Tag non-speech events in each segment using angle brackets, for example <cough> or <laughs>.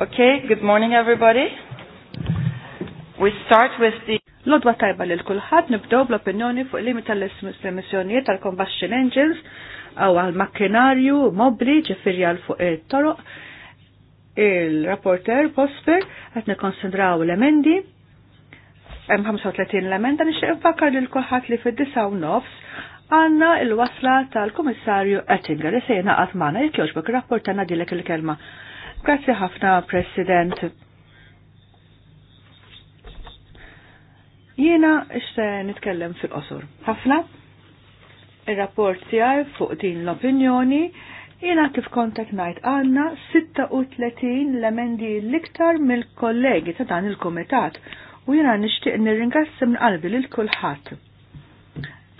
Okay, good morning everybody. We start with the Lodwa tajba lil kulħadd nibdow bl-opinjoni fuq il-limi tal-emissjonijiet tal-combustion engines għaw għal-makkinarju mobli ġifieri għal fuq il toroq Il-rapporter Posper qed nikkonsidraw l-emendi M 35 l-emenda nixtieq li l-kulħad li fid-disa u nofs għanna il-wasla tal-Komissarju Ettinger li se jenaqat il jek joġbek rapport għanna dilek il-kelma. Grazzi ħafna, President. Jiena ixte nitkellem fil qosur Ħafna? Il-rapport tijaj fuq din l-opinjoni Jena kif kontak najt għanna 36 l-emendi l-iktar mill-kollegi ta' dan il-komitat u jena nishtiq nir-ringassim l qalbi lil kulħadd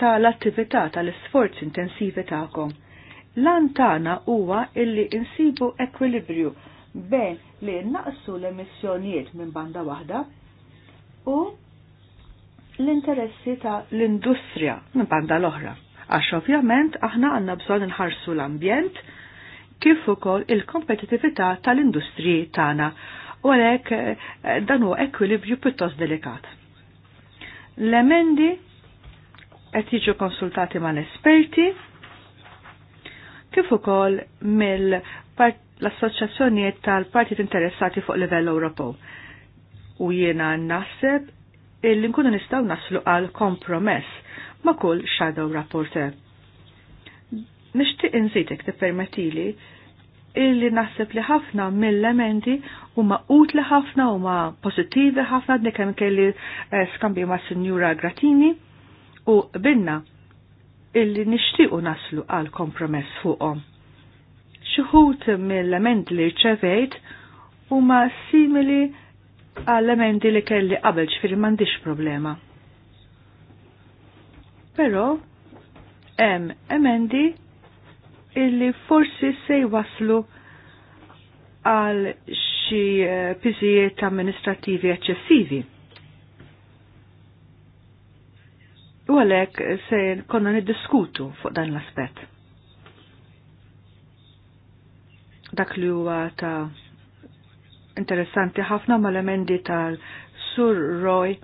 ta' l-attività tal sforz intensivi tagħkom. Lan tagħna huwa illi insibu ekwilibrju B li naqsu l-emissjonijiet minn banda waħda u l-interessi ta' l-industrija minn banda l-oħra. Għax ovvjament aħna għanna bżon nħarsu l-ambjent kif ukoll il-kompetitività tal-industriji tagħna u għalhekk eh, dan huwa ekwilibrju pjuttost delikat. L-emendi qed jiġu konsultati mal-esperti kif ukoll mill-part l-assoċjazzjonijiet tal-partit interessati fuq livell Ewropew. U jiena naħseb illi nkunu nistgħu naslu għal kompromess ma' kull shadow rapporteur. Nixtieq inżidek tippermettili illi naħseb li ħafna mill-elementi huma utli ħafna huma pożittivi ħafna dik hemm kelli eh, skambju ma' Sinjura Gratini u binna illi nixtiequ naslu għal kompromess fuqhom xuħut mill-lament li ċevejt huma simili għall-emendi li kelli qabel ċfiri mandiċ problema. Pero, em emendi illi forsi se waslu għal xi eh, pizijiet amministrativi eċċessivi. U għalek se konna niddiskutu fuq dan l-aspet. dak li huwa ta' interessanti ħafna mal-emendi tal-Sur Roy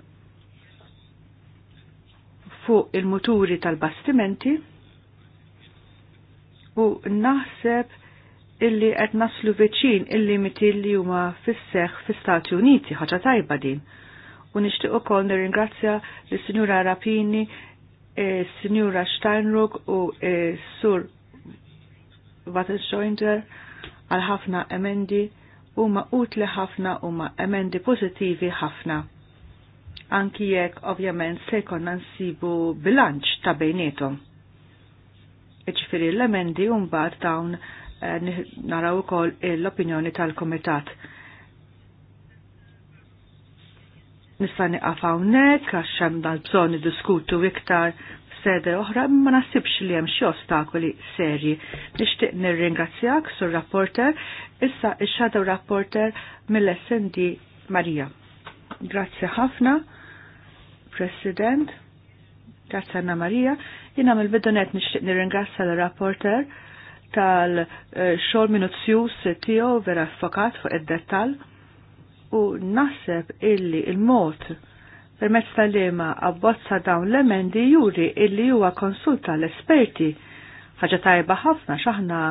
fuq il-muturi tal-bastimenti u naħseb illi qed naslu veċin il-limiti li huma fis-seħħ fis-Stati Uniti ħaġa tajba din. U nixtieq ukoll nirringrazzja lis-Sinjura Rapini, e, Sinjura Steinruck u s eh, Sur Wattenschoinder għal ħafna emendi huma utli ħafna huma emendi pożittivi ħafna. Anki jekk ovvjament se jkollna nsibu bilanċ ta' bejnietom. Iġifieri l-emendi u mbagħad dawn eh, naraw ukoll l-opinjoni tal-Komitat. Nista' niqaf hawnhekk għax hemm dal-bżonn diskutu iktar sede oħra ma nasibx li hemm xi ostakoli serji. Nixtieq nirringrazzjak sur rapporter issa ix-shadow rapporter mill-SND Marija. Grazzi ħafna, President. Grazzi Anna Marija. Jiena mill-bidunet nixtieq nirringrazzja l-rapporter tal-xogħol minuzzjuż tiegħu vera fokat fuq id-dettall u naħseb illi il-mod il mod permezz tal-lema abbozza dawn l-emendi juri illi huwa konsulta l-esperti ħaġa tajba ħafna xaħna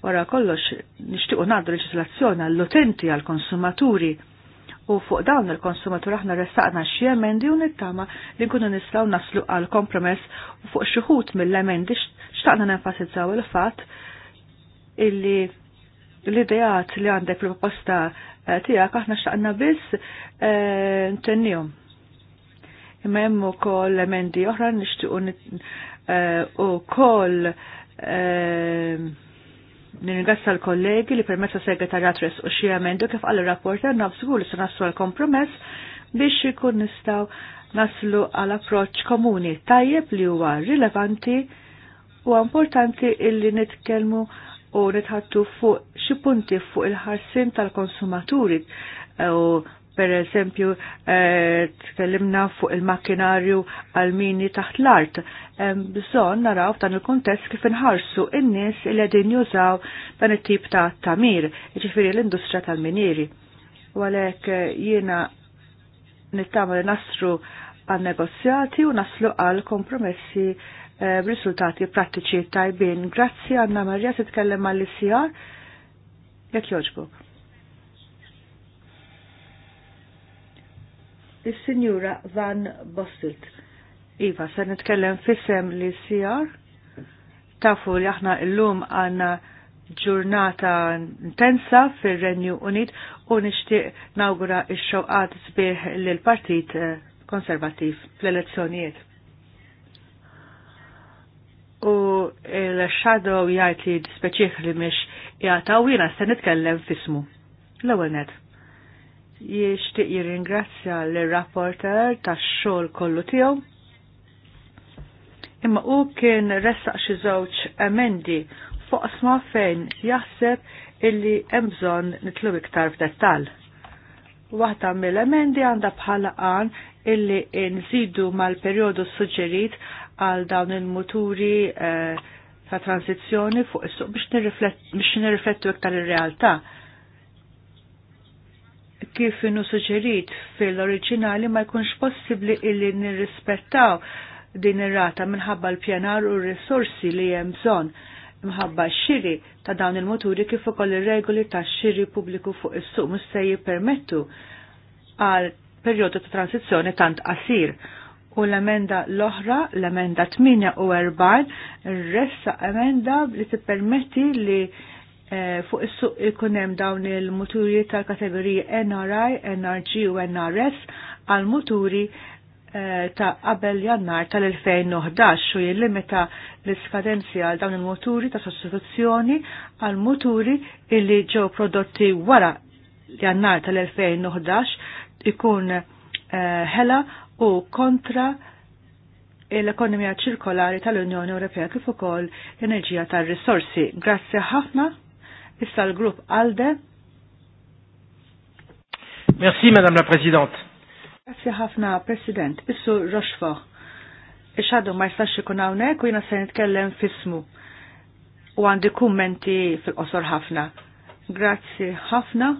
wara kollox nixtiequ ngħaddu leġislazzjoni għall-utenti għall-konsumaturi u fuq dawn il-konsumatur aħna ressaqna xi emendi u nittama li nkunu nistgħu naslu għal kompromess u fuq xi ħut mill-emendi xtaqna nenfasizzaw il-fatt illi l-idejat li għandek proposta eh, tiegħek aħna xtaqna biss eh, ntennihom imma hemm ukoll emendi oħra nixtiequ eh, ukoll eh, Nirringazza l-kollegi li permezza segretarjat res u xie emendu kif għall rapporter nabżgur li se naslu għal-kompromess biex ikun nistaw naslu għal-approċ komuni tajjeb li huwa rilevanti u importanti illi nitkelmu u nitħattu fuq xi punti fuq il-ħarsin tal-konsumaturi eh, u Per eżempju, eh, tkellimna fuq il-makkinarju għal-mini taħt l-art. Bżon naraw f'dan il-kontest kif inħarsu in-nies il qegħdin jużaw dan it-tip ta' tamir, ġifieri l-industrija tal-minieri. U għalhekk eh, jiena nittama li nasru għal negozjati u naslu għal kompromessi eh, b'risultati prattiċi tajbin. Grazzi Anna Marja titkellem għall-ICR. Jekk joġbuk. is-Sinjura Van Bostilt. Iva, se nitkellem fissem li sijar. Tafu li aħna illum għanna ġurnata intensa fil-Renju Unit u nixtieq nawgura x xoqat sbieħ l partit konservativ fl-elezzjonijiet. U l-shadow jgħid li speċiħ li mish jgħataw jina se nitkellem fismu. L-ewwel jishtiq jirringrazzja l-rapporter tax-xogħol kollu tiegħu. Imma u kien ressaq xi żewġ emendi fuq sma fejn jaħseb illi hemm bżonn nitlu iktar f'dettall. Waħda mill-emendi għandha bħala qan illi nżidu mal-perjodu suġġerit għal dawn il-muturi eh, ta' transizzjoni fuq is-suq biex nirriflettu iktar ir-realtà kif inu suġerit fil-oriġinali ma jkunx possibli illi nirrispettaw din ir-rata minħabba l-pjanar u r-risorsi li hemm bżonn mħabba xiri ta' dawn il-moturi kif ukoll ir-regoli ta' xiri pubbliku fuq is-suq mhux se jippermettu għal perjodu ta' transizzjoni tant qasir. U l-emenda l-oħra, l-emenda 48, ressa emenda li tippermetti li Eh, fuq is-suq ikun hemm dawn il-muturi tal-kategoriji NRI, NRG u NRS għal muturi eh, ta' qabel jannar tal-2011 u jillimita l iskadenzja għal dawn il-muturi ta' sostituzzjoni għal muturi illi ġew prodotti wara jannar tal-2011 ikun eh, ħela u kontra l-ekonomija ċirkolari tal-Unjoni Ewropea kif ukoll l-enerġija tar-risorsi. Grazzi ħafna. Issa l-grupp Alde. Merci, Madame la Présidente. Grazie ħafna, President. Issu Roxfo. Ixħadu ma jistax ikun hawnhekk u jiena se nitkellem fismu. U għandi kummenti fil-qosor ħafna. Grazie ħafna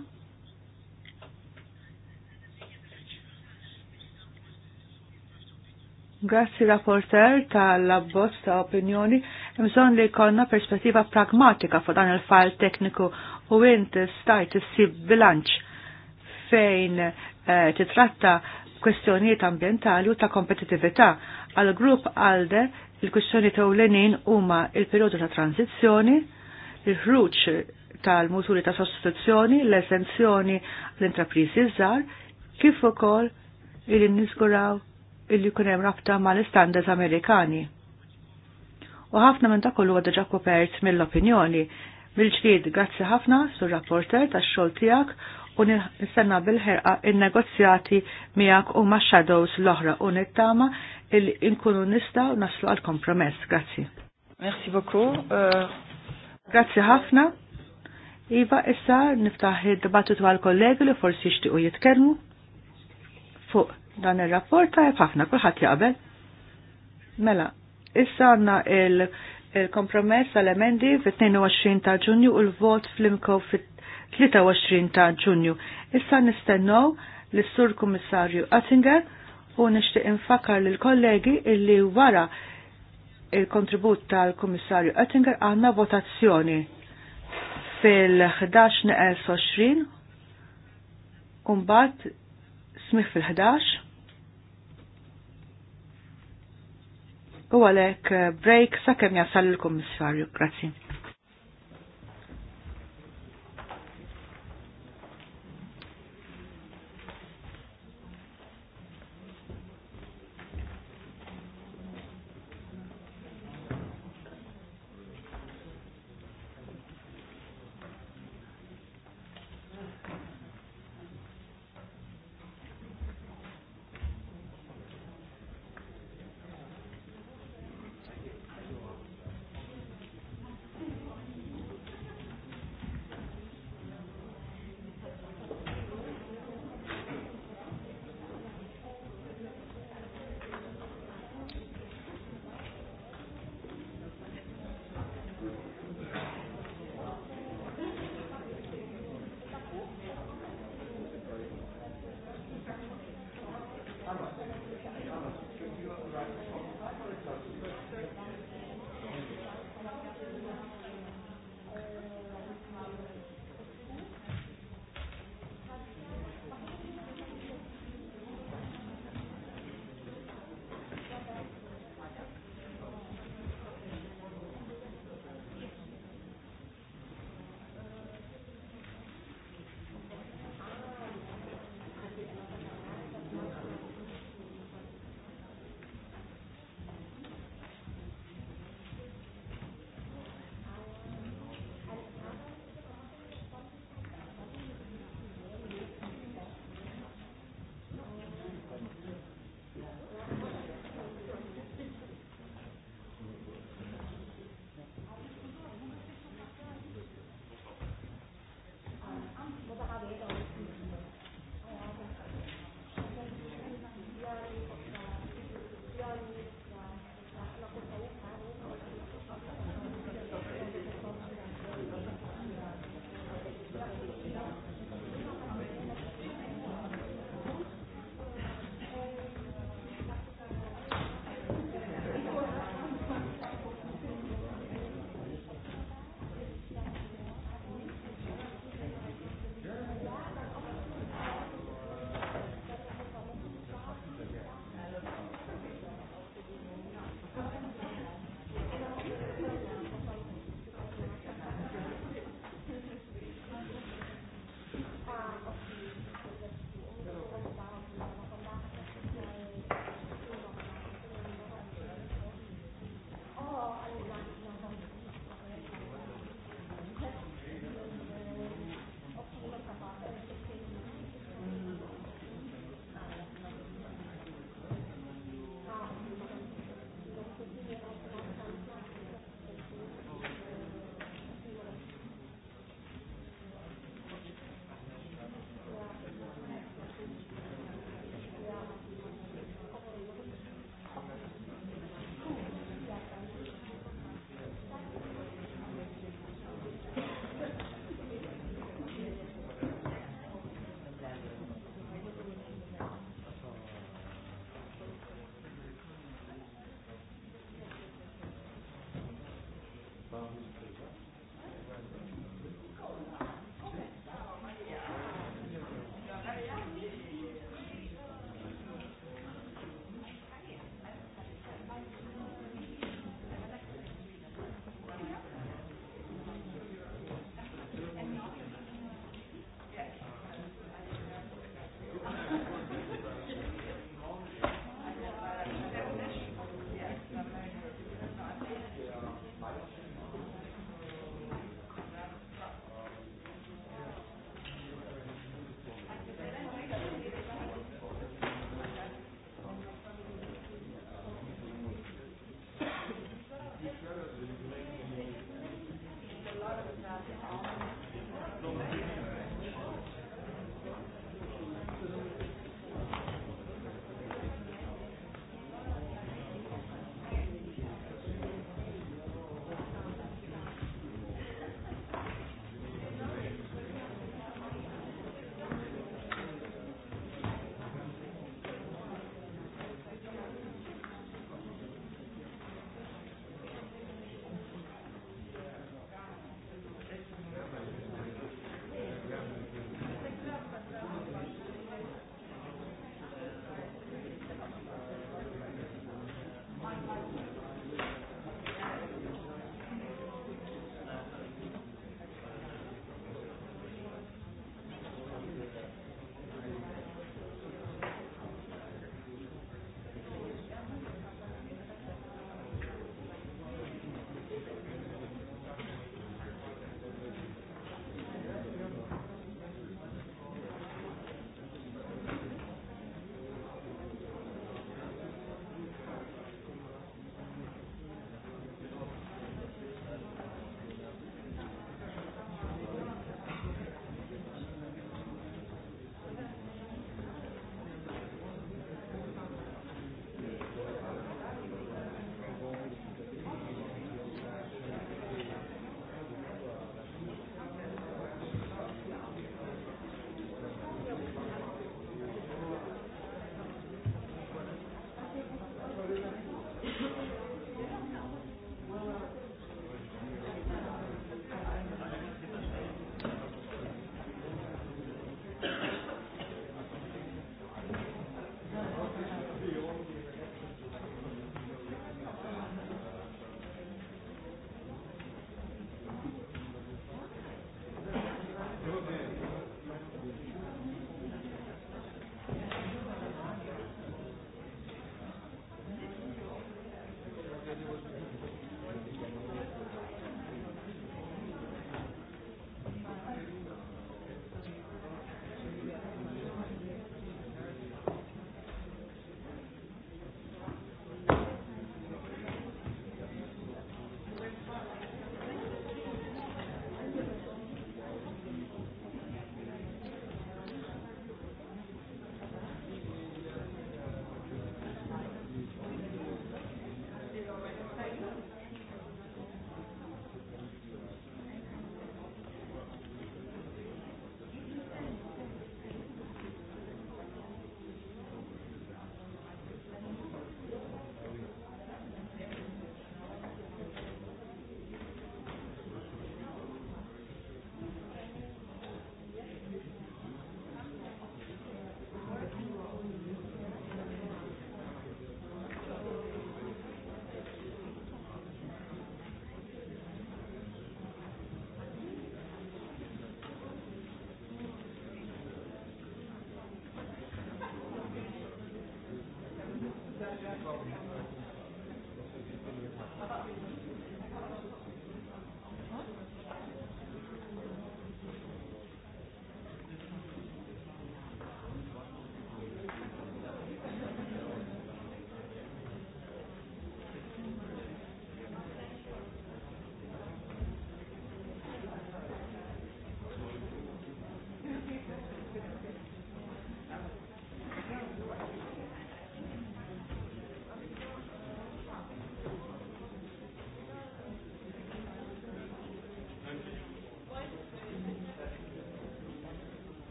Grazzi rapporter tal-abbozz ta' opinjoni, Mżon li konna perspettiva pragmatika fuq dan il fall tekniku u int stajt issib bilanċ fejn eh, titratta kwestjonijiet ambientali u ta' kompetitività. Għal grupp għalde il-kwestjoni ta' l-enin huma il-periodu ta' tranzizzjoni, il-ħruġ tal-muturi ta' sostituzzjoni, l-esenzjoni l-intrapriżi żgħar, kif ukoll il nisguraw illi kunem rabta mal-istandards Amerikani. U ħafna minn dak huwa diġà kopert mill-opinjoni. Mill-ġdid, grazzi ħafna sur rapporter tax-xogħol tiegħek u nistenna bil-ħerqa il-negozjati miegħek u ma' shadows l-oħra u nittama il inkunu nista u naslu għal kompromess. Grazzi. Merci beaucoup. Euh, grazzi ħafna. Iva, issa niftaħ id-dibattitu għal kollegi li forsi jixtiequ jitkellmu fuq Dan il-rapport ta' ħafna, kullħat jaqbel. Mela, issa għanna il-kompromess il għal-emendi fit-22 ta' ġunju u l-vot fl-imko fit-23 ta' ġunju. Issa nistennow l-sur kummissarju Attinger u nishtiq infakar l-kollegi illi wara il-kontribut tal-Kummissarju Oettinger għanna votazzjoni fil-11 20 un-bat smih fil-11 u għalek eh, break sakemm jasal il-Kummissarju. grazie.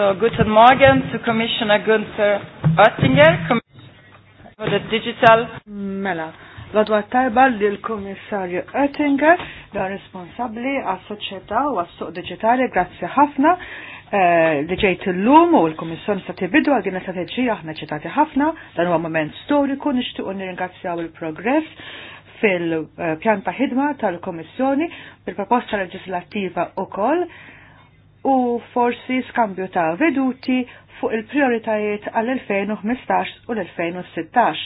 So, guten Morgen to Commissioner Günther Oettinger, Commissioner for the Digital. Mela, l-adwa tajba li l-Komissarju Oettinger, da responsabli għas soċieta u għas suq digitali, grazzi ħafna eh, li ġejt l-lum u l-Komissjoni sa' tibidu għal din strateġija aħna ċitati ħafna, dan huwa moment storiku nixtiequ nirringrazzjaw il-progress fil-pjan eh, ta' ħidma tal-Komissjoni bil-proposta leġislattiva ukoll u forsi skambju ta' veduti fuq il-prioritajiet għall-2015 u l-2016.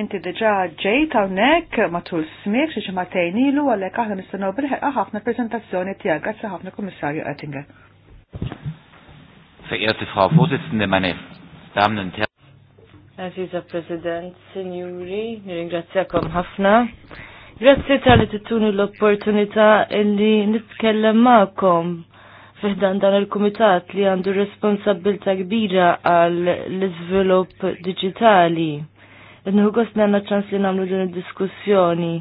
Inti deġa ġej hawnhekk matul smieħ xi matajn ilu għalhekk aħna nistennew bil-ħeqqa ħafna preżentazzjoni tiegħek grazzi ħafna Kummissarju Oettinger. Verehrte Frau Vorsitzende, meine Damen und Herren. President, Signori, nirringrazzjakom ħafna. Grazzi tal-li t-tunu l-opportunità illi nitkellem ma'kom fiħdan dan il-Kumitat li għandu responsabilta kbira għal l-izvilup digitali. Nħu għosni għanna ċans li namlu din il-diskussjoni.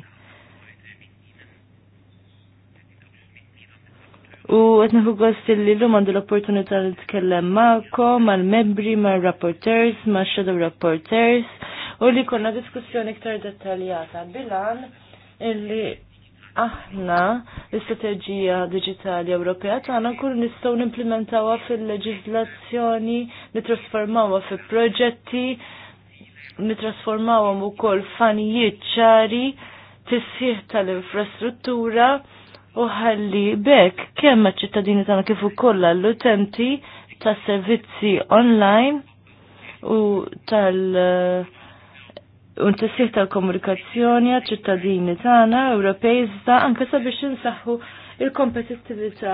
U għetniħu għost li l-lum għandu l-opportunità li t-kellem ma'kom, mal-membri, mal-rapporters, mal-shadow rapporters, u li konna diskussjoni ktar dettaljata bilan illi aħna l-istrateġija digitali Ewropea tagħna nkunu nistgħu nimplementawha fil-leġiżlazzjoni, nitrasformawha fi proġetti, nitrasformawhom ukoll fanijiet ċari tisħiħ tal-infrastruttura u ħalli bekk kemm ċittadini tagħna kif ukoll l-utenti tas servizzi online u tal- uh, un tisih tal-komunikazzjoni għal-ċittadini tagħna Ewropej iżda anke sabiex insaħħu il-kompetittività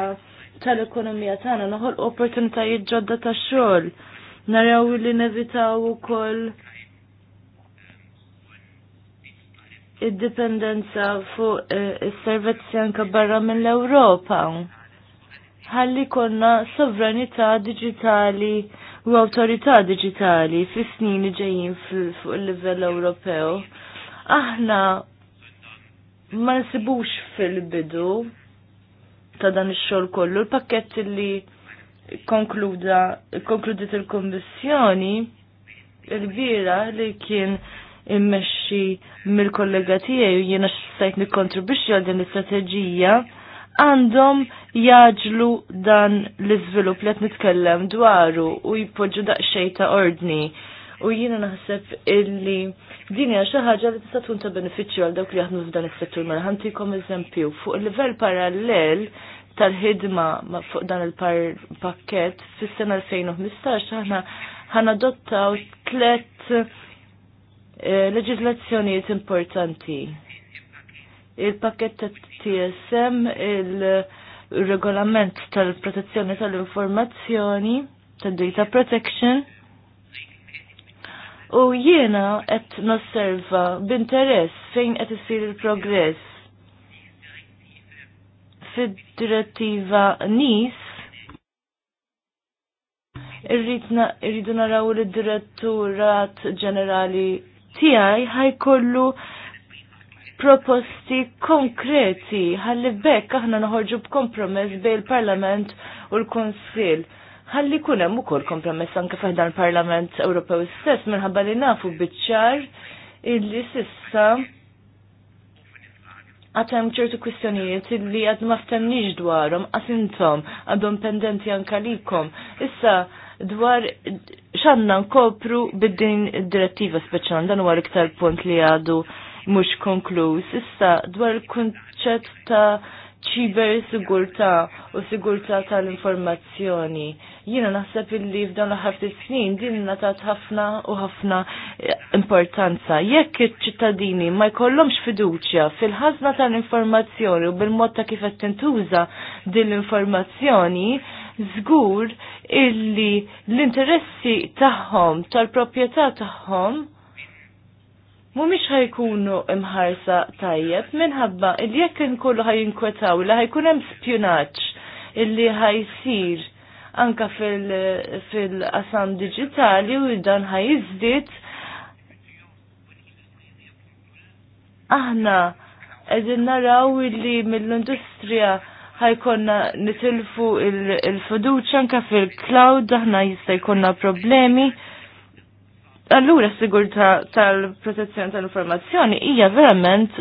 tal-ekonomija tagħna noħol opportunitajiet ġodda tax-xogħol. Naraw li nevitaw ukoll id-dipendenza fuq eh, is-servizzi anke barra mill-Ewropa. Ħalli konna sovranità diġitali u awtorità Digitali fi snin li ġejjin fuq il-livell Ewropew. Aħna ma nsibux fil-bidu ta' dan ix-xogħol kollu l-pakkett li konkluda konkludiet il-Kommissjoni il-bira li kien immexxi mill-kollega tiegħi u jiena x'sejt nikkontribwixxi għal din l-istrateġija għandhom jaġlu dan l-iżvilupp li qed nitkellem dwaru u jpoġġu daqsxejn ta' ordni. U jiena naħseb illi din hija xi ħaġa li tista' tkun ta' benefiċċju għal dawk li jaħdmu f'dan is-settur mela ħantikom eżempju fuq il-livell parallel tal-ħidma fuq dan il-pakket fis-sena 2015 aħna ħanadottaw tliet eh, leġiżlazzjonijiet importanti. Il-pakket TSM il-regolament tal-protezzjoni tal-informazzjoni, tal-data protection. U jiena qed nosserva b'interess fejn qed isir il-progress fid-direttiva NIS irridu naraw li d-diretturat ġenerali tiegħi ħajkollu kollu proposti konkreti ħalli bekk aħna naħorġu b'kompromess bejn parlament u l-Kunsill. Ħalli jkun hemm ukoll kompromess anke f'dan il-Parlament Ewropew stess minħabba li nafu biċ-ċar illi sissa hemm ċertu kwistjonijiet li ftemniex dwarhom qas intom għadhom pendenti anke għalikom. Issa, dwar x'għandna nkopru bid-din direttiva speċan, dan huwa l-iktar punt li għadu mhux konkluż. Issa dwar il-kunċett ta' ċiber sigurtà u sigurtà tal-informazzjoni. Jiena naħseb illi f'dan l ftit snin din natat ħafna u ħafna eh, importanza. Jekk iċ-ċittadini ma jkollhomx fiduċja fil ħazna tal-informazzjoni u bil-mod ta' kif qed tintuża din l-informazzjoni, żgur illi l-interessi tagħhom tal-proprjetà tagħhom mumiex ħajkunu imħarsa tajjeb minħabba li jekk inkollu ħajinkwetaw li ħajkun hemm spjunaġġ illi ħajsir anka fil-qasam fil diġitali u dan ħajiżdied aħna qegħdin naraw illi mill-industrija ħajkonna nitilfu il-fiduċa anka fil-cloud aħna jista' jkollna problemi allura s-sigurta tal-protezzjoni tal-informazzjoni hija verament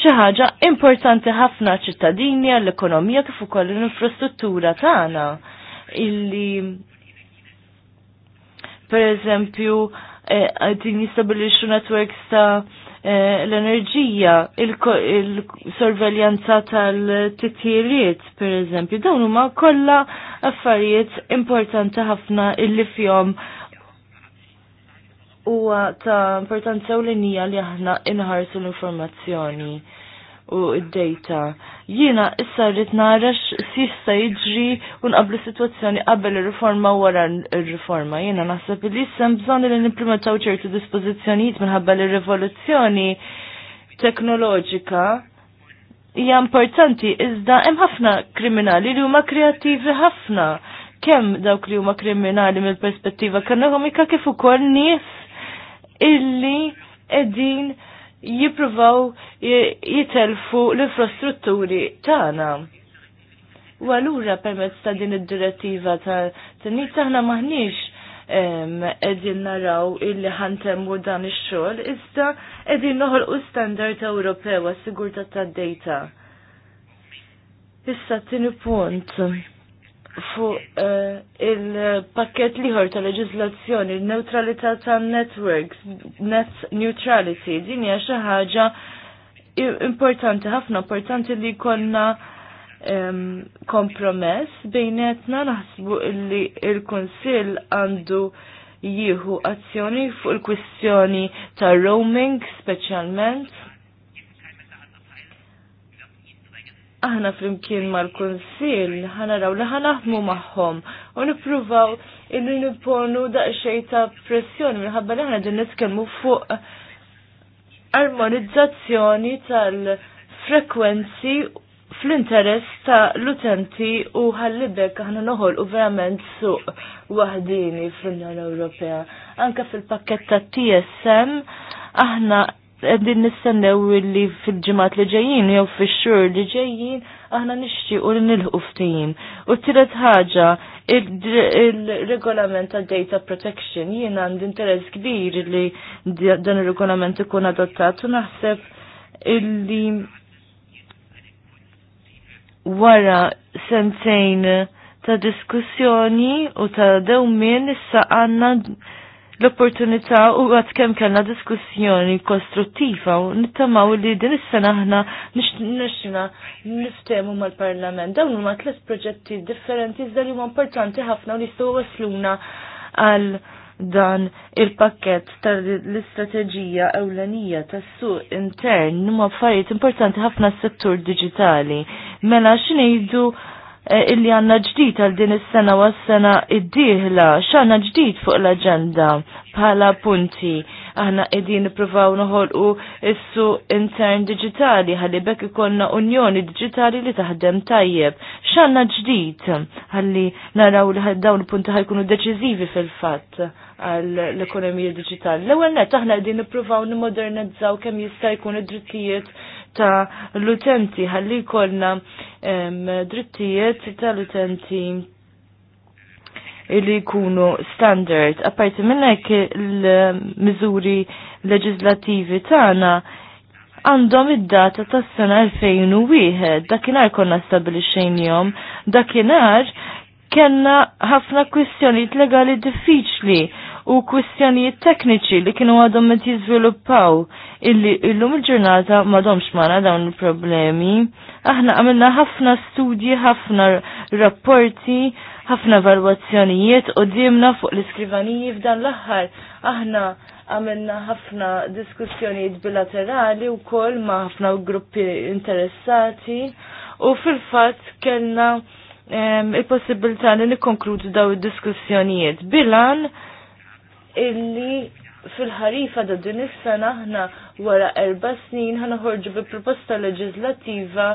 xi ħaġa importanti ħafna ċittadini għall-ekonomija kif ukoll l-infrastruttura tagħna illi per eżempju għadin eh, jistabilixxu networks ta' eh, l-enerġija, il-sorveljanza tal-titjiriet, per eżempju, dawn huma kollha affarijiet importanti ħafna illi fihom huwa ta' importanza u l-inija li aħna inħarsu l-informazzjoni u id-data. Jiena issa rrid narax s'jista' jiġri u nqablu sitwazzjoni qabel ir-riforma wara r-riforma. Jiena naħseb li s-sem bżonn li implementaw ċertu dispożizzjonijiet minħabba li rivoluzzjoni teknoloġika hija importanti iżda hemm ħafna kriminali li huma kreattivi ħafna kemm dawk li huma kriminali mill-perspettiva ekonomika kif ukoll nies illi edin jipruvaw jitelfu l-infrastrutturi tagħna. U allura permezz ta' din id-direttiva ta' t-nit taħna maħniex edin naraw illi ħantemmu dan ix-xogħol, iżda qegħdin noħolqu standard Ewropew għas-sigurtà tad-data. Issa t-tieni punt fuq eh, il-pakket liħor ta' leġizlazzjoni, il-neutralità ta' networks, net neutrality, din hija xi ħaġa importanti, ħafna importanti li konna kompromess bejnetna naħsbu li il-Konsil għandu jieħu azzjoni fuq il-kwistjoni ta' roaming speċjalment aħna flimkien mal-Kunsil ħanaraw li ħanaħmu magħhom u nippruvaw illi nipponu daqsxejn ta' pressjoni minħabba li aħna din nitkellmu fuq armonizzazzjoni tal-frekwenzi fl-interess ta' l-utenti u ħallibek aħna noħol u verament suq waħdini fl-Unjoni Ewropea. Anka fil-pakket ta' TSM aħna għeddin nistennew li fil-ġimat li ġejjin jew fil-xur li ġejjin aħna nixtiequ li nilħu ftehim. U t-tielet ħaġa, il-regolament ta' data protection jien għandi interess kbir li dan ir-regolament ikun adottat u naħseb illi wara sentejn ta' diskussjoni u ta' dewmien issa għandna l-opportunità u għat kem kellna diskussjoni kostruttiva u nittamaw li din is-sena aħna nixtina niftemu mal-Parlament. Dawn huma tliet proġetti differenti iżda li huma importanti ħafna u li jistgħu wasluna għal dan il-pakket tal-istrateġija ewlenija tas-suq intern huma affarijiet importanti ħafna s-settur digitali. Mela x'ngħidu Eh, illi għanna ġdid għal din is-sena u s-sena id-dieħla, x'għandna ġdid fuq l-aġenda bħala punti. Aħna qegħdin nippruvaw noħolqu issu intern diġitali ħalli bekk ikollna unjoni diġitali li taħdem tajjeb. X'għandna ġdid ħalli naraw li dawn il-punti ħajkunu deċiżivi fil-fatt għall-ekonomija diġitali. L-ewwel nett aħna qegħdin nippruvaw nimmodernizzaw kemm jista' jkun id-drittijiet ta' l-utenti ħalli jkollna drittijiet tal-utenti li jkunu standard. Apparti minn hekk il-miżuri leġislativi tagħna għandhom id-data tas-sena 2001, dakinhar konna stabilixxejnihom, dakinhar kellna ħafna kwistjonijiet legali diffiċli u kwistjonijiet tekniċi li kienu għadhom qed jiżviluppaw illi illum il-ġurnata m'għadhomx magħna dawn il-problemi. Aħna għamilna ħafna studji, ħafna rapporti, ħafna valwazzjonijiet u dimna fuq l-iskrivaniji f'dan l-aħħar. Aħna għamilna ħafna diskussjonijiet bilaterali u ma' ħafna gruppi interessati u fil-fat kellna ehm, il-possibilità li nikkonkludu daw id-diskussjonijiet bilan illi fil-ħarifa da din is-sena aħna wara erba' snin ħanaħorġu bi proposta leġislattiva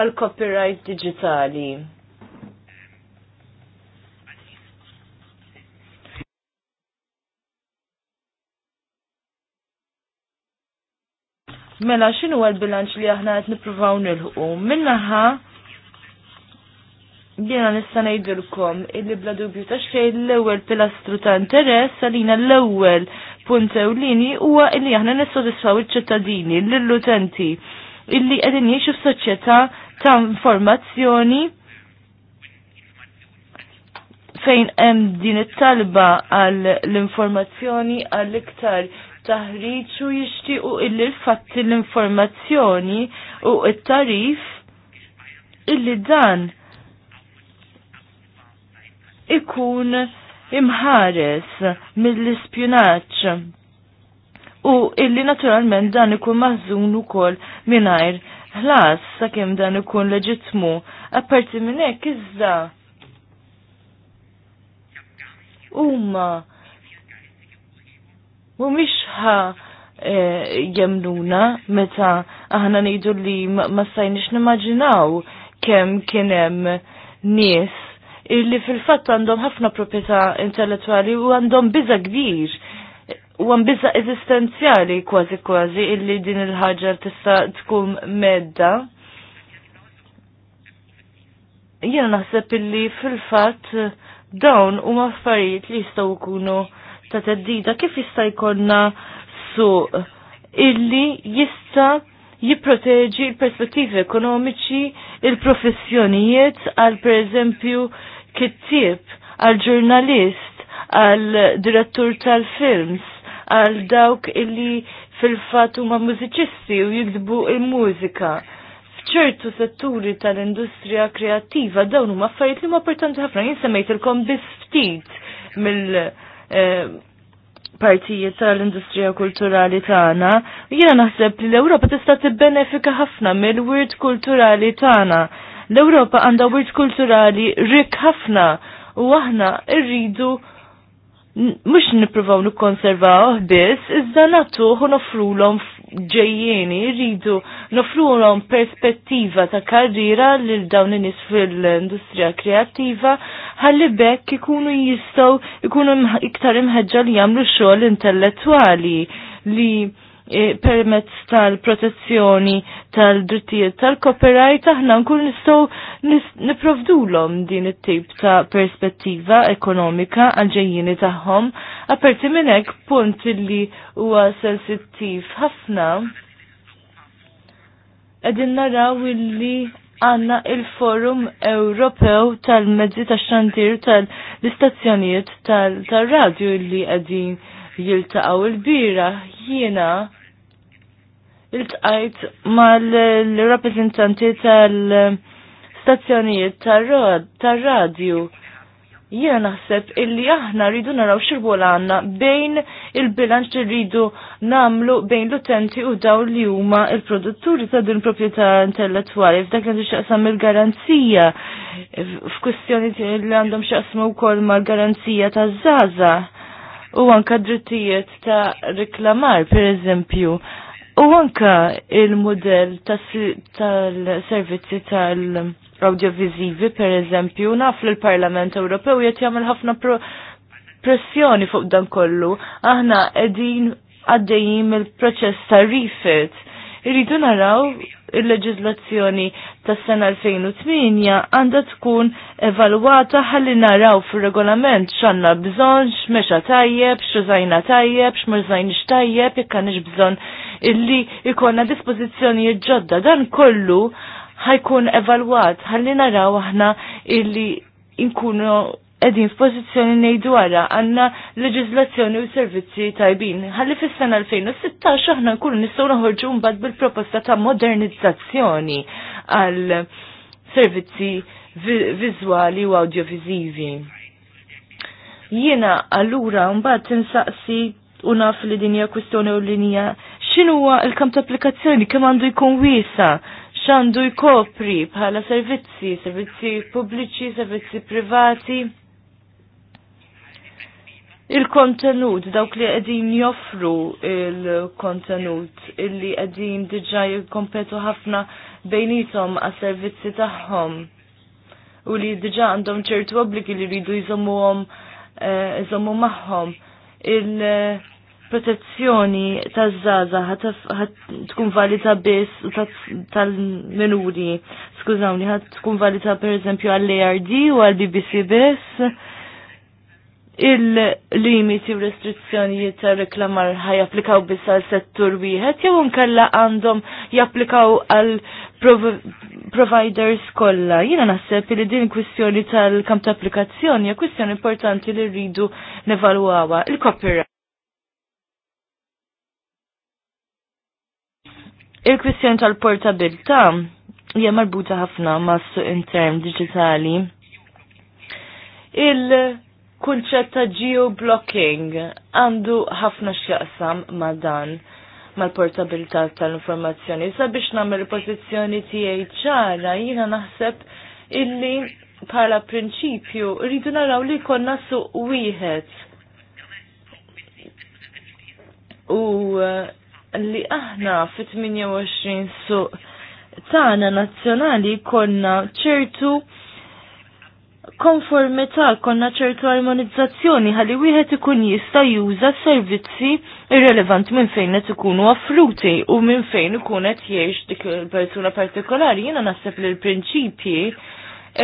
għal copyright digitali. Mela x'inhu l-bilanċ li aħna qed nippruvaw nilħu? Minnaħa Jena nista' ngħidilkom illi bla dubju ta' xejn l-ewwel pilastru ta' interess għalina l-ewwel punt ewlieni huwa illi aħna nissodisfaw iċ-ċittadini lill-utenti illi qegħdin jgħixu f'soċjetà ta' informazzjoni fejn hemm din it-talba għal l-informazzjoni għal iktar taħriġ u jixtiequ illi l-fatti l-informazzjoni u t-tarif illi dan ikun imħares mill-ispjunaċ u illi naturalment dan ikun mażun ukoll mingħajr ħlas sakemm dan ikun leġitmu apparti minn hekk iżda huma mhumiex ħa eh, jemnuna meta aħna ngħidu li ma stajniex nimmaġinaw kemm kien hemm nies illi fil-fatt għandhom ħafna proprjetà intellettwali u għandhom biża kbir u għan biża eżistenzjali kważi kważi illi din il-ħagġa tista' tkun medda. Jena naħseb illi fil-fatt dawn u affarijiet li jistaw ikunu ta' teddida kif jista' jkollna suq illi jista' jipproteġi l-perspettivi ekonomiċi il-professjonijiet għal per eżempju kittib għal ġurnalist għal direttur tal-films għal dawk illi fil fatu huma mużiċisti u jikdbu il-mużika ċertu setturi tal-industrija kreattiva dawn huma affarijiet li huma importanti ħafna jien semmejtilkom biss ftit mill eh, partijiet tal-industrija kulturali tagħna, jiena naħseb li l-Ewropa tista' tibbenefika ħafna mill-wirt kulturali tagħna. L-Ewropa għandha wirt kulturali rik ħafna u aħna rridu mux niprofaw nukonservaw biss, iżda natu u nofrulom ġejjeni, rridu nofrulom perspettiva ta' karriera lil dawn nis fil-industrija kreattiva, ħalli bekk ikunu jistgħu ikunu iktar imħeġġa li jagħmlu xogħol intellettwali li E, permezz tal-protezzjoni tal-drittijiet tal-copyright aħna nkun nistgħu niprovdulhom din it-tip ta' perspettiva ekonomika għal-ġejjini tagħhom. Aperti minn hekk punt li huwa sensittiv ħafna qegħdin naraw illi għanna il-Forum Ewropew tal-Mezzi tax-Xandir tal-Istazzjonijiet tal-Radju illi qegħdin jiltaqaw il-bira jiena iltqajt mal-rappresentanti tal-stazzjonijiet tal-radju. Jiena naħseb illi aħna rridu naraw xirbola għanna bejn il-bilanċ li rridu namlu bejn l-utenti u daw li huma il-produtturi ta' din proprjetà intellettwali f'dak li xaqsam il-garanzija f'kwistjoni li għandhom xaqsmu wkoll mal-garanzija ta' zaza u anka drittijiet ta' reklamar, per eżempju, u anka il-modell tal-servizzi tal-audiovisivi, per eżempju, naf li l-Parlament Ewropew jett jagħmel ħafna pressjoni fuq dan kollu. Aħna qegħdin għaddejjim il-proċess ta' rifit. Irridu naraw il-leġizlazzjoni tas sena 2008 għandha tkun evalwata ħalli naraw fil-regolament x'għandna bżonn, x'mexa tajjeb, x'użajna tajjeb, x'mużajniex tajjeb, jekk għandix bżonn illi ikonna dispozizjoni ġodda. Dan kollu ħajkun evalwat ħalli naraw aħna illi inkunu edin f'pożizzjoni nejdu ara għandna leġiżlazzjoni u servizzi tajbin. Għalli fis-sena 2016 aħna nkunu nistgħu noħorġu mbagħad bil-proposta ta' modernizzazzjoni għal servizzi viżwali u audiovizivi. Jiena allura mbagħad tinsaqsi u naf li dinja kwistjoni u linja xinuwa il kam ta' applikazzjoni kemm għandu jkun wiesa' xandu jkopri bħala servizzi, servizzi pubbliċi, servizzi privati il-kontenut, dawk li qegħdin joffru il-kontenut, illi qegħdin diġà jikkompetu ħafna bejnitom għas servizzi tagħhom. U li diġa' għandhom ċertu obbligi li jridu jżommuhom eh, jżommu magħhom. Il-protezzjoni taż-żaża tkun valita biss tal menuri skużawni, ħad tkun valita pereżempju għall-ARD u għall-BBC biss il-limiti u restrizzjonijiet ta' reklamar ħaj applikaw biss għal settur wieħed jew nkella għandhom japplikaw għal providers kollha. Jiena naħseb li din kwistjoni tal-kamp ta' applikazzjoni hija kwistjoni importanti li rridu nevalwawha. Il-copyright. Il-kwistjoni tal-portabilità hija marbuta ħafna mas-suq intern diġitali. Il- kunċet ta' geoblocking għandu ħafna x'jaqsam ma' dan mal-portabilità tal-informazzjoni. Sabiex nagħmel pożizzjoni tiegħi ċara jiena naħseb illi bħala prinċipju rridu naraw li konna suq wieħed. U uh, li aħna fit-28 suq tagħna nazzjonali konna ċertu konformità konna ċertu armonizzazzjoni ħalli wieħed ikun jista' juża servizzi irrelevant minn fejn qed ikunu affruti u minn fejn ikun qed jgħix dik il-persuna partikolari jiena naħseb li l-prinċipji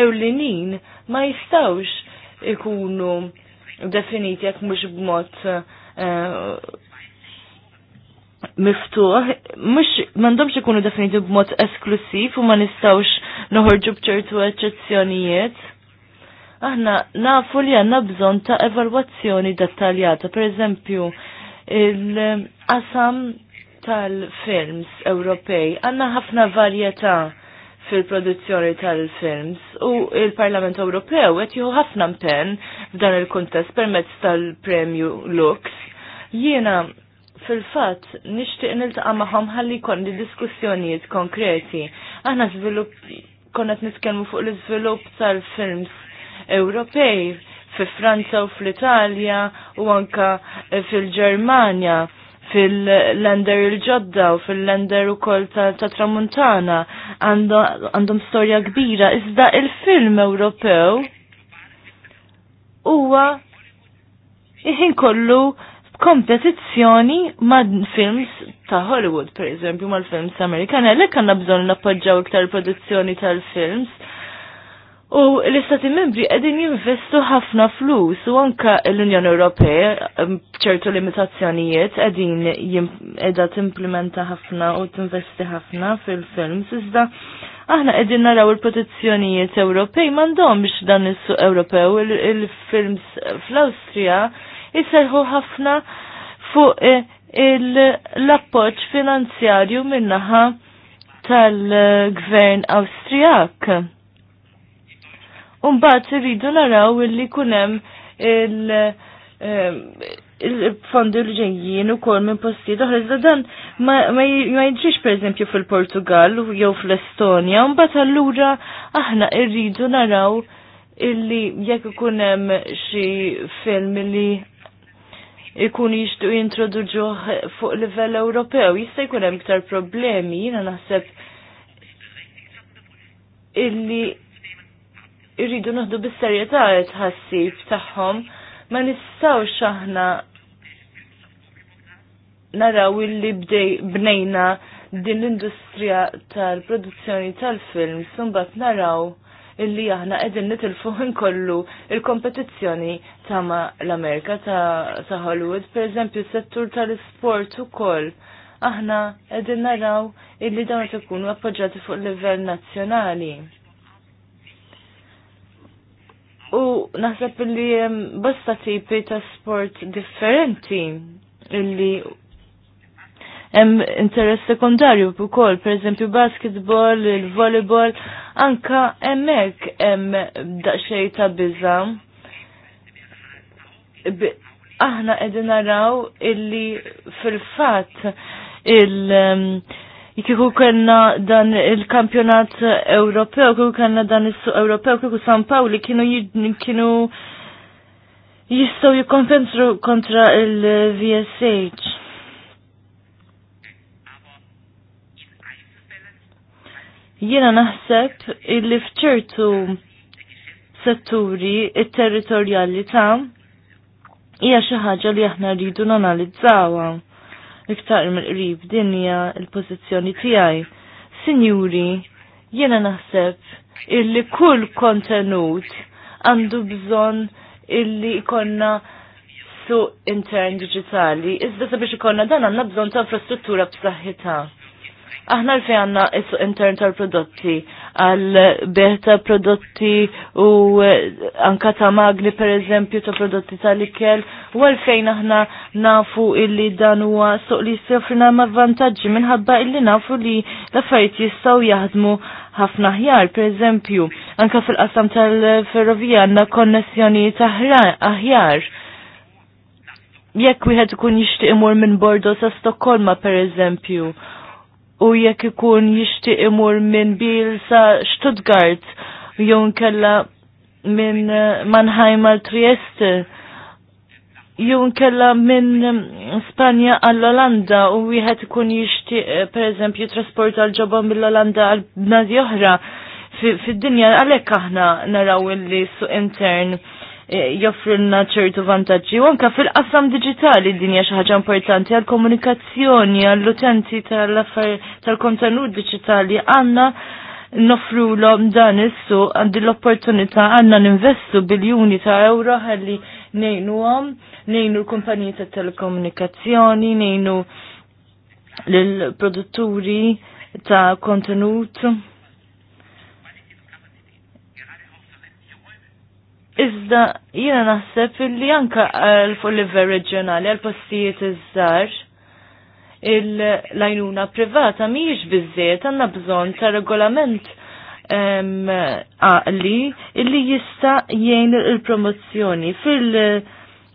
ewlinin ma jistgħux ikunu definiti jekk mhux b'mod eh, miftuħ, mux mandomx ikunu definiti b'mod esklusiv u ma nistawx noħorġu bċertu eċċezzjonijiet aħna nafu li għanna bżon ta' evalwazzjoni dettaljata, per eżempju, il-qasam tal-films Ewropej għanna ħafna varjetà fil-produzzjoni tal-films u il-Parlament Ewropew qed juhu ħafna mpen f'dan il-kuntest permezz tal-Premju Lux. Jiena fil-fatt nixtieq niltaqa' magħhom ħalli jkollni diskussjonijiet konkreti. Aħna żvilupp konna qed nitkellmu fuq l-iżvilupp tal-films Ewropej fi Franza u fl-Italja u anka fil-Ġermanja fil-lender il-ġodda u fil-lender u kol ta', tramuntana għandhom storja kbira. Iżda il-film Ewropew huwa iħin kollu kompetizzjoni ma' films ta' Hollywood, per eżempju, ma' films Amerikan. Għalek għanna bżon nappoġġaw iktar produzzjoni tal-films U l-Istati membri qegħdin jinvestu ħafna flus u anka l-Unjoni Ewropea ċertu limitazzjonijiet qegħdin qiegħda timplementa ħafna u tinvesti ħafna fil-films iżda aħna qegħdin naraw il-protezzjonijiet Ewropej m'għandhomx dan is-suq Ewropew il-films fl-Awstrija jisserħu ħafna fuq e, l-appoġġ finanzjarju minnaħa tal-Gvern Awstrijak Umbat rridu naraw illi kunem il- eh, il-fondi l ġejjien ukoll minn postijiet oħra iżda dan ma jiġrix pereżempju fil-Portugal jew fl-Estonja, mbagħad allura aħna irridu naraw illi jekk ikun hemm xi film li ikun jixtu jintroduġuh fuq livell Ewropew, jista' jkun hemm iktar problemi, jiena naħseb illi irridu naħdu bis-serjetà tħassif tagħhom ma nistgħux aħna naraw illi bnejna din l-industrija tal-produzzjoni tal-film sumbat naraw illi aħna qegħdin nitilfu <laughs> kollu il-kompetizzjoni ta' l-Amerika ta' Hollywood, pereżempju settur tal-isport ukoll aħna qegħdin naraw illi dawn ikunu appoġġjati fuq livell nazzjonali. U naħseb li bosta tipi ta' sport differenti illi hemm interess sekundarju wkoll, pereżempju basketball, il-volleyball, anka hemmhekk hemm daqsxej ta' biża. Aħna qegħdin naraw illi fil-fatt il- kiku kellna dan il-kampjonat Ewropew, kiku kellna dan il-suq Ewropew, kiku San Pauli kienu kienu jistaw jikonfensru kontra il-VSH. Jiena naħseb li fċertu setturi il-territorjali ta' hija xi ħaġa li aħna rridu nanalizzawha iktar mill-qrib dinja il-pozizjoni tiegħi. Sinjuri, jiena naħseb illi kull kontenut għandu bżonn illi ikonna su intern digitali. Iżda sabiex ikonna dan għandna bżonn ta' infrastruttura b'saħħitha. Aħna l għanna is-suq intern tal-prodotti għal beħta prodotti u eh, anka ta' magni per eżempju ta' prodotti tal-ikel u għalfejn aħna nafu illi dan huwa soq li s-sofrina ma' vantaġġi minħabba illi nafu li l-affarijiet jistgħu jaħdmu ħafna ħjar, per eżempju, anka fil-qasam tal-ferrovija għandna konnessjoni ta' aħjar jekk wieħed ikun jixtieq imur minn Bordo sa Stokkolma pereżempju u jekk ikun jixtieq imur minn Biel sa Stuttgart jew nkella minn eh, Mannheim għal Trieste jew nkella minn eh, Spanja għall olanda u wieħed ikun jixtieq eh, pereżempju trasport l ġobhom mill-Olanda għal bnadi oħra fid-dinja għalhekk aħna naraw illi suq intern Eh, joffrilna ċertu vantaġġi. U anke fil-qasam digitali din hija xi ħaġa importanti għall komunikazzjoni għall-utenti tal-affar tal-kontenut digitali għandna nofru l-om dan issu għandi l-opportunità għanna ninvestu biljuni ta' euro għalli nejnu għom, nejnu l-kumpaniji ta' telekomunikazzjoni, nejnu l-produtturi ta' kontenut Iżda jiena naħseb li anka għal eh, fuq livell reġjonali għal postijiet iż-żgħar il-lajnuna privata mhijiex biżżejjed għandna bżonn ta' regolament ehm, għaqli illi jista' jgħin il-promozzjoni fil-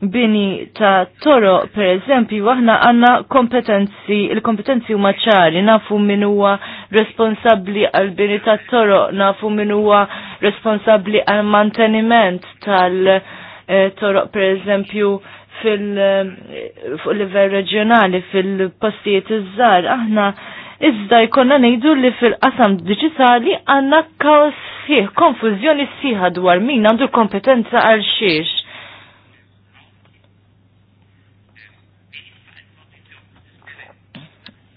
bini ta' toro, per eżempju, aħna għanna kompetenzi, il-kompetenzi huma ċari, nafu min huwa responsabli għal bini ta' toro, nafu min huwa responsabli għal manteniment tal-toro, eh, per eżempju, fil eh, livell reġjonali, fil-postijiet iż-żar, aħna iżda jkollna ngħidu li fil-qasam diġitali għandna kaos sieħ, konfużjoni siħa dwar min għandu kompetenza għal xiex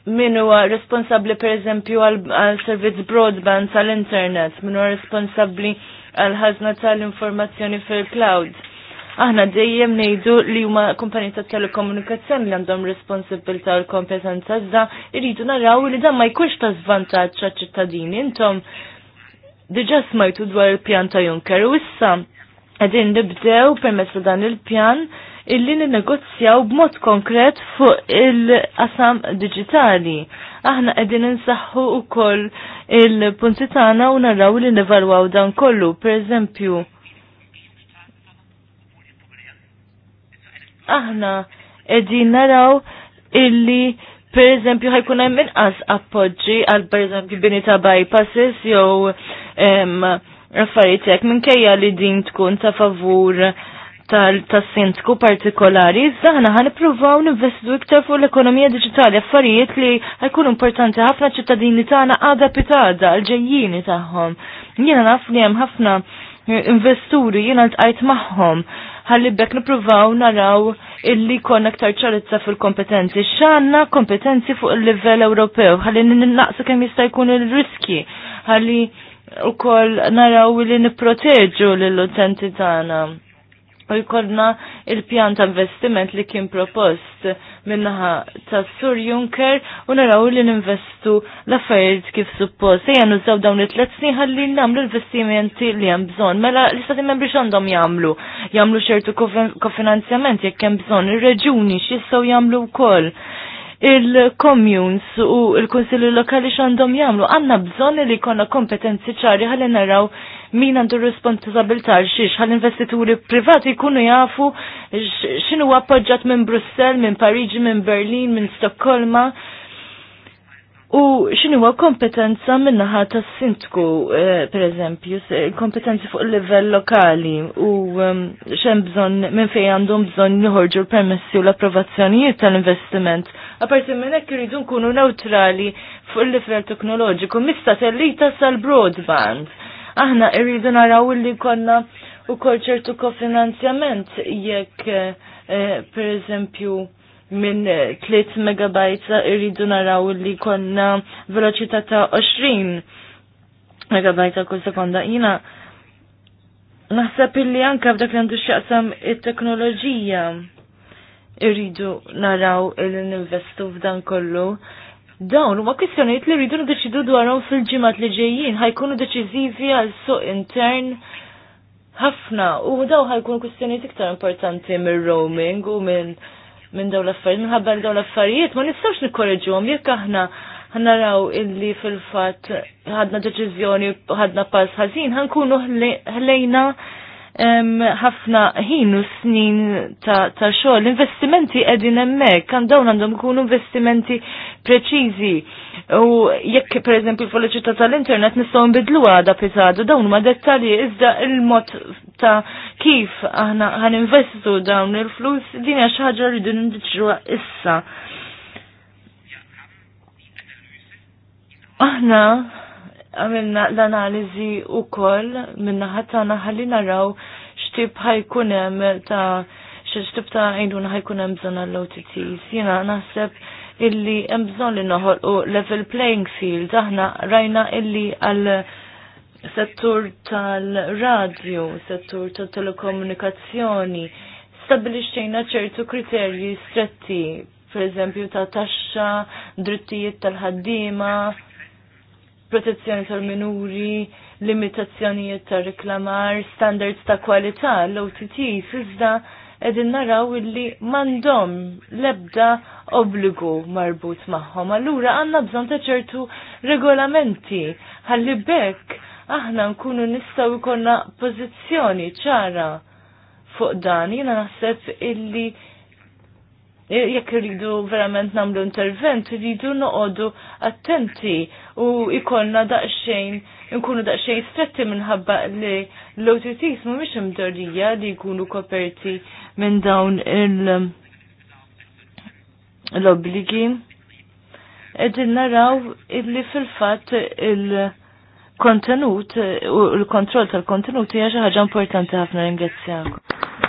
min huwa responsabbli pereżempju għal servizz broadband tal-internet, min huwa responsabbli għal ħazna tal-informazzjoni fil-cloud. Aħna dejjem ngħidu li huma kumpaniji ta' telekomunikazzjoni li għandhom responsabilta u kompetenza iżda irridu naraw li dan ma jkunx ta' żvantaġġ ta' ċittadini intom diġà smajtu dwar il-pjan ta' Juncker u issa qegħdin nibdew permezz dan il-pjan il pjan illi ninnegozjaw b'mod konkret fuq il-qasam digitali. Aħna qegħdin insaħħu wkoll il-punti tagħna u naraw li nevalwaw dan kollu, pereżempju. Aħna qegħdin naraw illi per eżempju ħajkun hemm inqas appoġġi għal pereżempju bini ta' bypasses jew affarijiet hekk minkejja li din tkun ta' favur tas-sindku partikolari, zaħna ħana ħan ipruvaw ninvestu iktar fuq l-ekonomija digitali, affarijiet li ħajkun importanti ħafna ċittadini tagħna għadha pitada għal-ġejjini tagħhom. Jiena naf li hemm ħafna eh, investuri jiena ltqajt magħhom ħallibek nipruvaw naraw illi konna ktar ċarizza fil-kompetenzi. ċanna kompetenzi fuq il-livell Ewropew, ħalli n-naqsa kem jista' jkun il-riski, ħalli u koll naraw li niproteġu l-utenti tagħna u jkollna il-pjan ta' investiment li kien propost minnaħa ta' Sur Juncker u naraw li ninvestu l-affarijiet kif suppost. Ejja nużaw dawn it-tlet snin ħalli nagħmlu l-investimenti li hemm bżonn. Mela l-istati membri x'għandhom jagħmlu? Jagħmlu ċertu kofinanzjament jekk hemm bżonn, ir-reġuni x'jistgħu jagħmlu wkoll il-communes u il kunsilli lokali x'għandhom jagħmlu, għandna bżonn li jkollna kompetenzi ċari ħalli naraw min għandu responsabilità għal xiex għal investituri privati jkunu jafu xinu appoġġat minn Brussel, minn Parigi, minn Berlin, minn Stokkolma. U xinu huwa kompetenza minnaħa tas sintku eh, per eżempju, kompetenzi fuq livell lokali u ehm, xem bżon minn fejn għandhom bżon nħorġu l-permessi u l-approvazzjonijiet tal-investiment. Aparti minn hekk iridu nkunu neutrali fuq il livell teknoloġiku mista tellita sal-broadband aħna irridu naraw li konna u kolċertu ċertu kofinanzjament jekk eh, eh, per eżempju minn 3 eh, megabajt irridu naraw li konna veloċità ta' 20 megabajt kull sekonda. Jina naħseb illi anka f'dak li għandu xaqsam it-teknoloġija irridu naraw il-investu f'dan kollu Dawn huma kwistjonijiet li rridu niddeċidu dwarhom fil-ġimgħat li ġejjin ħajkunu deċiżivi għal suq intern ħafna u daw ħajkunu kwistjonijiet iktar importanti mir-roaming u minn minn daw l-affarijiet, minħabba daw l-affarijiet, ma nistgħux nikkorreġuhom jekk aħna ħnaraw illi fil-fatt ħadna deċiżjoni ħadna pass ħażin ħankunu ħlejna hli, ħafna ħin u snin ta', ta xogħol. L-investimenti qegħdin hemmhekk, kan dawn għandhom ikunu investimenti preċiżi. U jekk pereżempju l-veloċità tal-internet nistgħu nbidlu għada pitadu dawn huma dettalji iżda il-mod ta' kif aħna ħan investu dawn il-flus din hija xi ħaġa rridu nindiġruha issa. Aħna għamilna l-analizi u koll minna ħatana ħalli naraw xtib ħajkunem ta' xtib ta' għajnuna ħajkunem bżon għall-OTTs. Jena naħseb illi hemm li noħol u level playing field aħna rajna illi għal settur tal-radio, settur tal-telekomunikazzjoni, stabilixxejna ċertu kriterji stretti, per eżempju ta' taxxa, drittijiet tal ħaddima protezzjoni tal-minuri, limitazzjonijiet ta' reklamar, standards ta' kwalità, l-OTT, iżda edin naraw illi mandom lebda obbligu marbut maħħom. Allura għanna bżon ta' ċertu regolamenti. Għalli bekk aħna nkunu nistaw ikonna pozizjoni ċara fuq dan. Jina naħseb illi E, jekk rridu verament namlu intervent, rridu noqodu attenti u ikonna daqxejn, nkunu daqxejn stretti minħabba li l-OTTs mhumiex imdorrija li jkunu koperti minn dawn l-obligi. Edin naraw illi fil-fat il-kontenut u l-kontroll tal-kontenut hija xi ħaġa importanti ħafna ringrazzjak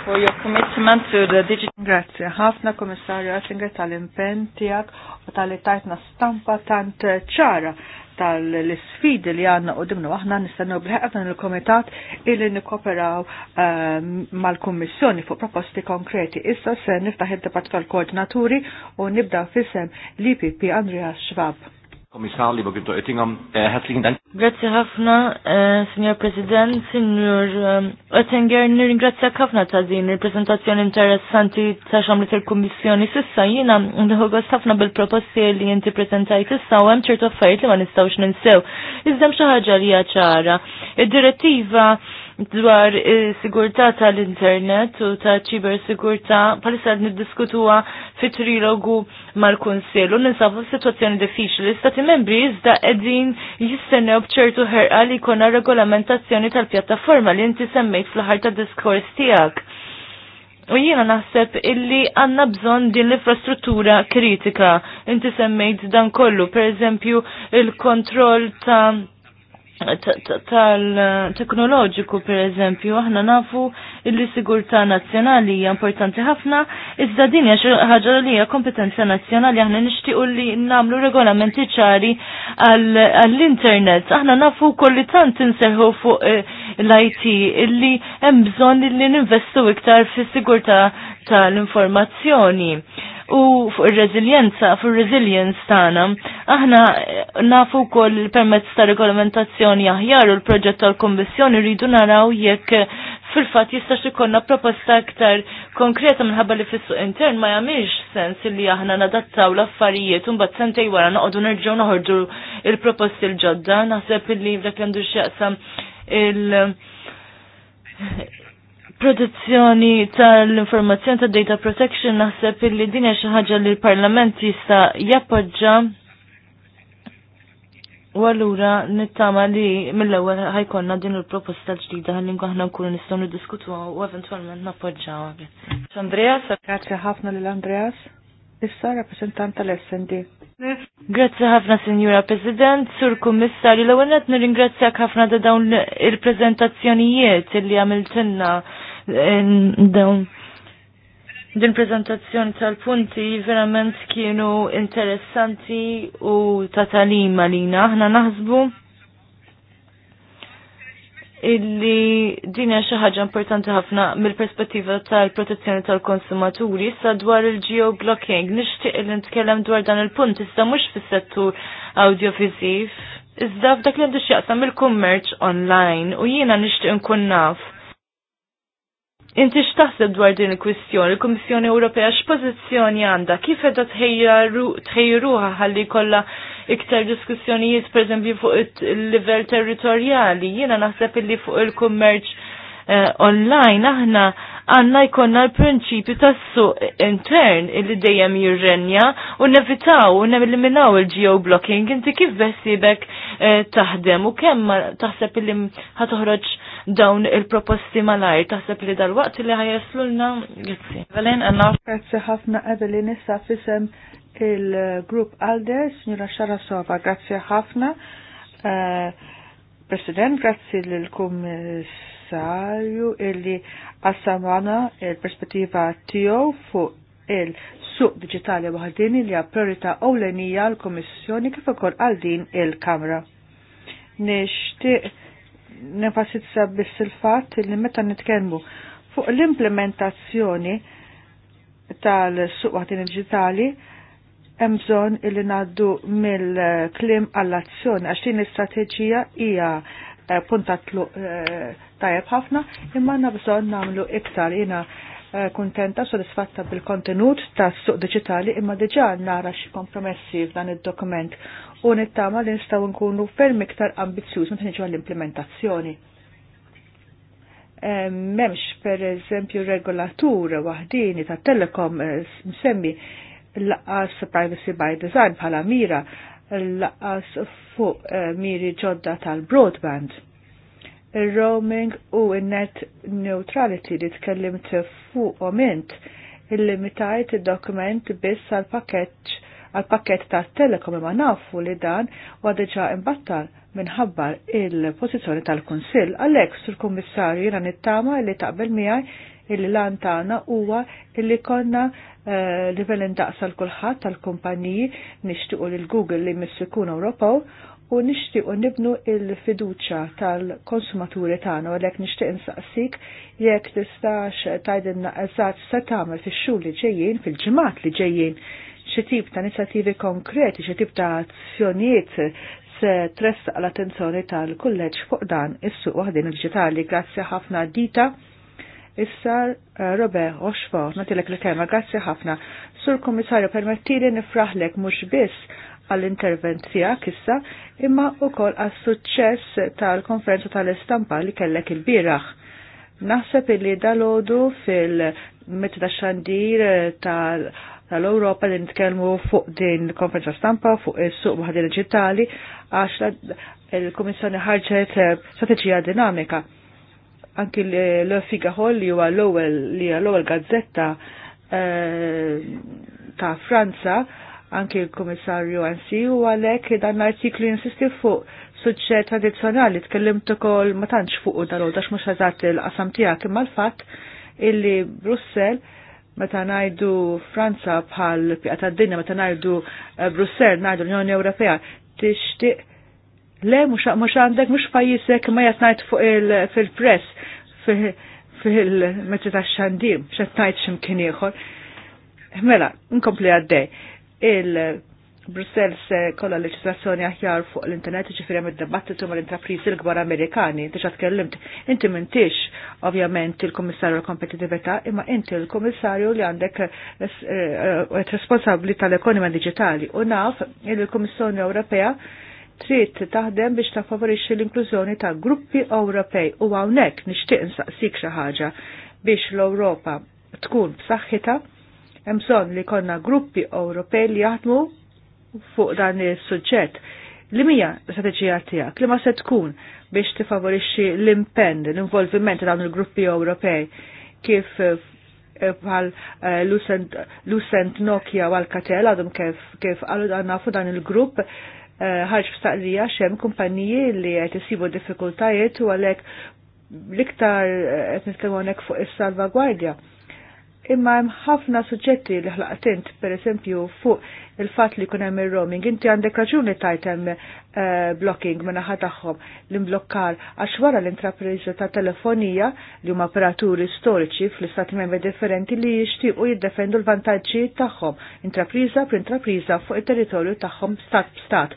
for your commitment to the digital. Grazie ħafna Komissarju Oettinger tal-impenn tiegħek u tal tajtna stampa tant ċara tal-sfidi li għanna u dimnu aħna nistennu bil-ħeqqa il-komitat illi nikoperaw ehm, mal-kommissjoni fuq proposti konkreti. Issa se niftaħ id-debat tal-koordinaturi u nibda fissem l-IPP Andrea Schwab. Kommissar, lieber Günter Oettinger, äh, herzlichen Dank. Grazie ħafna, äh, Signor President, Signor ähm, Oettinger, nirringrazzjak ħafna ta' din il-presentazzjoni interessanti ta' xamli tal kommissjoni sissa jina nħogost ħafna bil-proposti li jinti prezentajt issa u hemm ċertu affarijiet li ma nistgħux ninsew. Iżda xi ħaġa li ċara. Id-direttiva dwar eh, sigurtà tal-internet u ta' ċiber sigurtà palissa għad niddiskutuwa fit trilogu mal-Kunsill u ninsabu situazzjoni diffiċli. Stati membri iżda qegħdin jistennew bċertu ħerqa li jkollna regolamentazzjoni tal-pjattaforma li inti semmejt fl-ħar ta' diskors tiegħek. U jiena naħseb illi għanna bżon din l-infrastruttura kritika. Inti semmejt dan kollu, per eżempju, il-kontroll ta' tal-teknoloġiku per eżempju, aħna nafu illi sigurta nazzjonali hija importanti ħafna, iżda din hija xi ħaġa li hija kompetenza nazzjonali aħna nixtiequ li nagħmlu regolamenti ċari għall-internet. Aħna nafu kolli tant inserħu fuq eh, l-IT illi hemm bżonn li ninvestu iktar fis-sigurta tal-informazzjoni u fuq ir-reżiljenza, fuq ir-resilience tagħna. Aħna nafu wkoll permezz ta' regolamentazzjoni aħjar u l-proġett tal-Kommissjoni rridu naraw jekk fil-fatt jistax ikonna proposta aktar konkreta minħabba li fis-suq intern ma jagħmilx sens li aħna nadattaw l-affarijiet u mbagħad sentej wara noqogħdu nerġgħu noħorġu il-proposti l-ġodda, naħseb illi dak li għandu x'jaqsam il- protezzjoni tal-informazzjoni ta' data protection naħseb illi din hija xi ħaġa li l-Parlament jista' jappoġġa u allura nittama li mill-ewwel ħajkonna din il-proposta ġdida ħalli aħna nkunu nistgħu niddiskutuha u eventwalment nappoġġawha. Andreas, grazzi ħafna lil Andreas. Issa rappresentant tal-SND. Grazzi ħafna Sinjura President, Sur Kummissarju, l ewwel qed nirringrazzjak ħafna da dawn il-preżentazzjonijiet li għamiltinna dawn din prezentazzjoni tal-punti verament kienu interessanti u ta' talim għalina. Aħna naħsbu illi din hija xi ħaġa importanti ħafna mill-perspettiva tal-protezzjoni tal-konsumaturi sa dwar il-geoblocking. Nixtieq li nitkellem dwar dan il-punt issa mhux fis-settur audiovisiv. Iżda f'dak li għandu x'jaqsam il-kummerċ online u jiena nixtieq nkun naf Inti x'taħseb dwar din il-kwistjoni? Il-Kummissjoni Ewropea x'pożizzjoni għandha? Kif qiegħda tħejruha ħalli kollha iktar diskussjonijiet pereżempju fuq il-livell territorjali? Jiena naħseb illi fuq il-kummerċ eh, online aħna għanna jkonna l-prinċipju tas-suq intern illi dejjem jirrenja u nevitaw u neliminaw il-geoblocking. Inti kif vessibek eh, taħdem u kemm taħseb illi ħatoħroġ dawn il-proposti malajr. Taħseb li dal-waqt li l-na għitsi. Valen, għanna. Grazzi ħafna Evelyn issa fisem il-grupp Alder, signora Sharasova. Grazzi ħafna. Eh, President, grazzi l-Kummissarju illi għassamana il-perspettiva tiegħu fuq il-suq digitali waħdini li għapprorita ewlenija l-Komissjoni kif ukoll għal din il-Kamra. Nixtieq nefasitza biss il-fatt li meta nitkellmu fuq l-implementazzjoni tal-suq waħdin hemm bżonn illi ngħaddu mill-klim għall-azzjoni għax din l-istrateġija hija eh, puntatlu eh, tajjeb ħafna imma għandna bżonn nagħmlu iktar jiena Eh, kuntenta sodisfatta bil-kontenut ta' suq digitali imma diġa nara xi kompromessi f'dan id-dokument u nittama li nistgħu nkunu ferm iktar ambizzjuż meta niġu għall-implementazzjoni. Eh, Memx per eżempju regolatur waħdini ta' telekom eh, msemmi l l-as privacy by design bħala mira l l-as fuq miri ġodda tal-broadband il-roaming u il-net neutrality li tkellimt fuq mint il-limitajt il-dokument biss għal-pakket ta' telekom imma nafu li dan għadġa imbattal minħabba il-pozizjoni tal-Kunsill. Għalek, sur kummissarju jina nittama li taqbel miħaj illi lan tagħna huwa illi konna eh, livell indaqsa l kulħadd tal-kumpaniji nixtiequ l Google li missu jkun Ewropew u nixtiequ nibnu il-fiduċa tal-konsumaturi tagħna għalhekk nixtieq insaqsik jekk tistax tajdinna eżatt se tagħmel fix-xhur li ġejjin fil-ġimgħat li ġejjin xi tip ta' inizjattivi konkreti, xi tip ta' azzjonijiet se tressaq l-attenzjoni tal-kulleġġ fuq dan is-suq waħdin ġitali Grazzi ħafna dita. Issa eh, Robe Oxfo, natilek li kema grazzi ħafna. Sur Komissarju, permettili nifraħlek mhux biss għall-intervent tiegħek issa imma wkoll għas-suċċess tal-konferenza tal-istampa li kellek il-bieraħ. Naħseb illi dalodu fil-metda xandir tal- tal-Europa li nitkellmu fuq din konferenza stampa fuq is-suq waħdin digitali għax il-Kummissjoni ħarġet strateġija dinamika. Anki l-Figa Hall li huwa l-ewwel li l-ewwel gazzetta eh, ta' Franza anke il-Komissarju għansi u għalek dan l-artiklu jinsisti fuq suċċet tradizjonali tkellimt ukoll ma tantx fuq dal għax mhux eżatt il-qasam tiegħek imma l-fatt illi Brussel meta ngħidu Franza bħal pjaqta tad-dinja meta ngħidu eh, Brussel ngħidu l-Unjoni Ewropea tixtieq le mhux għandek mhux pajjiżek ma jasnajt fuq il-press fil-metri tax-xandim x'qed ngħid x'imkien ieħor. Mela, nkompli għaddej il-Brussels kolla leġislazzjoni aħjar fuq l-internet ġifirem id-debattitu l intrapriżi l-gbar Amerikani. diġa' tkellimt, inti mintix ovvjament il-Komissarju l-Kompetitività, imma inti il-Komissarju li għandek eh, eh, responsabli tal-ekonomija digitali. U naf il-Komissjoni Ewropea trid taħdem biex taffavorixxi l-inklużjoni ta' gruppi Ewropej u hawnhekk nixtieq nsaqsik xi ħaġa biex l-Ewropa tkun b'saħħitha Hemm bżonn li konna gruppi Ewropej li jaħdmu fuq dan is-suġġett. Li mija strateġija tiegħek li ma se tkun biex tifavorixxi l-impenn, l-involviment dawn il-gruppi Ewropej kif eh, bħal eh, Lucent Nokia u Alcatel għadhom kif kif għalu dan nafu dan il-grupp eh, ħarġ f'staqrija xem kumpaniji li qed isibu diffikultajiet u għalhekk l-iktar qed nitkellmu fuq is-salvagwardja imma hemm ħafna suġġetti li ħlaqt int pereżempju fuq il-fatt li kun hemm ir-roaming, inti għandek raġuni tajt hemm eh, blocking minn naħa tagħhom l-imblokkar għax wara l-intrapriża ta' telefonija li huma operaturi storiċi fl-istati membri differenti li jixtiequ jiddefendu l-vantaġġi tagħhom intrapriża per intrapriża fuq it-territorju tagħhom stat b'stat.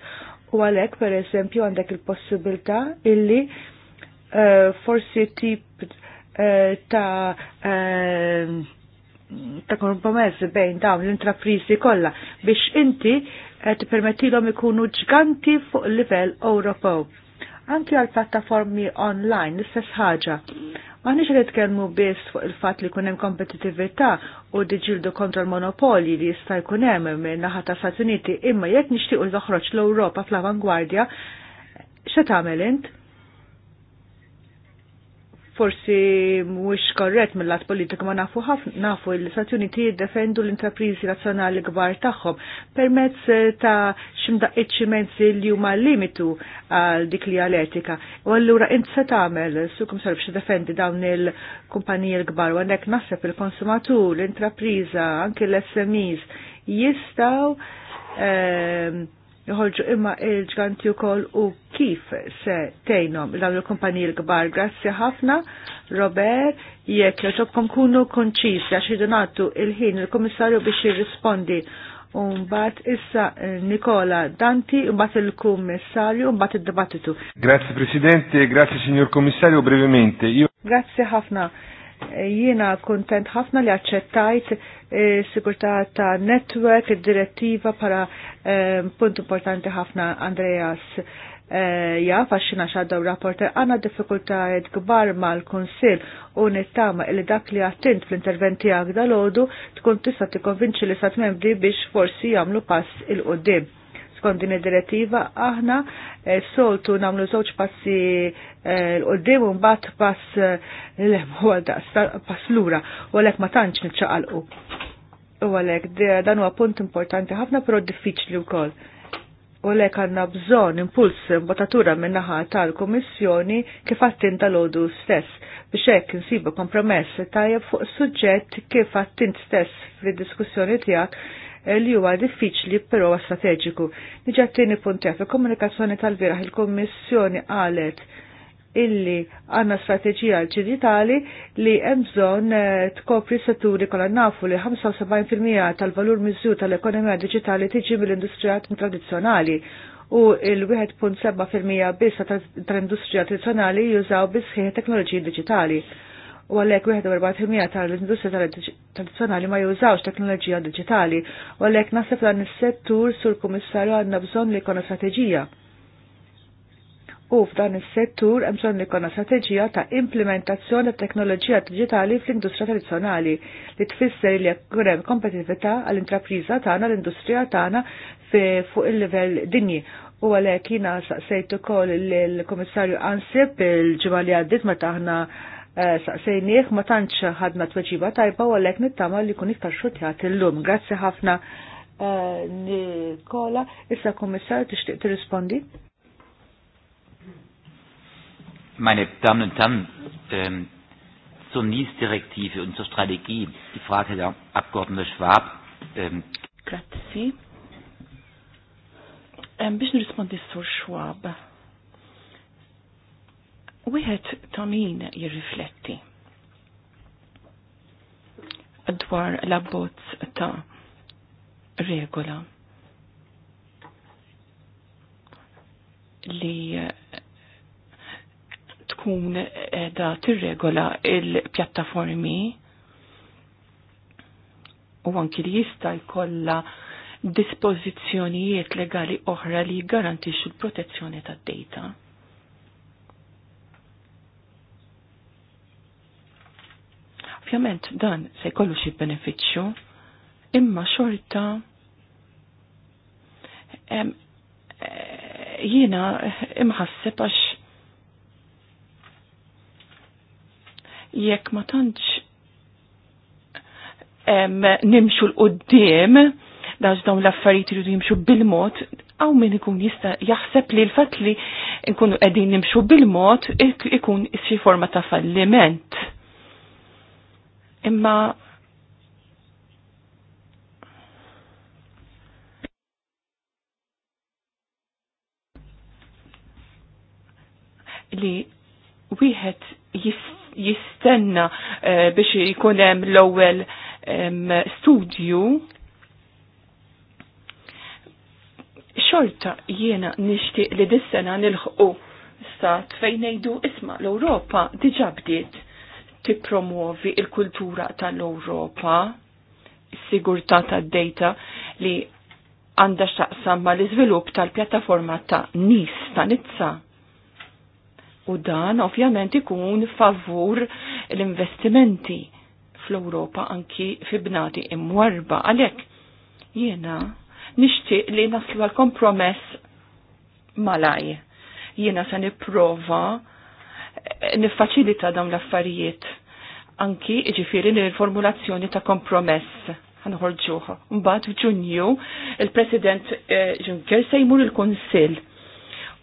U għalhekk pereżempju għandek il-possibilità illi eh, forsi tip eh, ta' ta' kompromess bejn dawn l-intraprizi kollha biex inti eh, tippermettilhom ikunu ġganti fuq livell Ewropew. Anki għal plattaformi online l-istess ħaġa. M'aħniex qed nitkellmu biss fuq il fatt li kunem kompetitività u diġildu kontra l-monopoli li jista' hemm minn naħa ta' Stati Uniti imma jekk nixtiequ l oħroġ l-Ewropa fl-avangwardja, xa tagħmel int? forsi mwix korrett mill-lat politiku ma nafu nafu l-Istati Uniti jiddefendu l-intrapriżi nazzjonali kbar tagħhom permezz eh, ta' ximdaq ximenzi li huma limitu għal dik li għal-etika. U allura int se tagħmel sukum sarf biex defendi dawn il-kumpaniji l-kbar u għandek naħseb il-konsumatur, l-intrapriża, anke l-SMEs jistgħu ehm, joħolġu imma il-ġganti wkoll u kif se tejnom dawn il-kumpaniji il kbar Grazzi ħafna, Robert, jek joġobkom kunu konċis, għax donatu il-ħin il-Komissarju biex jirrispondi. Umbat issa eh, Nikola Danti, umbat il-Kummissarju, umbat il-Dibattitu. Grazie Presidente, e grazie Signor Commissario, brevemente. Io... Grazie ħafna. Jiena kontent ħafna li aċċettajt eh, sigurtà ta' network, id-direttiva para eh, punt importanti ħafna Andreas eh, ja, faxxina xaddaw rapporter għanna diffikultajiet kbar mal-Konsil u nittama li dak li għattint fl-interventi għagda l ħodu tkun tista' tikkonvinċi li sat membri biex forsi jagħmlu pass il-qoddim skont din id-direttiva aħna eh, soltu namlu żewġ passi eh, l-qoddim u mbagħad pass eh, <laughs> pass lura u għalhekk ma tantx niċċaqalqu. U għalhekk dan huwa punt importanti ħafna però diffiċli wkoll u lek għanna bżon impuls botatura minnaħa tal-Komissjoni kif għattint tal-ħodu stess biex hekk insibu kompromess tajjeb fuq suġġett kif għattint stess fid diskussjoni tiegħek Eh, li huwa diffiċli però huwa strateġiku. Niġa t-tieni punt il komunikazzjoni tal-viraħ il-Kommissjoni qalet illi għanna strateġija digitali li emżon eh, tkopri setturi kolla nafu li 75% tal-valur mizzju tal-ekonomija digitali tiġi mill-industrija tradizjonali u il-1.7% biss tal-industrija tradizjonali jużaw bisħieħ teknoloġiji digitali u għalek 41% tal-industrija tradizjonali ma jużawx teknoloġija digitali u għalek nasib dan is-settur sur kummissarju għandna bżonn li jkollna strateġija. U f'dan is-settur hemm bżonn li jkollna strateġija ta' implementazzjoni ta' teknoloġija digitali fl-industrija tradizjonali li tfisser li jkun hemm kompetitività għall-intrapriża tagħna l-industrija tagħna fuq il-livell dinji u għalek jina saqsejtu kol l-komissarju Ansib il li għaddit ma taħna Eh, saqsejnieh ma tantx ħadna tweġiba tajba u għalhekk nittama li kun iktar xutjat illum. Grazzi ħafna eh, Nikola. Issa kummissar tixtieq tirrispondi? Meine Damen und Herren, ähm, zur NIS-Direktive und zur Strategie, die Frage der Abgeordnete Schwab. Ähm, Grazie. Ähm, bisschen nirrispondi zur Schwab wieħed ta' min jirrifletti dwar l-abbozz ta' regola li eh, tkun tir tirregola il-pjattaformi u anki li jista' jkollha dispożizzjonijiet legali oħra li garantixxu l-protezzjoni tad-data Ovvjament dan se jkollu xi benefiċċju, imma xorta eh, jiena eh, imħasseb għax jekk ma tantx nimxu l-qoddim, daġ dawn l-affarijiet iridu jimxu bil-mod, għaw min ikun jista jaħseb li l-fat li nkunu qegħdin nimxu bil-mod ikun xi forma ta' falliment. Imma li wieħed jistenna eh, biex jkun hemm l-ewwel studju xorta jiena nixtieq li dis-sena nilħqu sa fejn ngħidu isma' l-Ewropa diġà bdiet tipromuovi il-kultura tal-Ewropa, sigurtà tad-data li għandha x'taqsam mal-iżvilupp tal-pjattaforma ta' NIS ta' Nizza. U dan ovvjament ikun favur l-investimenti fl-Ewropa anki fi bnadi imwarba. Għalhekk jiena nixtieq li naslu għal kompromess malaj. Jiena se nipprova niffaċilita dawn l-affarijiet. Anki ġifiri l-formulazzjoni ta' kompromess ħanħorġuħa. Mbagħad f'Ġunju il-President eh, Juncker se jmur il-Kunsill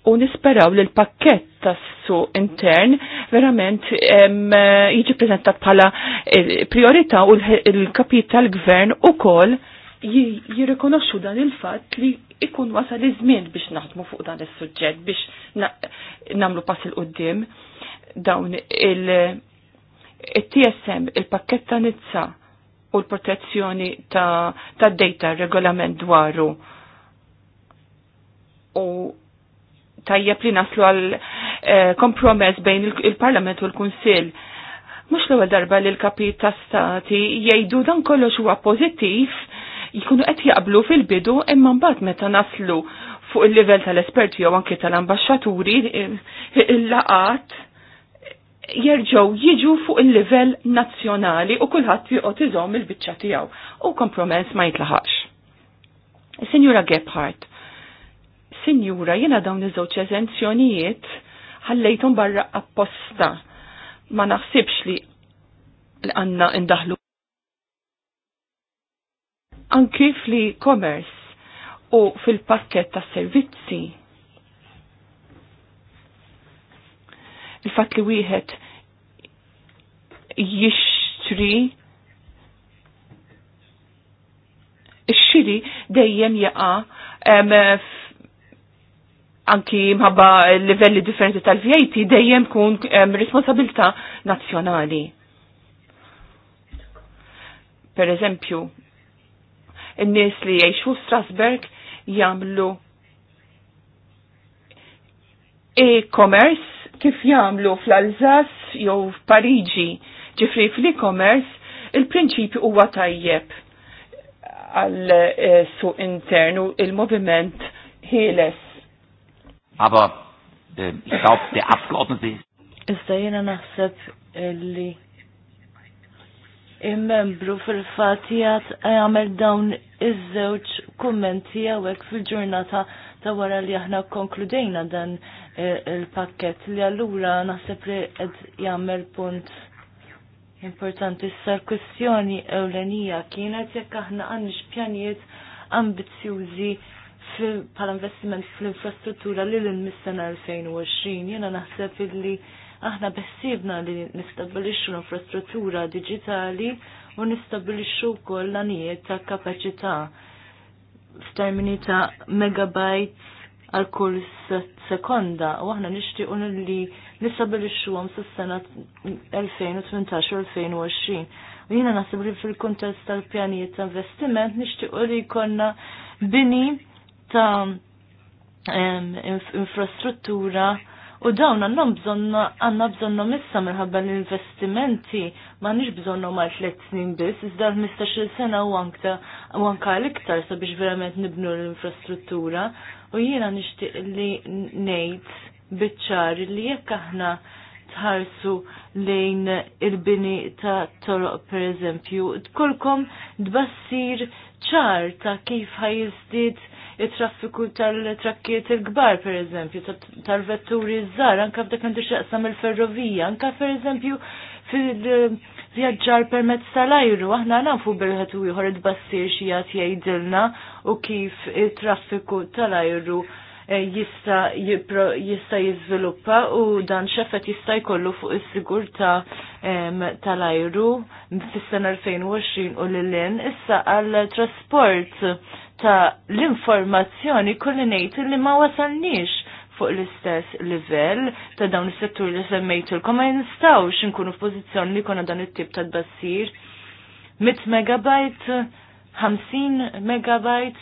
u nisperaw li l-pakket tas-suq intern verament jiġi prezentat bħala eh, priorita u l-kapital gvern ukoll jirrikonoxxu dan il-fatt li ikun wasal iż-żmien biex naħdmu fuq dan is-suġġett biex nagħmlu pass il qudiem dawn il- tsm il-pakketta nizza u l-protezzjoni ta', ta data regolament dwaru u tajjeb li naslu għal eh, kompromess bejn il-Parlament il u l-Kunsil. Mux l-ewwel darba li l-kapi ta' stati jgħidu dan kollox huwa pożittiv jkunu qed jaqblu fil-bidu imma mbagħad meta naslu fuq il-livell tal-esperti jew anke tal-ambaxxaturi il-laqat jerġgħu jiġu fuq il-livell nazzjonali u kulħadd joqgħod iżomm il-biċċa tiegħu u kompromess ma jitlaħax. Sinjura Gebhardt, Sinjura, jiena dawn iż-żewġ eżenzjonijiet ħallejthom barra apposta. Ma naħsibx li għanna indaħlu. Anki fli commerce u fil-pakket ta' servizzi il-fat li wieħed jixtri ix-xiri dejjem jaqa' anki mħabba livelli differenti tal vip dejjem kun responsabilta nazzjonali. Per eżempju, n-nies li jgħixu Strasberg jagħmlu e-commerce kif jagħmlu fl alzas jew f'Pariġi ġifri fl-e-commerce il-prinċipju huwa tajjeb għal eh, suq internu il-moviment ħieles. Aba, eh, ich di der Iżda jena naħseb li immembru membru fil-fat għamel dawn iż-żewġ kummenti għawek fil-ġurnata ta' wara li aħna konkludejna dan il-pakket li allura naħseb li qed jagħmel punt importanti issa l-kwestjoni ewlenija kienet jekk aħna għandix pjanijiet ambizzjużi bħala investiment fl-infrastruttura li l-mis-sena 2020 jiena naħseb illi aħna bessibna li nistabilixxu l-infrastruttura digitali u nistabilixxu wkoll l-anijiet ta' kapaċità f'termini ta' megabytes għal kull sekonda u aħna nixtiequ li xuħam sas-sena 2018-2020. U jiena naħseb li fil kontest tal-pjanijiet ta' investiment nixtiequ li jkollna bini ta' infrastruttura U dawn għandhom bżonna għandna bżonna missa minħabba l-investimenti m'għandniex bżonnhom ma' tliet snin biss, iżda l 15 sena u anke u l iktar sabiex verament nibnu l-infrastruttura. U jiena nixtieq li ngħid bieċar li jekk aħna tħarsu lejn il-bini ta' toroq per eżempju, tkolkom dbassir ċar ta' kif ħajżdied it-traffiku tal-trakkiet il-kbar, per eżempju, tal-vetturi żgħar, anka f'dak għandu xaqsam il-ferrovija, anka per eżempju fil-vjaġġar permezz tal-ajru, aħna nafu bil-ħatu ieħor id-bassir xijat jajdilna jgħidilna u kif it-traffiku tal-ajru eh, jista jista jizviluppa u dan xefet jista jkollu fuq is-sigurtà tal-ajru fis-sena 2020 u l-lin issa għal trasport ta' l-informazzjoni kulli ngħid li ma wasalniex fuq l-istess livell ta' dawn is-settur li semmejtilkom ma jinstawx inkunu f'pożizzjoni li kuna dan it-tip ta' tbassir. 100 megabyte, 50 megabyte,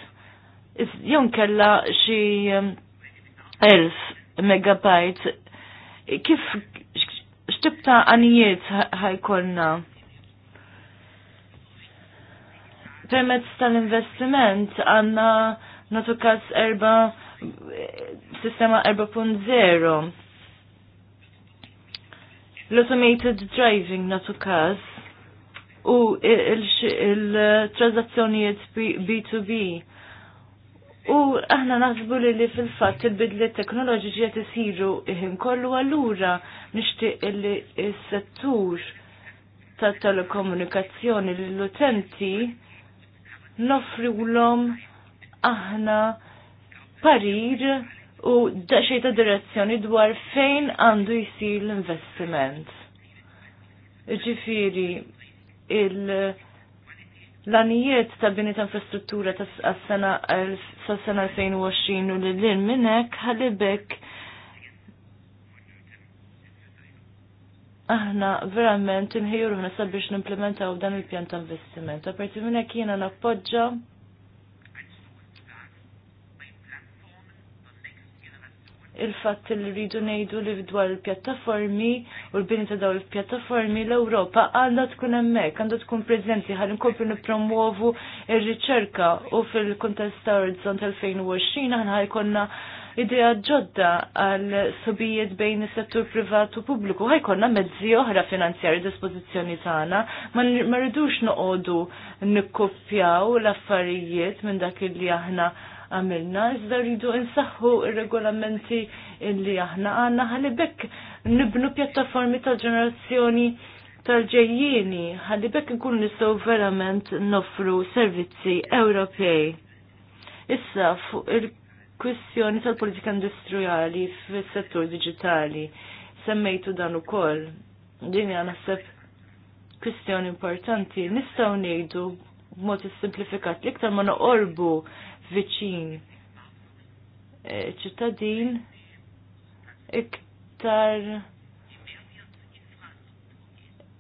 jew kella xi 1000 megabyte. Kif x'tib ta' għanijiet ħajkolna? Ha permezz tal-investiment għanna natu erba sistema 4.0 l-automated driving natu u il-transazzjonijiet B2B u aħna naħsbu li li fil-fat il-bidliet teknoloġiċi qed isiru iħin kollu allura nixtieq li s-settur tat-telekomunikazzjoni l-utenti l-om aħna parir u daċċej ta' direzzjoni dwar fejn għandu jisir l-investiment. Ġifiri, il- l-anijiet ta' bini ta' infrastruttura ta' s-sena 2020 u l-lin minnek ħalibek aħna verament inħejju ruħna sabiex nimplementaw dan il-pjan ta' investiment. Aperti minn hekk jiena nappoġġa il-fatt li rridu ngħidu li dwar il-pjattaformi u l-bini ta' dawn il-pjattaformi l-Ewropa għandha tkun hemmhekk, għandha tkun preżenti ħalli nkomplu nippromuovu r riċerka u fil-kuntest ta' Horizon 2020 aħna ħajkonna idea ġodda għal sobijiet bejn is-settur privat u pubbliku ħajkonna mezzi oħra finanzjari dispożizzjoni tagħna, ma rridux noqogħdu nikkoppjaw l-affarijiet minn dak li aħna għamilna, iżda rridu insaħħu ir-regolamenti li aħna għandna ħalli bekk nibnu pjattaformi ta' ġenerazzjoni tal-ġejjieni, ħalli bekk nkun nistgħu verament nofru servizzi Ewropej. Issa fuq il- kwistjoni tal-politika industrijali fis-settur digitali. Semmejtu dan ukoll. Din hija sepp kwistjoni importanti. Nistgħu ngħidu b'mod simplifikat li ktar ma noqorbu viċin e, ċittadin iktar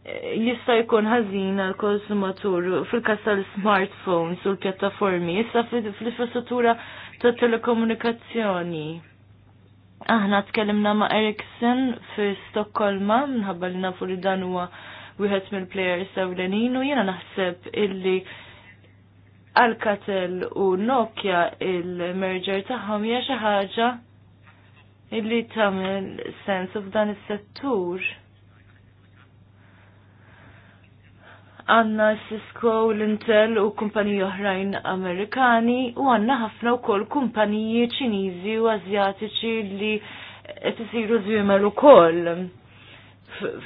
e, jista' jkun ħażin għal konsumatur fil każ tal-smartphones u l-pjattaformi. Issa fl-infrastruttura fl ta' telekomunikazzjoni. Aħna tkellimna ma' Ericsson fi Stokkolma minħabba li nafu li dan huwa wieħed mill-plejers ewlenin u jiena naħseb illi Alcatel u Nokia il-merger tagħhom hija xi ħaġa illi tagħmel sens f'dan is-settur. għanna Cisco, l-Intel u kumpaniji oħrajn Amerikani u għanna ħafna u kol kumpaniji ċinizi u azjatiċi li t-siru zwimer u kol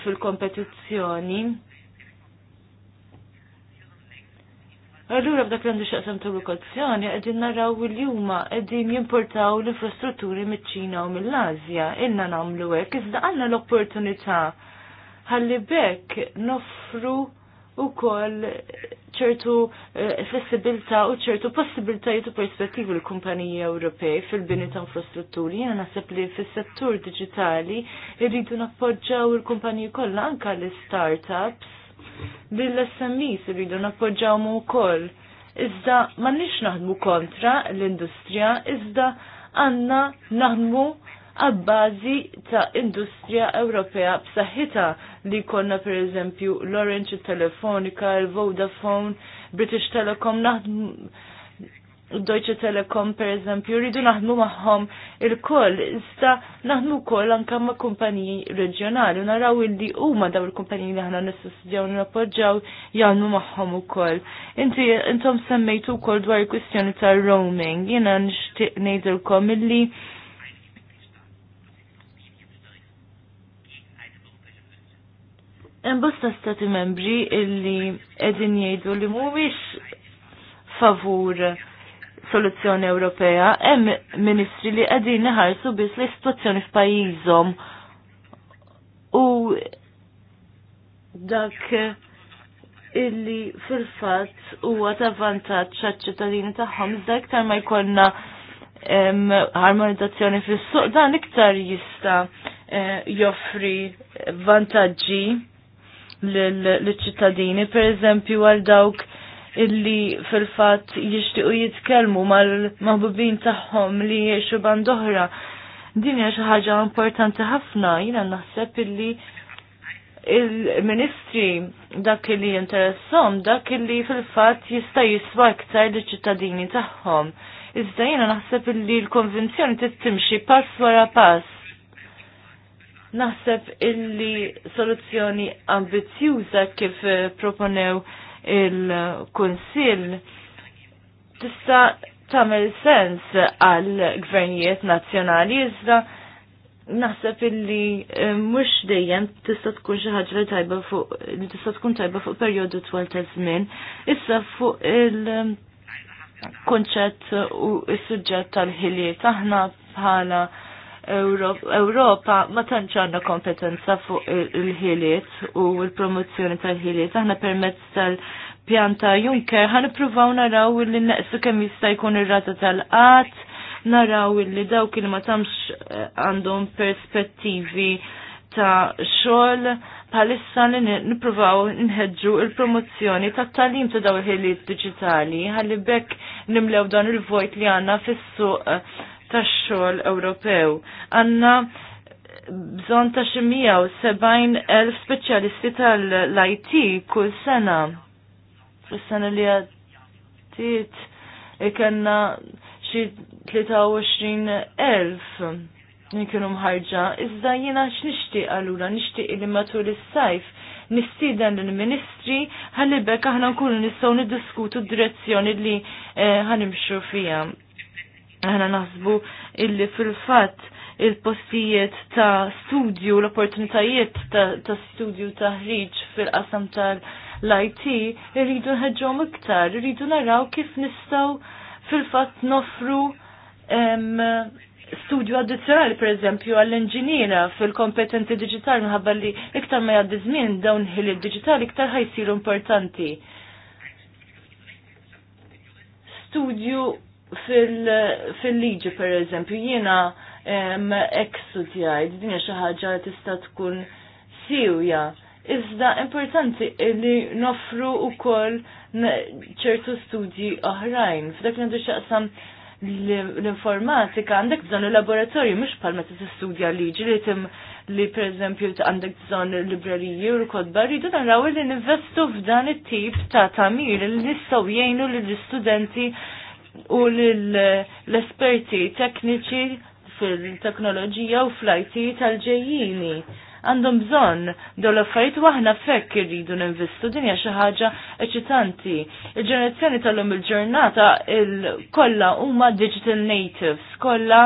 fil-kompetizzjoni. Allura b'dak li għandu xaqsam tal-lokazzjoni, għedin naraw li huma għedin jimportaw l-infrastrutturi mit-ċina u mill-Azja, inna namlu hekk, iżda għanna l-opportunità ħalli bekk nofru u koll ċertu eh, flessibilta u ċertu possibilta jitu perspettivi l-kumpaniji Ewropej fil-bini ta' infrastrutturi. Jena nasib li fil-settur digitali irridu nappoġġaw il-kumpaniji kollha anka l-startups li l-SMEs irridu nappoġġaw mu koll. Iżda ma nix naħdmu kontra l-industrija, iżda għanna naħdmu għabbażi ta' industrija Ewropea b'saħħitha li konna per eżempju l-Orange, telefonica il-Vodafone, British Telecom, naħdmu Deutsche Telekom per eżempju, rridu naħdmu maħħom il-koll, sta naħdmu koll anka ma' kumpaniji reġjonali, naraw illi huma daw il-kumpaniji li ħana nissussidjaw nappoġġaw jaħdmu maħħom ukoll. Inti intom semmejtu wkoll dwar il-kwistjoni ta' roaming, jiena nixtieq ngħidilkom illi hemm bosta stati membri illi qegħdin jgħidu li mhuwiex favur soluzzjoni Ewropea, hemm ministri li qegħdin iħarsu biss li situazzjoni f'pajjiżhom u dak illi fil-fatt huwa ta' vantaġġ għaċ-ċittadini tagħhom iżda iktar ma jkollna harmonizzazzjoni fis-suq dan iktar jista' eh, joffri vantaġġi l-ċittadini, per eżempju għal dawk illi fil-fat jishtiqu jitkelmu mal-mahbubin tagħhom li jiexu bandohra. Din hija xi ħaġa importanti ħafna, jiena naħseb illi il-ministri dak li jinteressom, dak li fil-fat jista' jiswa aktar liċ-ċittadini tagħhom. Iżda jiena naħseb illi l-konvenzjoni tittimxi pass wara pass Naħseb illi soluzzjoni ambizjuża kif eh, proponew il-Kunsill tista' tagħmel sens għal gvernijiet nazzjonali iżda naħseb illi eh, mhux dejjem tista' tkun xi ħaġa tajba fuq li tista' tkun tajba fuq perjodu twal ta' żmien. Issa fuq il- eh, konċett u s-sujġet tal-ħiliet aħna bħala Ewropa ma tantx għandna kompetenza fuq il-ħiliet u l-promozzjoni tal-ħiliet. Aħna permezz tal-pjanta Juncker ippruvaw naraw li neqsu kemm jista' jkun ir-rata tal-qatt, naraw li dawk li ma tamx eh, għandhom perspettivi ta' xogħol bħalissa li nippruvaw nħeġġu il-promozzjoni ta' tagħlim ta' daw il-ħiliet diġitali ħalli bekk nimlew dan il-vojt li għandna fis-suq eh, tax-xogħol Ewropew. Għandna bżonn ta' xi elf speċjalisti tal-IT kull sena. Fis-sena li għaddiet ikenna xi 23,000 li kienu mħarġa. Iżda jiena x'nixtieq allura nixtieq li matul is-sajf nistiden l-ministri ħallibek aħna nkunu nistgħu niddiskutu d-direzzjoni li eh, ħanimxu fija. Aħna naħsbu illi fil-fatt il-postijiet ta' studju, l-opportunitajiet ta', ta studju ta' ħriġ fil-qasam tal-IT, irridu nħedġom iktar, irridu naraw kif nistaw fil-fat nofru em, studju addizjonali, per eżempju, għall-inġiniera fil kompetenti digitali, minħabba li iktar ma jgħaddi żmien dawn ħili digitali iktar ħajsiru importanti. Studju fil-liġi per eżempju jiena ek studjajt, din xi ħaġa tista' tkun siwja. Iżda importanti li nofru ukoll ċertu studji oħrajn. F'dak li xaqsam l-informatika għandek bżonn il-laboratorju mhux bħalma meta tistudja liġi li tim li per eżempju għandek bżonn libreriji u l-kodba rridu naraw li ninvestu f'dan it-tip ta' tamir li nistaw jgħinu lill-istudenti u l-esperti tekniċi fil-teknoloġija u fl-IT tal-ġejjini. Għandhom bżonn dawn l-affarijiet waħna fekk irridu ninvestu dinja xi ħaġa eċitanti. Il-ġenerazzjoni tal-lum il-ġurnata kollha huma digital natives, kollha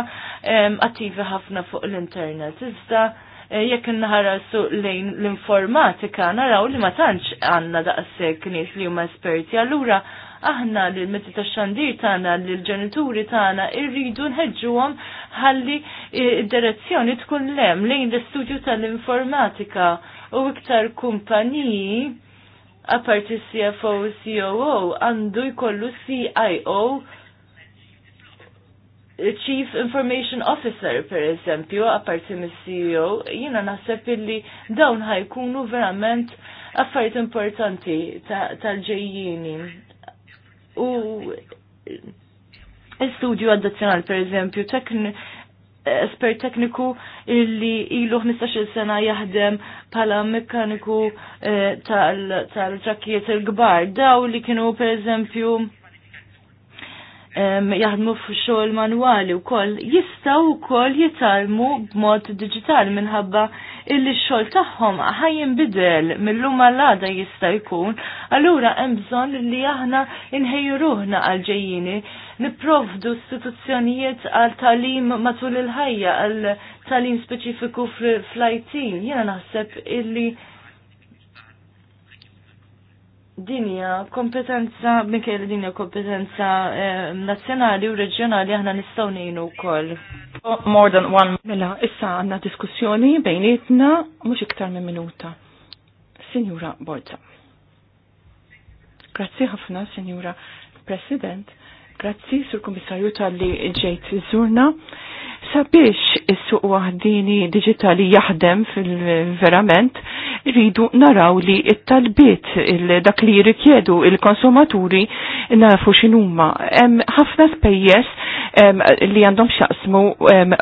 attivi ħafna fuq l-internet. Iżda eh, jekk nħarsu lejn l-informatika naraw li ma tantx għandna daqshekk nies li huma esperti allura aħna li l metti ta' xandir tagħna li l-ġenituri tagħna irridu nħeġġuhom ħalli e, id-direzzjoni tkun lem lejn l-istudju tal-informatika u iktar kumpaniji aparti CFO COO għandu jkollu CIO Chief Information Officer, per eżempju, apparti mis-CEO, jina naħseb illi dawn ħajkunu verament affarijiet importanti tal-ġejjini u studju addizjonal, per eżempju espert tekniku illi ilu 15 sena jaħdem pala mekkaniku eh, tal trakkijiet il gbar Daw li kienu per eżempju jahdmu jaħdmu f'xogħol manwali u koll jistaw u koll jitalmu b'mod digital minħabba illi x-xogħol tagħhom bidel mill-lum għal-għada jista' jkun, allura hemm bżonn li aħna inħejruħna ruħna għal ġejjini niprovdu istituzzjonijiet għal talim matul il-ħajja, għal talim speċifiku fl-IT. Jena naħseb illi dinja kompetenza, Mikel, dinja kompetenza eh, nazjonali u reġjonali aħna nistaw nejnu kol. More than one. Mela, issa għanna diskussjoni bejnietna mux iktar minn minuta. Signora Borza. Grazzi ħafna, Signora President. Grazzi, Sur Komissarju tal-li ġejt zurna. Sabiex is-suq waħdini digitali jaħdem fil-verament, rridu naraw li it-talbiet dak li jirrikjedu il-konsumaturi nafu x'inhuma. Hemm ħafna spejjeż li għandhom xaqsmu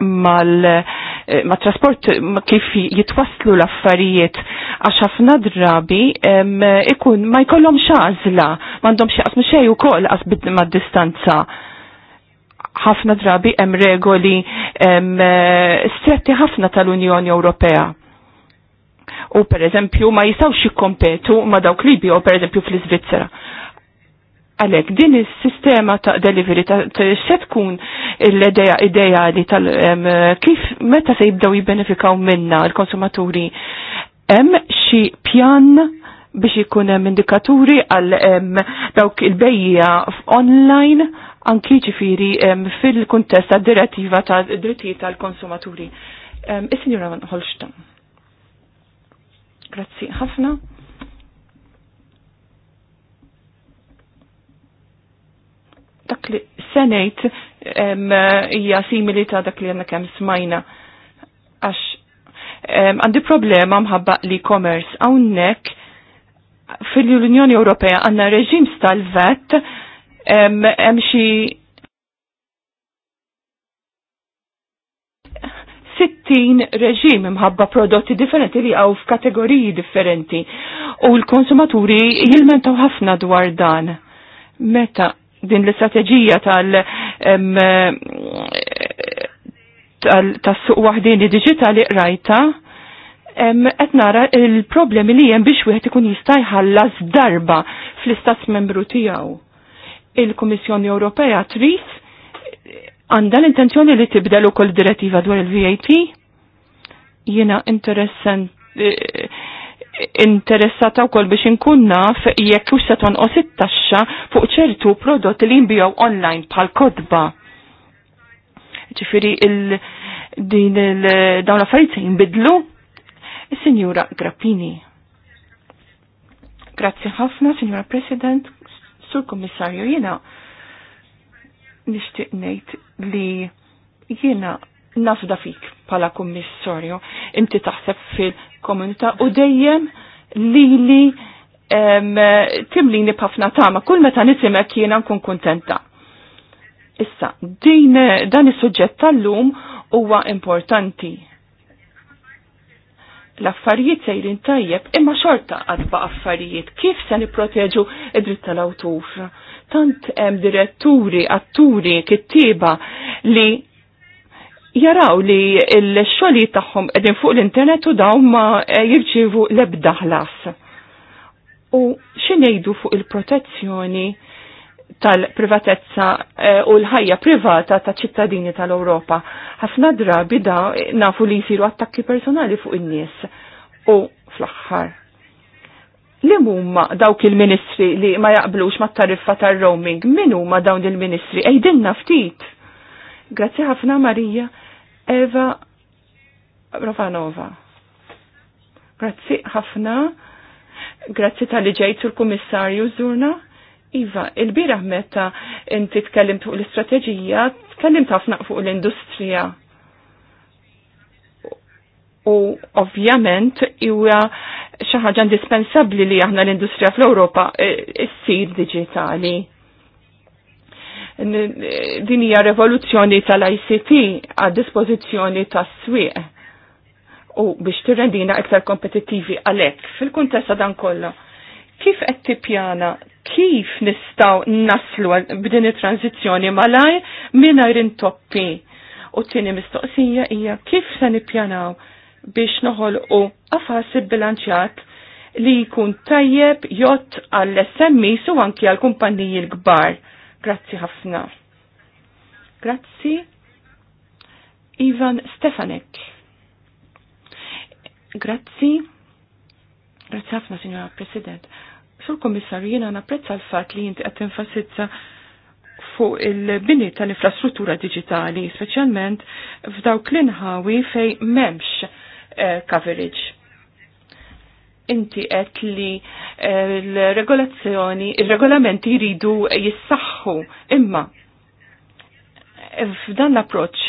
mal-trasport eh, kif jitwaslu l-affarijiet għax ħafna drabi ikun ma jkollhom xażla m'għandhom xaqsmu xejn ukoll qas mad-distanza ħafna drabi hemm regoli eh, stretti ħafna tal-Unjoni Ewropea. U per eżempju ma jistgħux jikkompetu ma dawk li biju pereżempju fl-Iżvizzera. Għalek, din is-sistema ta' delivery ta' se tkun l-ideja ideali tal kif meta se jibdew jibbenefikaw minna l-konsumaturi. Hemm xi pjan biex ikun hemm indikaturi għal dawk il-bejja online anki ċifiri fil-kontest ta' direttiva ta' drittijiet tal-konsumaturi. Is-Sinjura Van Holstein. Grazzi ħafna. Dak li senajt hija simili ta' dak li għandna kemm smajna għax għandi problema mħabba l-e-commerce hawnhekk fil-Unjoni Ewropea għanna reġim tal-vet hemm xi 60 reġim imħabba prodotti differenti li għaw f'kategoriji differenti u l-konsumaturi jilmentaw ħafna dwar dan. Meta din l-istrateġija tal- tas-suq li digitali rajta, qed nara il-problemi li hemm biex wieħed ikun jista' jħallas darba fl-istat membru tiegħu il-Komissjoni Ewropea trid għandha l-intenzjoni li tibdel ukoll direttiva dwar il-VAT. Jiena eh, interessata wkoll biex inkun naf jekk hux se tonqos it-taxxa fuq ċertu prodotti li jinbijaw online bħal kodba. Ġifieri il din il dawn l-affarijiet se jinbidlu. Is-Sinjura Grappini. Grazzi ħafna, Signora President. Sur Kommissarju, jiena nixtieq ngħid li jiena nafda fik pala kommissarju, inti taħseb fil-komunità u dejjem li li timlini b'ħafna tama, kull meta nisimek jiena nkun kontenta. Issa, din dan is-suġġett tal-lum huwa importanti l-affarijiet sejrin tajjeb, imma xorta għadba affarijiet, kif se niproteġu id-dritt tal-awtur? Tant hemm diretturi, atturi, kittiba li jaraw li l xoli tagħhom qegħdin fuq l-internet u dawn ma jirċievu l-ebda ħlas. U xinejdu fuq il-protezzjoni tal-privatezza eh, u l-ħajja privata ta' ċittadini tal-Ewropa. Ħafna drabi da nafu li jisiru attakki personali fuq in-nies u fl-aħħar. Li huma dawk il-ministri li ma jaqblux ma' tariffa tar-roaming, min huma dawn il-ministri? Ejdinna ftit. Grazzi ħafna Marija Eva Rovanova. Grazzi ħafna. Grazzi tal ġejt sur kummissarju Zurna. Iva, il-biraħ meta inti tkellim fuq l-istrateġija, tkellim tafna fuq l-industrija. U ovvjament iwa xi ħaġa indispensabbli li aħna l-industrija fl-Ewropa e, issir diġitali. Din hija revoluzzjoni tal-ICT għad dispożizzjoni tas-swieq u biex tirrendina iktar kompetittivi għalhekk fil-kuntesta dan kollha kif qed tippjana kif nistaw naslu b'din it-tranzizjoni malaj mingħajr intoppi. U t-tieni mistoqsija hija kif se nippjanaw biex noħolqu il bilanċjat li jkun tajjeb jott għall-SMI su anki għall-kumpanniji l-kbar. Grazzi ħafna. Grazzi. Ivan Stefanek. Grazzi. Grazzi ħafna, Signora President. Sur komissar, jiena napprezza l-fat li jinti qed enfasizza fuq il-bini tal-infrastruttura digitali, speċjalment f'dawk l-inħawi fej memx eh, coverage. Inti għet li eh, l-regolazzjoni, il-regolamenti jridu jissaħħu imma f'dan l-approċ,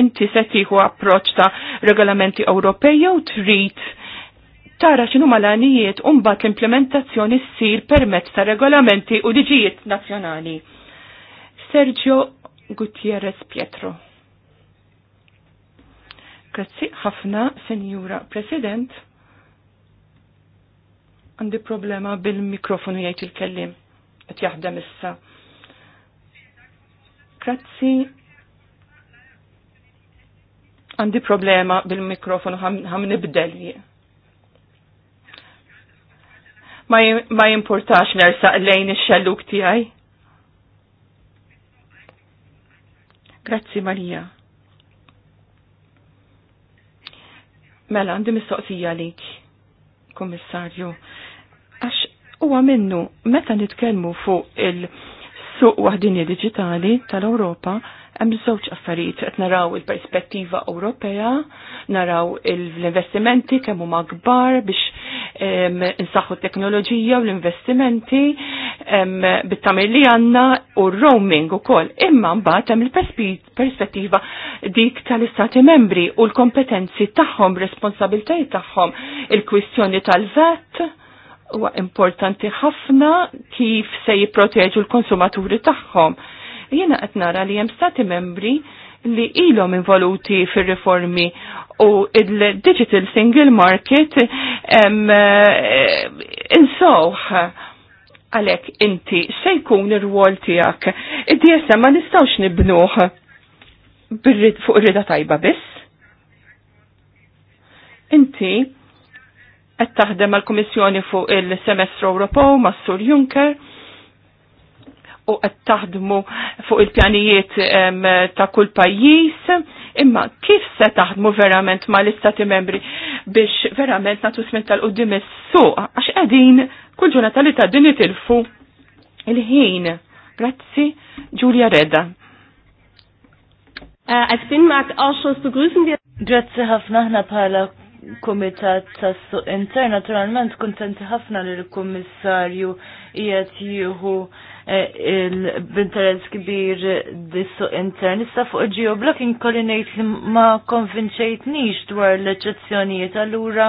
inti se tieħu approċ ta' regolamenti Ewropej jew trid tara xinu malanijiet u mbagħad l-implementazzjoni ssir permezz ta' regolamenti u liġijiet nazzjonali. Sergio Gutierrez Pietro. Grazzi ħafna, Senjura President. Għandi problema bil-mikrofonu jgħid il-kellim. Qed jaħdem issa. Grazzi għandi problema bil-mikrofonu ħam nibdel ma jimportax nersa lejn ix-xelluk tiegħi. Grazzi Marija. Mela, għandi mistoqsija lik, kommissarju. Għax huwa minnu, meta nitkellmu fuq il-suq waħdini digitali tal-Ewropa, Hemm żewġ affarijiet qed naraw il-perspettiva Ewropea, naraw l-investimenti kemm huma kbar biex insaħħu t-teknoloġija u l-investimenti bit-tagħmel li għandna u roaming ukoll. Imma mbagħad hemm il-perspettiva dik tal-Istati membri u l-kompetenzi tagħhom, responsabiltajiet tagħhom, il-kwistjoni tal-vet huwa importanti ħafna kif se jipproteġu l-konsumaturi tagħhom Jiena qed nara li hemm stati membri li ilhom involuti fir-riformi u il-digital single market eh, insoħ għalek inti xejkun ir-rwol tijak. Id-DSM ma nistawx nibnuħ fuq rida tajba biss. Inti qed taħdem għal-Kummissjoni fuq il-Semestru Ewropew mas-Sur Juncker u qed taħdmu fuq il-pjanijiet ta' kull pajjiż, imma kif se taħdmu verament ma' l-istati membri biex verament natu smil tal-qoddim is-suq għax qegħdin kull ġurnata li ta' din itilfu il-ħin. Grazzi, Giulia Redda. Äh, als Binnenmarktausschuss begrüßen wir. Grazie ħafna ħna bħala Kumitat tas-Suq Intern, naturalment kuntenti ħafna li l-Kummissarju qiegħed jieħu eh, b'interess kbir dis-Suq Intern. Issa fuq il-geoblocking kolli ngħid li ma konvinċejtnix dwar l-eċezzjonijiet allura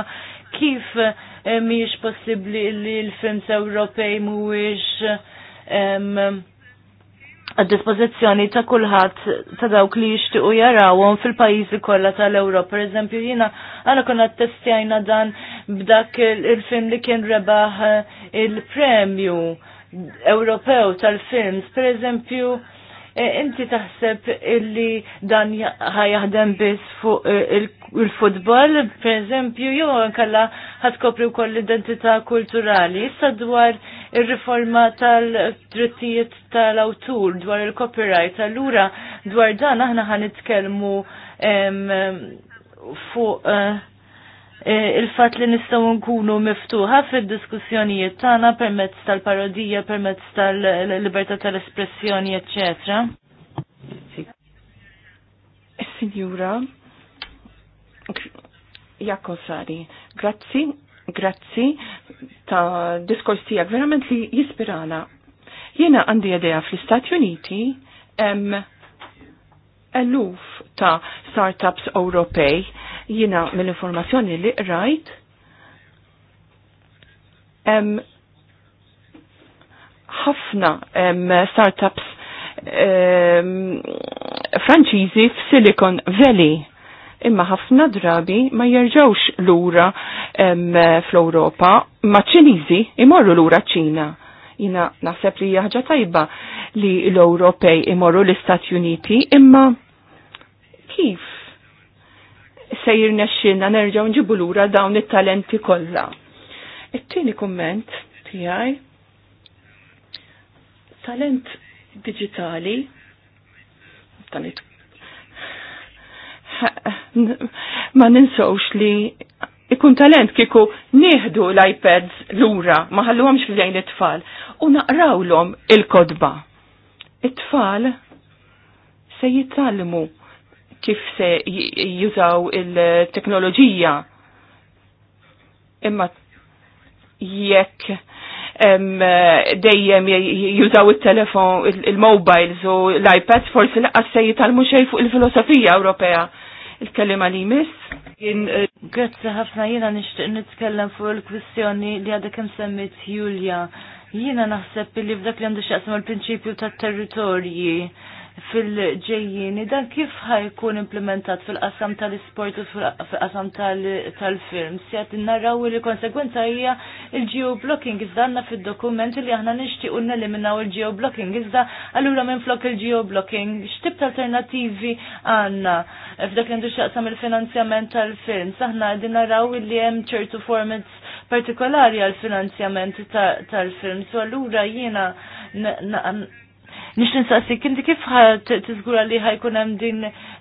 kif eh, mhijiex possibbli li l-films Ewropej mhuwiex għad-dispozizjoni ta' kulħadd ta' dawk li jixtiequ jarawhom fil-pajjiżi kollha tal-Ewropa. Per eżempju, jiena għana konna testjajna dan b'dak il-film li kien rebaħ eh, il-premju Ewropew tal-films. Per eżempju, eh, inti taħseb illi dan ħajaħdem biss fuq eh, il-futbol, per eżempju, jew kalla ħatkopri wkoll l-identità kulturali. Issa dwar ir-riforma tal-drittijiet tal-awtur dwar il-copyright. Allura dwar dan aħna ħan nitkellmu fuq eh, eh, il-fat li nistaw nkunu miftuħa fil-diskussjonijiet tagħna permezz tal-parodija, permezz tal-libertà tal-espressjoni, eccetera. Signora, sari, grazzi Grazzi ta' diskors tijak verament li jispirana. Jena għandi għadeja fl-Istati Uniti em eluf ta' startups Ewropej jena mill-informazzjoni li rajt em ħafna startups franċiżi f'Silicon Valley imma ħafna drabi ma jerġawx lura fl-Europa, ma ċinizi imorru lura ċina. Jina naħseb li jaħġa tajba li l-Ewropej imorru l-Istati Uniti, imma kif sejr nexxinna nerġaw nġibu lura dawn it-talenti kollha. It-tieni kumment tiegħi talent digitali tal <laughs> ma ninsawx li ikun talent kiku nieħdu l-iPads lura ma ħalluhomx fil-lejn it-tfal u naqrawlhom il-kodba. It-tfal se jitalmu kif se jużaw il-teknoloġija imma jekk dejjem jużaw il-telefon, il-mobiles u l-iPads forsi laqqas se jitalmu xej fuq il-filosofija Ewropea Il-kellima li jmiss. Eh, grazzi ħafna jiena nixtieq nitkellem fuq il-kwistjoni li għadha kemm semmit Julia. Jiena naħseb li f'dak li għandu x'jaqsam il-prinċipju tat-territorji fil-ġejjini dan kif ħajkun implementat fil-qasam tal-isport u fil-qasam tal-film. għat narraw li konsekwenza hija il-geoblocking iżda għandna fil-dokument li aħna nixtiequ neliminaw il-geoblocking iżda allura minn flok il-geoblocking x'tib tal alternativi għandna f'dak li għandu xaqsam il-finanzjament tal-film. Saħna għadin narraw li hemm ċertu formats partikolari għal-finanzjament tal-film. So allura jiena Nix ninsassi, inti kif tiżgura li ħajkun hemm din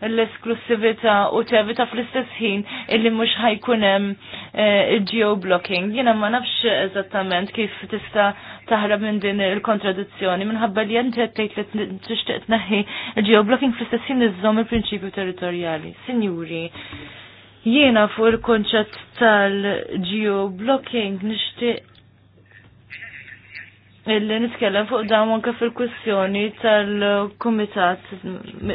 l-esklusivita u tevita fl-istess ħin illi mhux ħajkun hemm eh, geoblocking. Jiena ma nafx eżattament kif tista' taħrab minn din il-kontradizzjoni minħabba li jenti tgħid li tixtieq naħi geoblocking fl-istess ħin iżżomm il-prinċipju territorjali. Sinjuri, jiena fuq il-konċett tal-geoblocking nixtieq illi nitkellem fuq dawn anke fil-kwistjoni tal-kumitat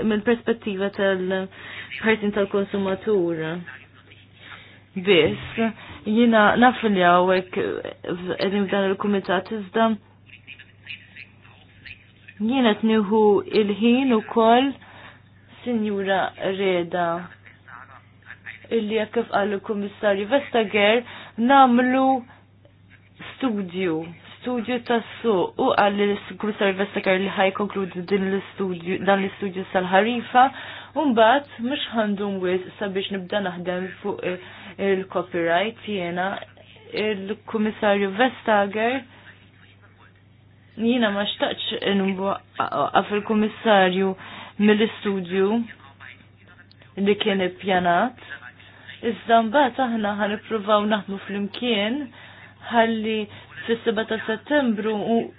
mill-perspettiva tal-ħarsin tal-konsumatur. Biss, jina naf li hawnhekk qegħdin f'dan il-kumitat iżda jiena nieħu il-ħin ukoll Sinjura Reda illi jekk kif qal il-Kummissarju Vestager namlu studju studju tas-suq u għall l-Kummissar li ħaj konkludi din l-istudju dan l-istudju sal-ħarifa u mbagħad mhux ħandu wis sabiex nibda naħdem fuq il-copyright jiena il-Kummissarju Vestager jiena ma xtaqx għaf il-Kummissarju mill-istudju li kien il-pjanat, Iżda mbagħad aħna ħanippruvaw naħdmu flimkien ħalli fis-7 ta' Settembru ikunu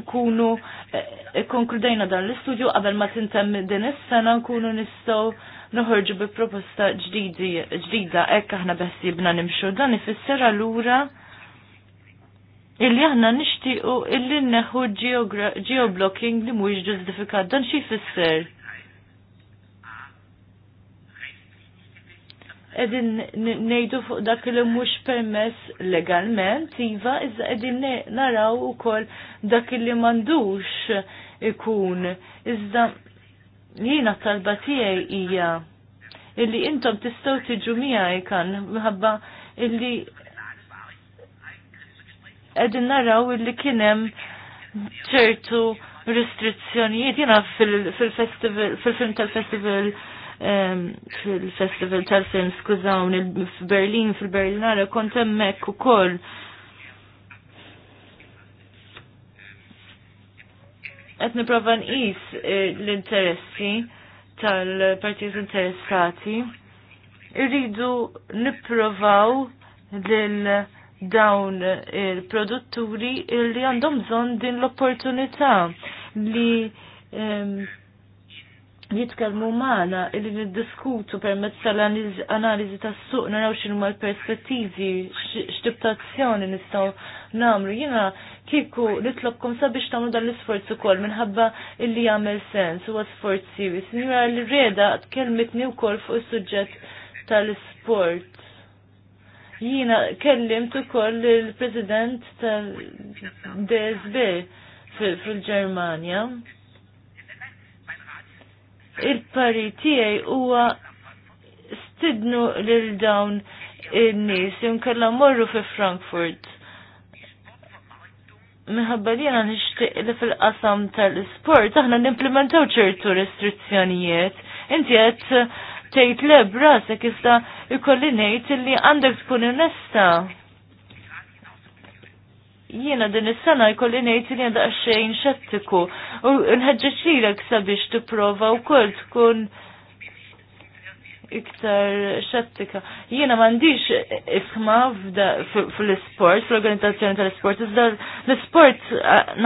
nkunu eh, konkludejna dan l-istudju qabel ma tintemm din is-sena nkunu nistgħu noħorġu bi proposta ġdida hekk aħna beħsibna nimxu dan ifisser allura illi aħna nixtiequ illi neħu geoblocking li mhuwiex ġustifikat dan xi jfisser. edin nejdu fuq dak li mhux permess legalment, iva, iżda edin naraw ukoll dak li mandux ikun. Iżda jiena talba tiegħi hija illi intom tistgħu tiġu miegħi kan minħabba illi qegħdin naraw illi kien hemm ċertu restrizzjonijiet jiena fil-festival fil-film tal-festival fil festival fil film tal festival fil-Festival tal-Film, skużawni, f'Berlin, fil-Berlinale, kont hemmhekk ukoll. Qed nipprova nqis eh, l-interessi tal-partijiet interessati. Irridu nipprovaw lil dawn il-produtturi li għandhom bżonn din l-opportunità li jitkellmu maħna illi niddiskutu permezz tal-analiżi tas-suq naraw ma l-perspettivi, x-tiptazzjoni nistgħu nagħmlu. Jiena kieku nitlobkom sabiex tagħmlu dan l-isforz kol minħabba illi jagħmel sens u sforz siwi. Nira li reda u wkoll fuq is-suġġett tal-isport jina kellimt kol il-president tal-DSB fil-Germania. Fil il-pari tiegħi huwa stidnu lil dawn in-nies jinkella morru fi Frankfurt. Minħabba li nixtieq li fil-qasam tal-sport aħna n-implementaw ċertu restrizzjonijiet. Inti qed tgħid lebra se kif ta' ikolli ngħid li għandek tkun onesta jiena din is-sena jkolli ngħid li għandha xejn xettiku u nħeġġeġilek sabiex tipprova wkoll tkun iktar xettika. Jiena m'għandix isma fl-isport, fl-organizzazzjoni tal-isport, iżda l-isport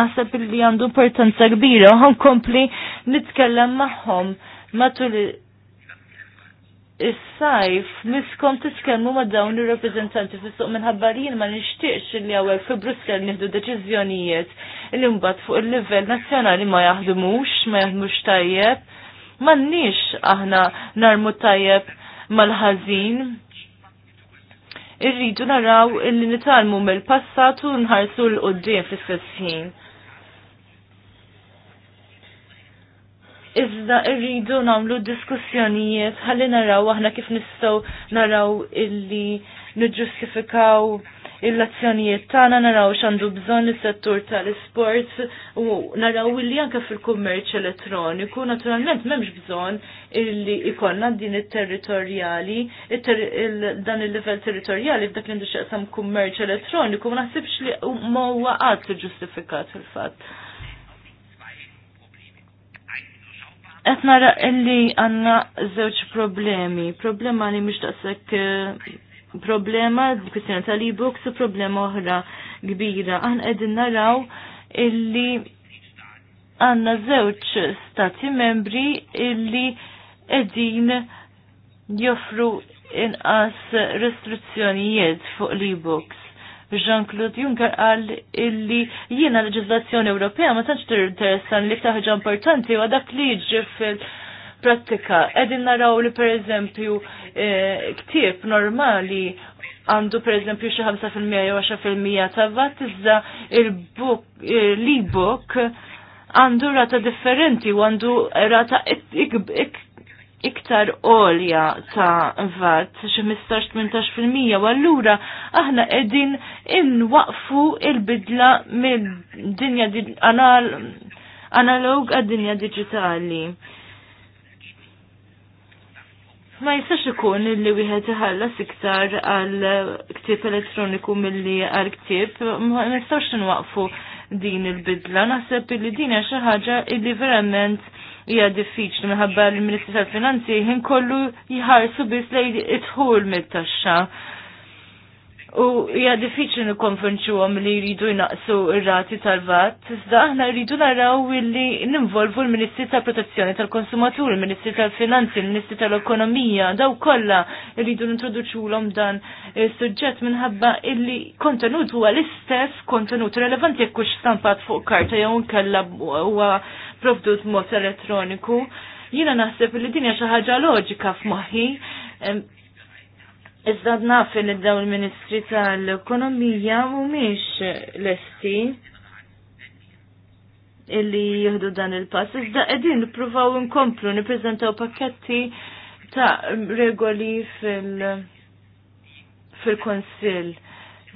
naħseb li għandu importanza kbira u ħankompli nitkellem magħhom matul is-sajf miskom titkellmu ma' dawn ir fissuq minn ħabbarin, li jien ma nishtiqx li hawnhekk fi Brussell nieħdu deċiżjonijiet li mbagħad fuq il-livell nazzjonali ma jaħdmux, ma jaħdmux tajjeb. M'għandniex aħna narmu tajjeb mal-ħażin. Irridu naraw li nitalmu mill-passat u nħarsu l-qoddim fl-istess ħin. iżda irridu nagħmlu diskussjonijiet ħalli naraw aħna kif nistgħu naraw illi niġġustifikaw il-azzjonijiet tagħna naraw x'għandu bżonn is-settur tal-isport u naraw illi anke fil-kummerċ elettroniku naturalment m'hemmx bżonn illi jkollna din it-territorjali dan il-livell territorjali f'dak li ndixxaqsam kummerċ elettroniku ma naħsibx li ma huwa qatt ġustifikat fil-fatt. qed nara illi għandna żewġ problemi. Problema li mhux taqsek eh, problema kwistjoni tal-e-books u problema oħra kbira. Aħna qegħdin naraw illi għandna żewġ stati membri illi qegħdin joffru inqas restrizzjonijiet fuq l-e-books. Jean-Claude Juncker qal illi jiena leġizlazzjoni Ewropea ma tantx tinteressan li ftaħ ħaġa importanti u dak li jiġri fil- prattika. Qegħdin naraw li pereżempju eh, ktieb normali għandu per eżempju xi 5% jew 10% ta' vatt iżda l-ebook għandu rata differenti u għandu rata iktar olja ta' vat xi 15-18% u allura aħna qegħdin inwaqfu il-bidla mill-dinja anal analog għad-dinja digitali ma jistax ikun li wieħed iħallas iktar għal ktieb elettroniku milli għal ktieb, ma nistax nwaqfu din il-bidla. Naħseb li din hija xi ħaġa li verament hija diffiċli minħabba l-Ministru tal-Finanzi ħin kollu jħarsu biss lejn idħul mit-taxxa. U hija diffiċli nikkonvinċuhom li jridu jnaqsu r-rati tal-vat, iżda aħna rridu naraw illi ninvolvu l-Ministri tal-Protezzjoni tal-Konsumatur, il-Ministri tal-Finanzi, il-Ministri tal-Ekonomija, daw kollha rridu nintroduċulhom dan is-suġġett minħabba illi kontenut huwa l-istess kontenut relevanti jekk hux stampat fuq karta jew inkella huwa provdut mod elettroniku. Jiena naħseb li din hija xi ħaġa loġika f'moħħi Iżda naf li daw il-Ministri tal-Ekonomija mhumiex lesti illi jieħdu dan il-pass. Iżda qegħdin nippruvaw inkomplu nippreżentaw pakketti ta' regoli fil- fil-Konsil.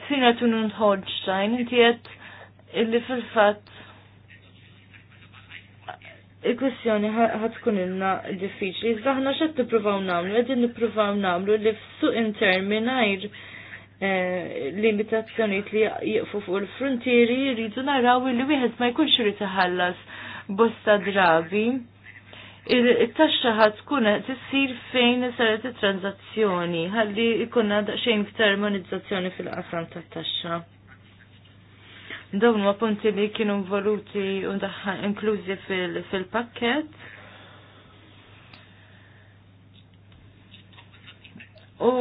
Sina tunu nħodġtajn, inti għed illi fil-fat il-kwestjoni tkun ilna diffiċli. Iżda ħna xed nippruvaw nagħmlu, qegħdin nippruvaw nagħmlu li f'suq intermi mingħajr eh, limitazzjoni li jieqfu fuq il-frontieri jridu naraw li wieħed ma jkunx irid iħallas bosta drabi. Il-taxxa ħad tkun qed issir fejn saret it-tranzazzjoni, ħalli jkunna daqsxejn iktar monetizzazzjoni fil-qasam tat-taxxa dawn ma punti li kienu voluti u inklużi fil-pakket. U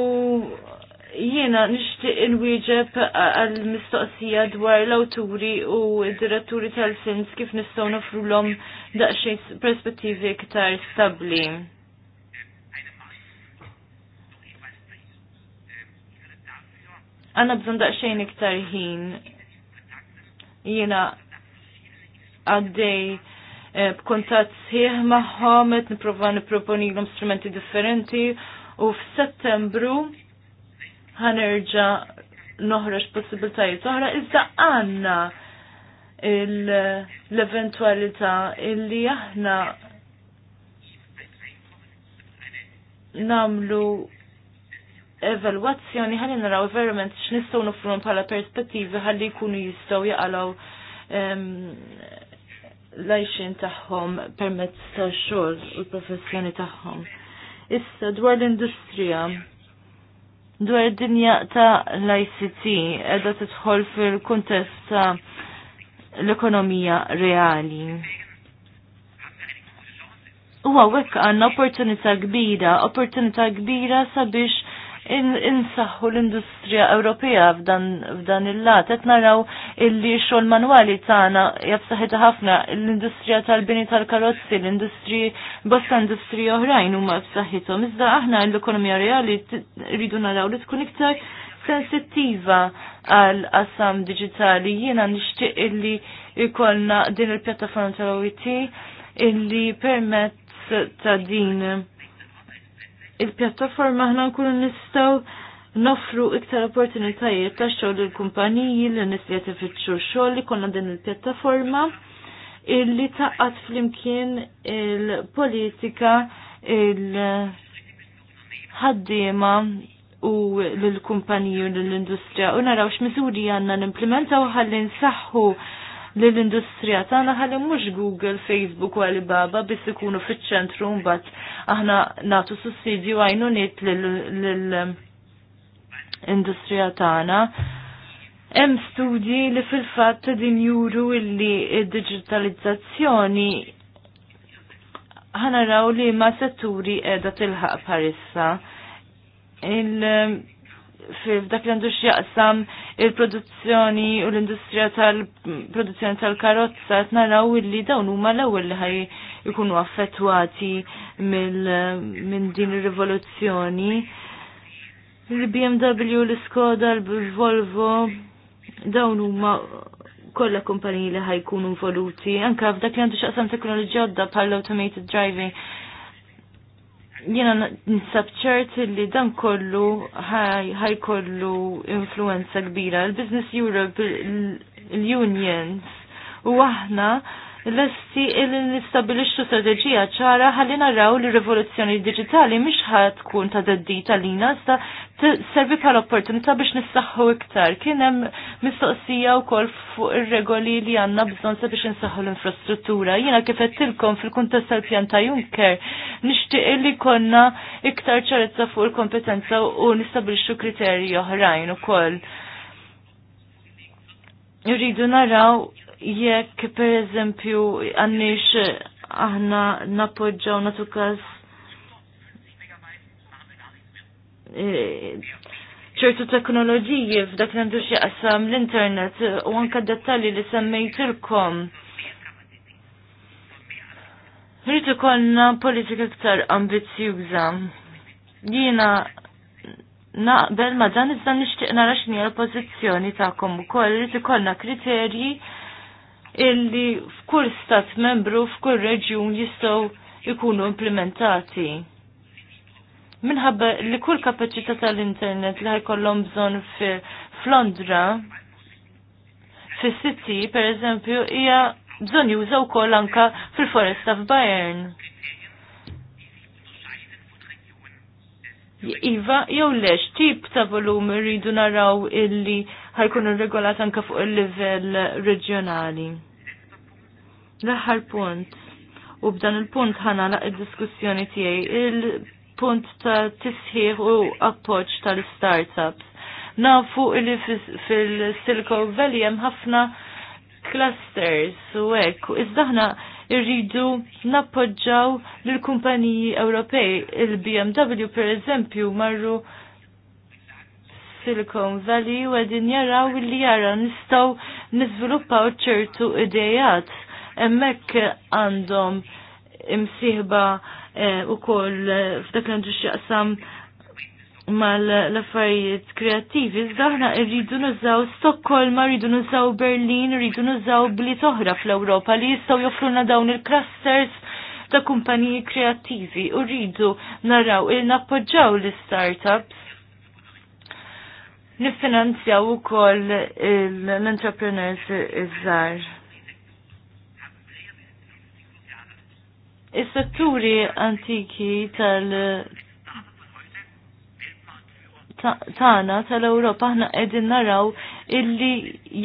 jiena nixtieq il-wieġeb għal-mistoqsija dwar l-awturi u d-diretturi tal sins kif nistgħu nofrulhom daqsxejn perspettivi iktar stabbli. Għanna bżon daqsxejn iktar ħin jiena għaddej eh, b'kontat sħiħ magħhom qed nipprova l strumenti differenti u f'Settembru ħanerġa' noħroġ possibiltajiet oħra iżda għandna l-eventualità illi aħna namlu evalwazzjoni ħalli naraw verament x'nistgħu nofru bħala perspettivi ħalli jkunu jistgħu jaqalgħu lajxin tagħhom permezz tax-xogħol u l-professjoni tagħhom. Issa dwar l-industrija dwar dinja ta' l-ICT edha tidħol fil-kuntest ta' l-ekonomija reali. Huwa għawek għanna opportunità kbira, opportunità kbira sabiex insaħħu l-industrija Ewropea f'dan il-lat. Qed naraw illi xogħol manwali tagħna jabsaħħitha ħafna l-industrija tal-bini tal-karozzi, l-industri bosta industrija oħrajn huma f'saħħithom. Iżda aħna l-ekonomija reali rridu naraw li tkun iktar sensittiva għal qasam digitali jiena nixtieq illi jkollna din il-pjattaforma tal-OIT illi permezz ta' din il-pjattaforma ħna nkunu nistaw nofru iktar opportunitajiet ta' xogħol il-kumpaniji li nies li xogħol li konna din il-pjattaforma illi taqqat flimkien il-politika il-ħaddiema u l-kumpaniju l-industrija u naraw x-misuri għanna n-implementaw saħħu l-industrija tagħna ħalli mhux Google, Facebook u Alibaba biss ikunu fiċ-ċentru mbagħad aħna nagħtu sussidju għajnu nit lill-industrija tagħna. Hemm studji li fil-fatt din juru illi id-digitalizzazzjoni ħanaraw li ma setturi qiegħda tilħaq parissa. il f'dak li għandu x'jaqsam il-produzzjoni u l-industrija tal-produzzjoni tal-karozza qed naraw illi dawn huma l-ewwel li ħaj ikunu affettwati minn din ir-rivoluzzjoni. Il-BMW, l-Skoda, l-Volvo, dawn huma kollha kumpaniji li ħajkunu involuti anke f'dak li għandu x'aqsam teknoloġija għodda bħall automated driving Jiena nsab ċerti li dan kollu ħaj kollu influenza kbira. Il-Business Europe, il-Unions, u aħna lesti li nistabilixxu strategija ċara ħalli naraw li rivoluzzjoni digitali mhix ħat tkun ta' deddita lina sta servi bħala opportunità biex nissaħħu iktar. Kien hemm mistoqsija wkoll fuq ir-regoli li għandna bżonn sabiex insaħħu l-infrastruttura. Jiena kif qedtilkom fil-kuntest tal-pjan ta' Juncker nixtieq li konna iktar ċarezza fuq il-kompetenza u nistabilixxu kriterji oħrajn ukoll. Irridu naraw jekk per eżempju għannix aħna napoġġaw natu kas e, ċertu teknoloġiji f'dak li għandu xieqsam l-internet u anka dettalji li semmejtilkom. Rritu konna politika ktar ambizjuża. Jina naqbel ma dan iżda nixtieq nara x'inhi l-pożizzjoni tagħkom ukoll rritu ikollna kriterji illi f'kull stat membru f'kull reġjun jistgħu jkunu implementati. Minħabba li kull kapaċità tal-internet li ħajkollhom bżonn f'Londra fis-sitti pereżempju hija bżonn jużaw ukoll anka fil-foresta f'Bayern. Iva, jew lex, tip ta' volumi rridu naraw illi ħajkun regolat anka fuq il-livell reġjonali. L-aħħar punt, u b'dan il-punt laq id-diskussjoni tiegħi, il-punt ta' tisħiħ u appoġġ tal-startups. Nafu li fil-Silicon Valley hemm ħafna clusters u hekk, iżda ħna irridu nappoġġaw lill kumpaniji Ewropej. Il-BMW per eżempju marru Silicon Valley u għedin jaraw li jara nistaw nizviluppaw ċertu idejat Emmek għandhom imsiħba eh, u koll eh, f'dak l-għandu xaqsam mal-affarijiet kreativi, zdaħna rridu nużaw Stokkolma, rridu nużaw Berlin, rridu nużaw bli oħra fl-Europa li jistaw joffruna dawn il-clusters ta' kumpaniji kreativi u rridu naraw il-nappoġġaw l-startups. Nifinanzjaw u koll l-entrepreneurs iż-żar. Is-setturi antiki tal- tana tal-Europa ħna qegħdin naraw illi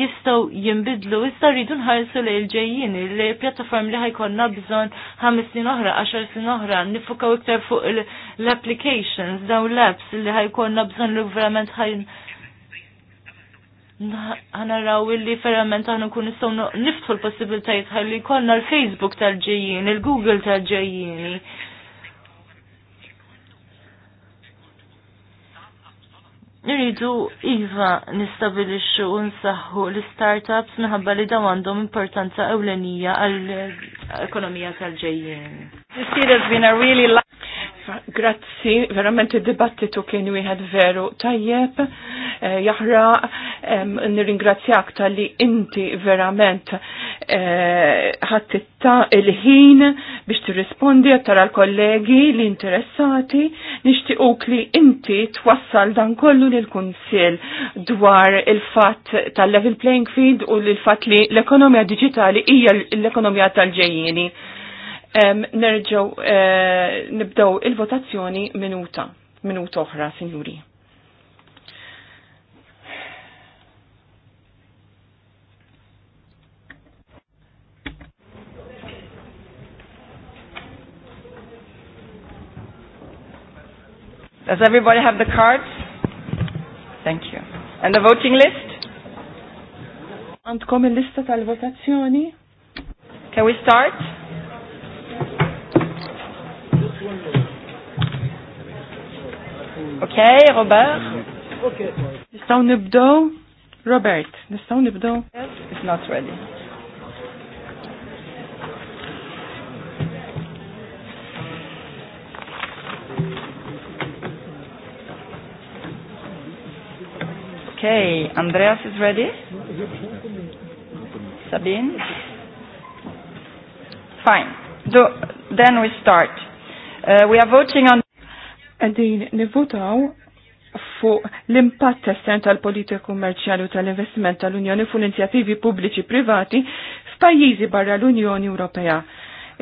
jistgħu jinbidlu, issa rridu nħarsu lejl ġejjin, li pjattaform li ħajkonna bżonn ħames snin oħra, għaxar snin oħra, nifukaw iktar fuq l-applications, dawn l-apps li ħajkonna bżonn li verament ħajn ħanaraw illi ferrament aħna nkun nistgħu niftħu l-possibilitajiet ħalli jkollna l-Facebook tal ġejjien il-Google tal ġejjien Nridu iva nistabilixxu u nsaħħu l-startups minħabba li dawn għandhom importanza ewlenija għall-ekonomija tal-ġejjin. Grazzi, verament id-dibattitu kien wieħed veru tajjeb. Eh, jahra, Jaħra nirringrazzjak tal-li inti verament eh, ħattitta il-ħin biex tirrispondi tara l-kollegi li interessati nixtiequk li inti twassal dan kollu l kunsil dwar il-fatt tal-level playing field u l-fatt li l-ekonomija digitali hija l-ekonomija tal ġejjini nerġaw eh, nibdew il-votazzjoni minuta, minuta oħra, sinjuri. Does everybody have the cards? Thank you. And the voting list? Għandkom il-lista tal-votazzjoni? Can we start? Okay, Robert. Ok. Nistaw nibdow? Robert, nistaw nibdow? it's not ready. Okay, Andreas is ready? Sabine? Fine. Do, then we start. Uh, we are voting on Għaddin nivutaw fuq l-impatt essen tal-politika kummerċjali u tal-investiment tal-Unjoni fuq l-inzjativi pubbliċi privati f'pajjiżi barra l-Unjoni Ewropea.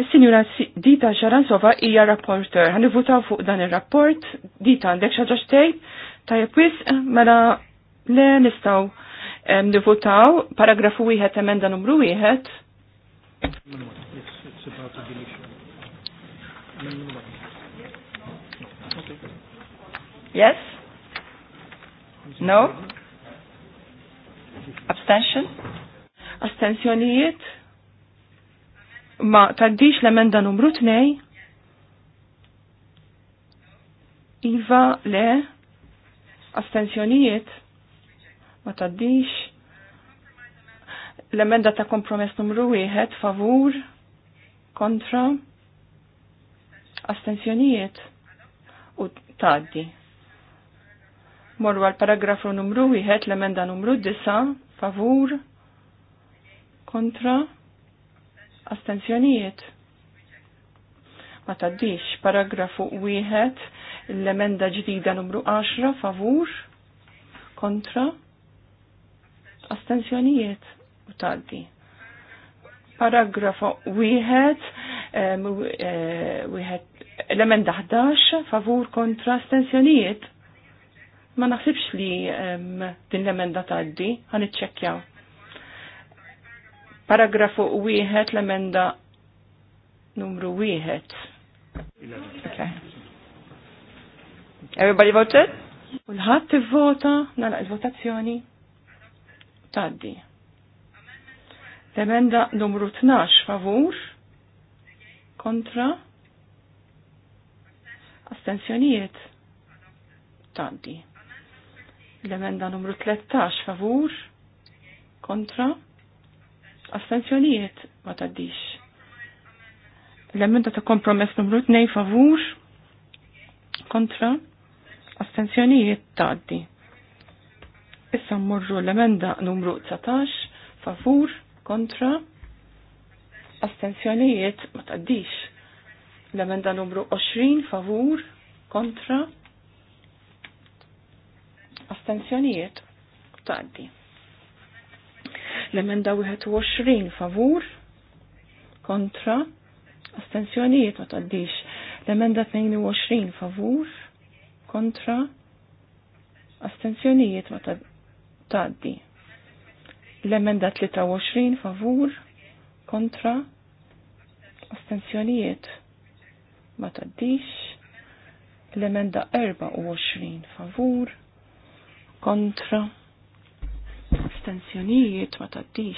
Is-Sinjura Dita Xaransova hija rapporter. nivutaw fuq dan ir-rapport. Dita għandek xi ħaġa xtej? Tajjeb wis mela le nistgħu nivutaw paragrafu wieħed emenda numru wieħed. Yes? No? Abstention? Astensjonijiet? Ma taddix l-emenda numru 2? Iva, le? Astensjonijiet? Ma taddix? L-emenda ta' kompromess numru 1, favur? Kontra? Astensjonijiet? U taddi. Morru għal paragrafu numru wieħed l-emenda numru 9 favur kontra astenzjonijiet. Ma taddix paragrafu wieħed l-emenda ġdida numru 10 favur kontra astenzjonijiet u taddi. Paragrafu wieħed e, wieħed l-emenda 11 favur kontra astenzjonijiet ma naħsibx li din l-emenda tgħaddi, ħan iċċekkjaw. Paragrafu wieħed l-emenda numru wieħed. Okay. Everybody voted? Kulħadd ivvota nagħlaq il-votazzjoni. Tgħaddi. L-emenda numru 12 favur kontra astensjonijiet. Tgħaddi. L-emenda numru 13 favur kontra astenzjonijiet ma taddix. L-emenda ta' kompromess numru 2 favur kontra astenzjonijiet taddi. Issa mmorru l-emenda numru 19 favur kontra astenzjonijiet ma taddix. L-emenda numru 20 favur kontra astensjonijiet tgħaddi. L-emenda 21 favur kontra astensjonijiet ma taddix. L-emenda 22 favur kontra astensjonijiet ma tgħaddi. L-emenda 23 favur kontra astensjonijiet ma taddix. l-emenda 24 favur kontra stenzjonijiet ma taddix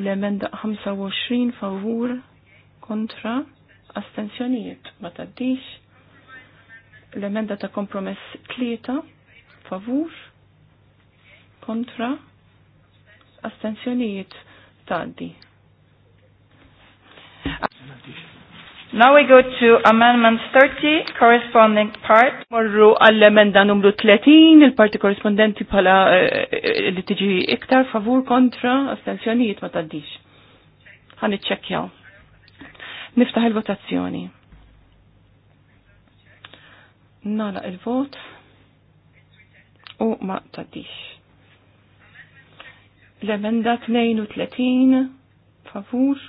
l-emenda 25 favur kontra astenzjonijiet ma taddix l-emenda ta' kompromess 3 favur kontra astenzjonijiet taddi. Now we go to Amendment 30, corresponding part. Morru għall-emenda numru 30, il-parti korrespondenti pala eh, li tiġi iktar favur kontra astensjonijiet ma taddix. Għan iċċekjaw. Niftaħ il-votazzjoni. Nala il-vot u ma taddix. L-emenda 32, favur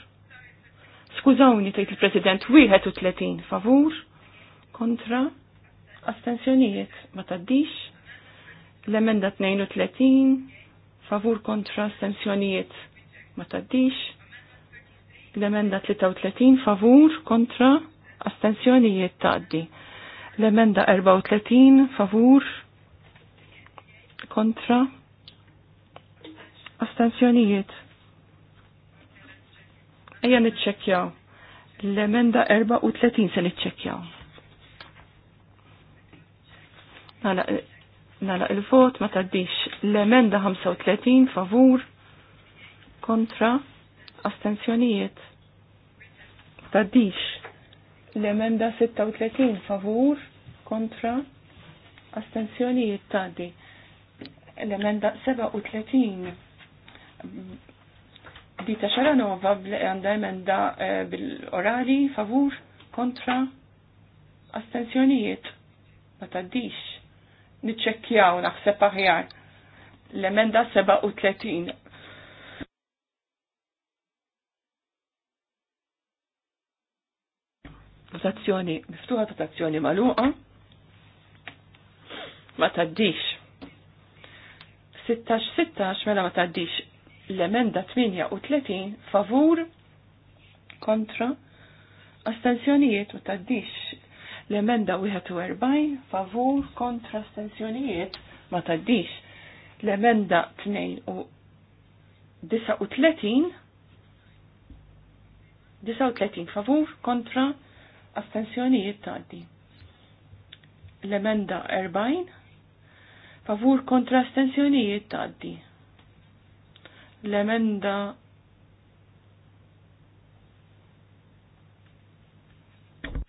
Skużawni tgħid il-President wieħed u favur kontra astensjonijiet ma taddix. L-emenda 32 favur kontra astensjonijiet ma taddix. L-emenda 33 favur kontra astensjonijiet taddi. L-emenda 34 favur kontra astensjonijiet Ejja nitċekjaw. L-emenda 34 se nitċekjaw. Nala, nala il-vot ma taddix. L-emenda 35 favur kontra astenzjonijiet. Taddix. L-emenda 36 favur kontra astenzjonijiet taddi. L-emenda 37 Dita Xaranova għandha emenda eh, bil-orali, favur, kontra, astensjonijiet. Ma taddix. Niċċekkjaw naħseb aħjar. L-emenda 37. Votazzjoni, miftuħa votazzjoni maluqa. Ma taddix. 16-16 mela ma taddix l-emenda 38 favur kontra astensjonijiet u taddix l-emenda 41 favur kontra astensjonijiet ma taddix l-emenda 39 39 favur kontra astensjonijiet taddi l-emenda 40 favur kontra astensjonijiet taddi l-emenda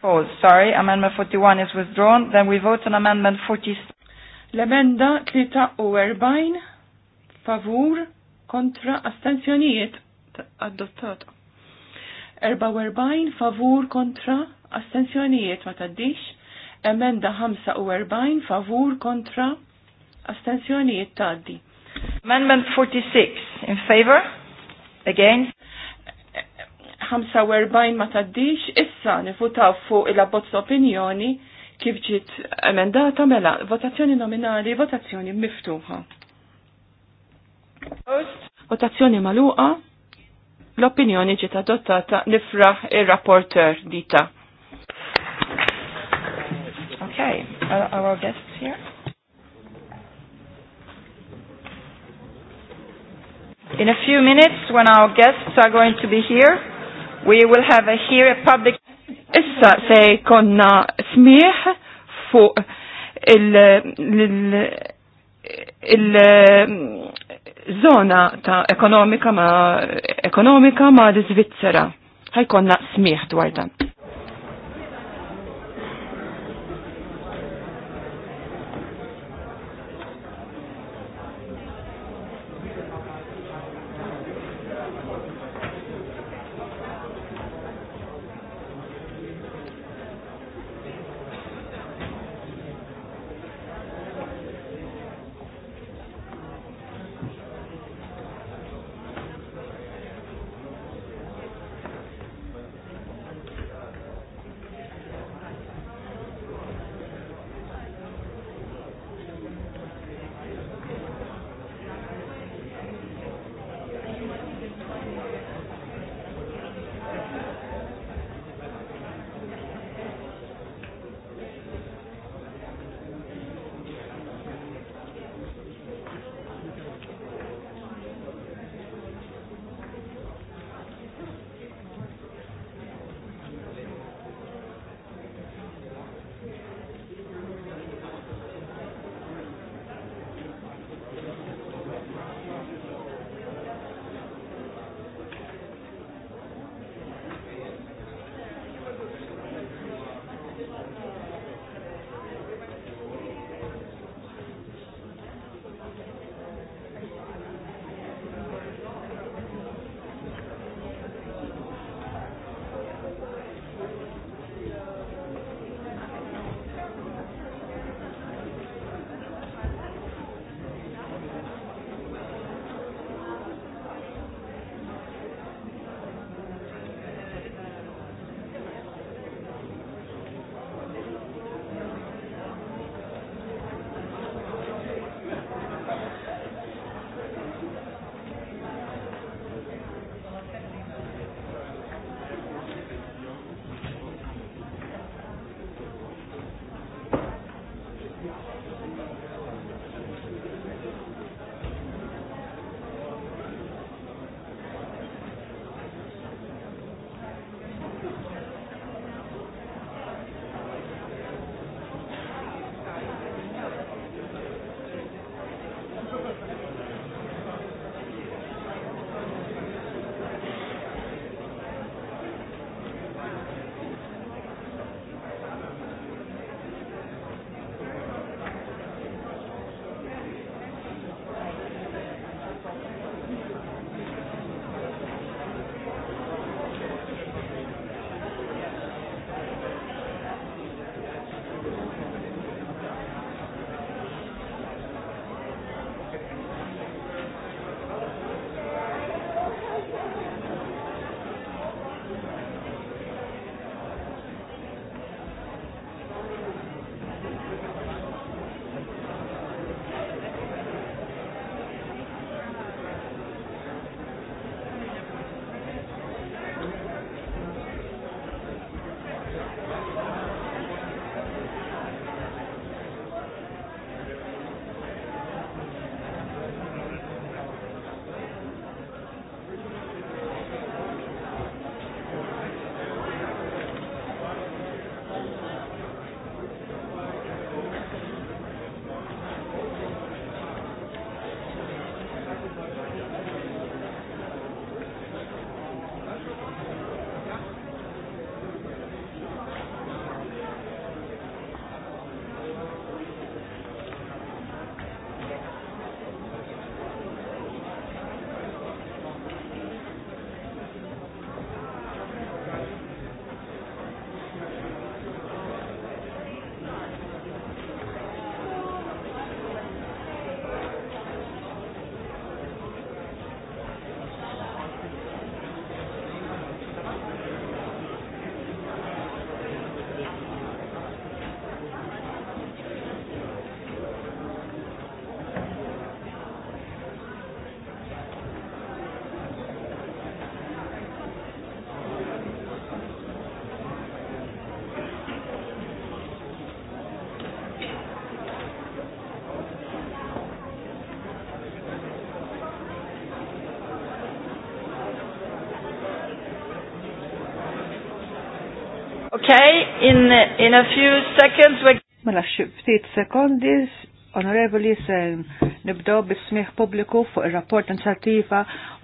oh, sorry, Amendment 41 is withdrawn. Then we vote on Amendment 40. L-emenda 43 favur kontra astenzjonijiet adottata. 44 favur kontra astensjonijiet ma taddix. Emenda 45 favur kontra astenzjonijiet taddi. Amendment 46 in favor? Again? 45 ma taddix, issa nifutaw fuq il-abbozz opinjoni kif ġiet emendata mela votazzjoni nominali, votazzjoni miftuħa. Votazzjoni maluqa, l-opinjoni ġiet adottata nifraħ il rapporter dita. Okay, are our guests here? In a few minutes, when our guests are going to be here, we will have a here a public. Issa se konna smieħ fu il-zona ta' ekonomika ma' ekonomika ma' l-Svizzera. Ħajkonna smieħ dwar dan. In, in a few seconds we... Mela ftit sekondis, onorevoli sen, nibdow bismiħ publiku fuq il-rapport inizjattiva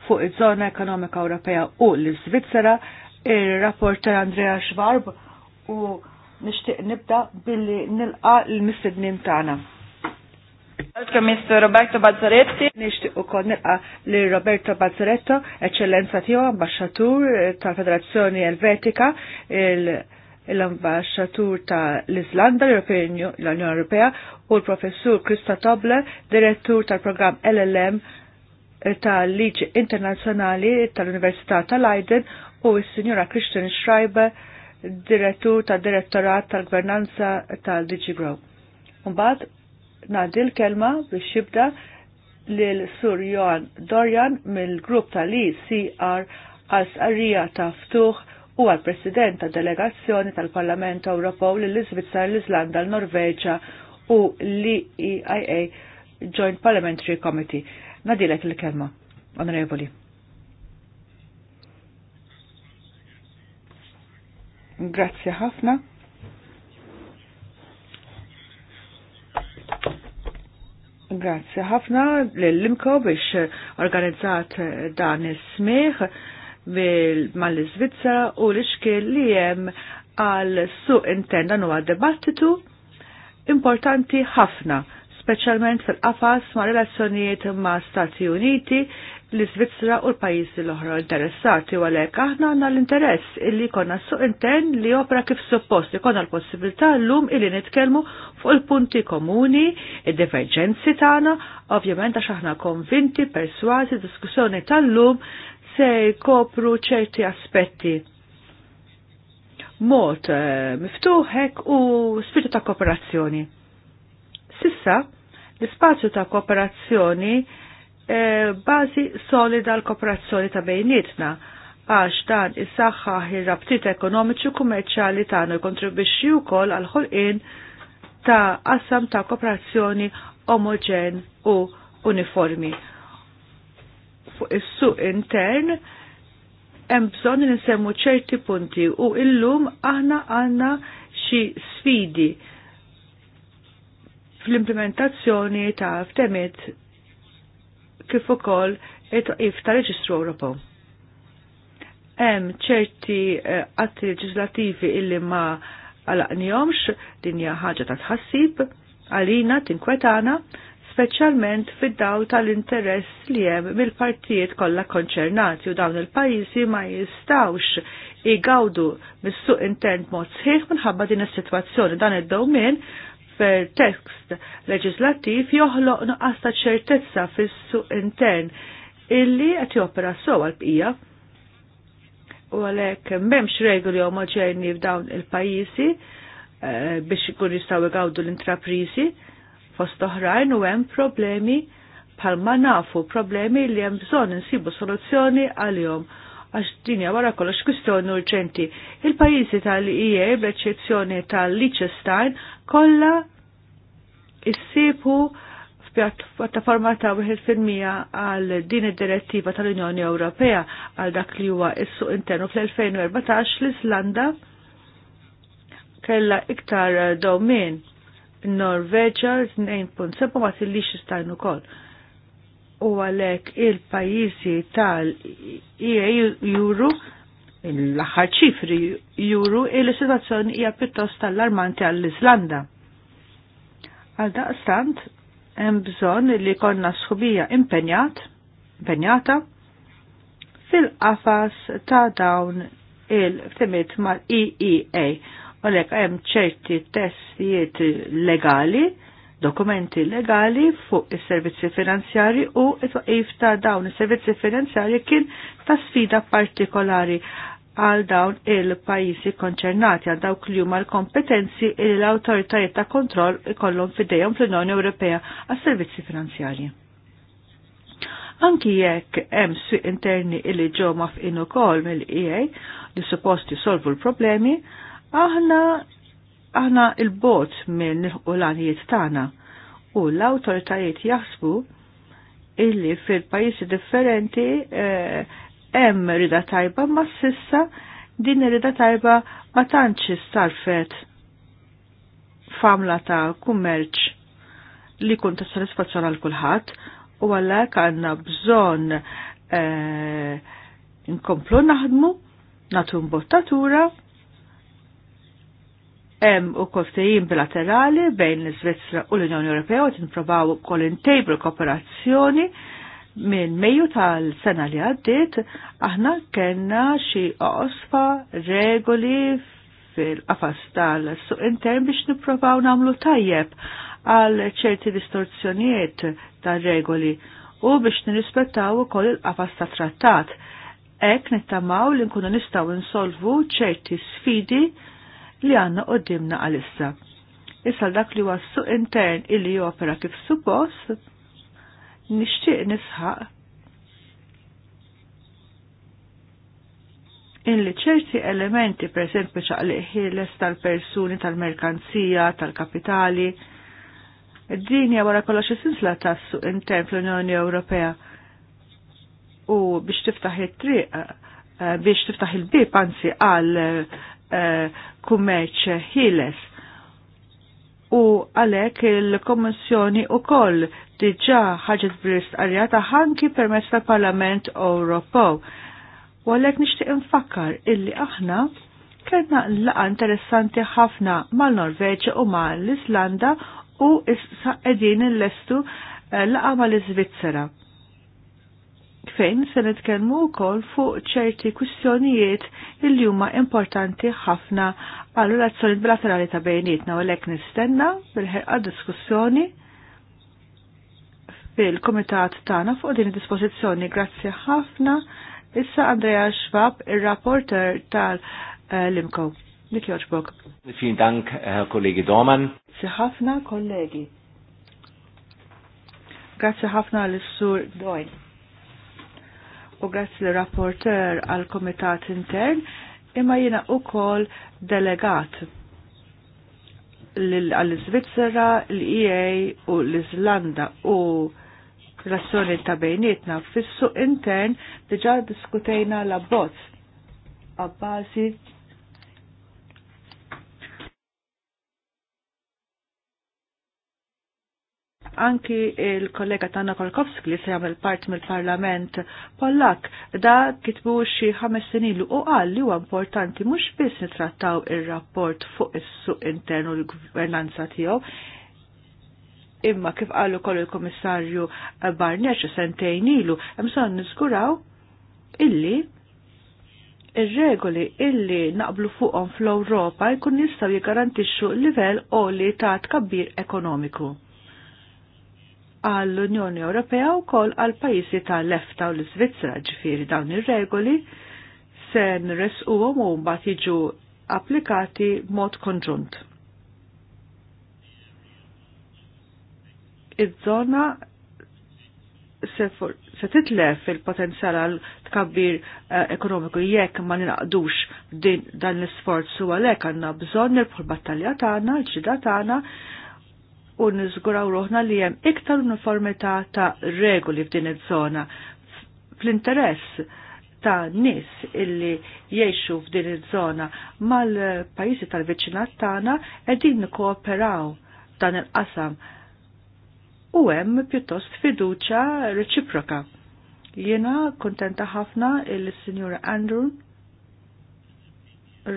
fuq iż-żona ekonomika Ewropea u l-Svizzera, il-rapport ta' Andrea Schwab u nishtiq nibda billi nilqa l missednim tagħna. Welcome Mr. Roberto Bazzaretti. Nishtiq u kon nilqa li Roberto Bazzaretto, eccellenza tiegħu ambasciatur tal-Federazzjoni Elvetika, il- l-ambasċatur ta' l-Islanda, l-Unjoni Ewropea u l-professur Krista Toble, direttur tal-programm LLM eh, tal-Liġi Internazzjonali tal-Università tal-Leiden u s-Sinjora Christian Schreiber, direttur tal-Direttorat tal-Gvernanza tal digi Mbagħad ngħaddi nadil kelma biex jibda l Sur Johan Dorjan mill-grupp tal-ICR għal sqarrija ta' ftuħ u għal President ta' Delegazzjoni tal-Parlament Ewropew l iżvizzar l-Iżlanda, l-Norveġa u l-EIA Joint Parliamentary Committee. Nadilek il-kelma, onorevoli. Grazie ħafna. Grazie ħafna l-Limko biex organizzat dan is-smieħ mal-Iżvizzera u l-iskil li hemm għal su intenda dan huwa dibattitu importanti ħafna, speċjalment fil-qafas ma' relazzjonijiet ma' Stati Uniti, l-Iżvizzera u l-pajjiżi l-oħra interessati u għalhekk aħna għandna l-interess illi jkollna su inten li opra kif suppost, jkollna l-possibilità llum illi nitkellmu fuq il-punti komuni, id divergenzi tagħna, ovvjament għax aħna konvinti, perswasi, diskussjoni tal-lum se jkopru ċerti aspetti mod eh, miftuħek u spiritu ta' kooperazzjoni. Sissa, l-ispazju ta' kooperazzjoni e, eh, bazi solida l-kooperazzjoni ta' bejnietna għax dan is-saħħa ir-rabtiet ekonomiċi u kummerċjali tagħna jkontribwixxi wkoll għal ħolqien ta' assam ta' kooperazzjoni omogen u uniformi fuq is-suq intern hemm bżonn li nsemmu ċerti punti u illum aħna għandna xi sfidi fl-implementazzjoni ta' ftemiet kif ukoll it-tqif ta' reġistru Ewropew. Hemm ċerti eh, atti leġislattivi illi ma għalaqnihomx din hija ħaġa ta' tħassib għalina tinkwetana speċjalment fid-daw tal-interess li hemm mill-partijiet kollha konċernati u dawn il-pajjiżi ma jistawx igawdu mis-suq intern mod sħiħ minħabba din is-sitwazzjoni dan id-dowmin per tekst leġislattiv joħloq nuqqas ta' ċertezza fis-suq intern illi qed jopera sew għal bqija U għalhekk m'hemmx regoli omoġeni f'dawn il-pajjiżi eh, biex ikun jistgħu igawdu l-intrapriżi fost oħrajn u hemm problemi ma nafu problemi li hemm bżonn insibu soluzzjoni għalihom għax dinja wara kollox kwistjoni urġenti. Il-pajjiżi tal-IE b'eċċezzjoni tal-Liechtenstein kollha issibu f'pjattaforma ta' 1% għal din id-direttiva tal-Unjoni Ewropea għal dak li huwa s-suq internu fl-2014 l-Islanda kella iktar domin Norveġa 2.7 ma tillix istajnu kol. U għalek il-pajizi tal-EA juru, l-axar ċifri juru, il-situazzjoni hija pjuttost allarmanti għall-Islanda. Għal daqstant, hemm bżonn li konna sħubija impenjat, impenjata, fil-qafas ta' dawn il-ftimiet mal-EEA Għalek, għem ċerti testijiet legali, dokumenti legali fuq is servizzi finanzjari u it-waqif ta' dawn is servizzi finanzjari kien ta' sfida partikolari għal dawn il-pajjiżi konċernati għal dawk li huma l-kompetenzi il l-awtoritajiet ta' kontroll ikollhom fidejhom fl-Unjoni Ewropea għas servizzi finanzjarji. Anki jekk hemm swieq interni illi ġew mafqin ukoll mill-EA li suppost solvu l-problemi, Aħna aħna il-bot minn u l-għanijiet tagħna u l-awtoritajiet jaħsbu illi fil-pajjiżi differenti eh, hemm eh, rida tajba ma sissa din rida tajba ma tantx sarfet famla ta' kummerċ li kun ta' satisfazzjon għal kulħadd u għalhekk għandna bżonn eh, nkomplu naħdmu natu mbottatura Hemm ukoll ftehim bilaterali bejn l iżvezra u l-Unjoni Ewropea u tinprobaw ukoll intejbru kooperazzjoni minn Mejju tal-sena li għaddiet aħna kellna xi oqosfa regoli fil-qafas tal-suq intern biex nipprovaw nagħmlu tajjeb għal ċerti distorzjonijiet tal-regoli u biex nirrispettaw ukoll il-qafas ta' trattat. Ek nittamaw li nkunu nistaw nsolvu ċerti sfidi li għanna qoddimna għalissa. Issa dak li huwa suq intern illi jopera kif suppost, nixtieq nisħaq in li ċerti elementi per esempio ħiles tal-persuni, tal-merkanzija, tal-kapitali, din hija wara kollox isinsla tas-suq intern fl-Unjoni Ewropea u biex tiftaħ it-triq eh, biex tiftaħ il-bib anzi għal eh, kummerċ ħieles. U għalek il-Kommissjoni u koll diġa ħagġet brist għarjata ta' ħanki permess tal-Parlament Ewropew. U għalek nixtieq infakkar illi aħna kellna laqa interessanti ħafna mal-Norveġa u mal-Islanda u issa qegħdinillestu eh, laqa mal-Iżvizzera fejn se nitkellmu wkoll fuq ċerti kwistjonijiet li huma importanti ħafna għal relazzjoni bilaterali ta' bejnietna u lek nistenna bil-ħerqa diskussjoni fil-komitat tagħna fuq din id-dispożizzjoni. Grazzi ħafna. Issa Andrea Schwab, ir-rapporter tal limco Nik joġbok. Fien dank kollegi Doman. Si ħafna kollegi. Grazzi ħafna l-sur Doin u grazzi l-rapporter għal komitat intern imma jina u kol delegat għall-Svizzera, l-EA u l-Izlanda u rassoni ta' bejnietna fissu intern diġa diskutejna la bot għabbażi Anki il-kollega Tanna Kolkowski li se jagħmel part mill-Parlament Pollak da kitbu xi ħames sinilu u qal li huwa importanti mhux biss nitrattaw ir-rapport fuq is-suq internu l-gvernanza tiegħu, imma kif qalu kollu l-Komissarju Barnier sentejn ilu, hemm son niżguraw illi ir-regoli illi naqblu fuqhom fl-Ewropa jkun jistgħu jiggarantixxu livell qoli ta' tkabbir ekonomiku għall-Unjoni Ewropea u kol għall-pajjiżi tal-lefta u l-Svizzera ġifieri dawn ir-regoli se nresquhom u mbagħad jiġu applikati mod konġunt. Iż-żona se titlef il-potenzjal għal tkabbir eh, ekonomiku jekk ma ninaqdux dan l-isforz u għalhekk għandna bżonn pur battalja tagħna, l-ġida tagħna u nżguraw roħna li hemm iktar uniformità ta' regoli f'din iż-żona fl-interess ta' nis illi jiexu f'din iż-żona mal-pajjiżi tal-viċinat tagħna qegħdin nikkooperaw dan il-qasam u hemm pjuttost fiduċa reċiproka. Jiena kontenta ħafna il-Sinjura Andrew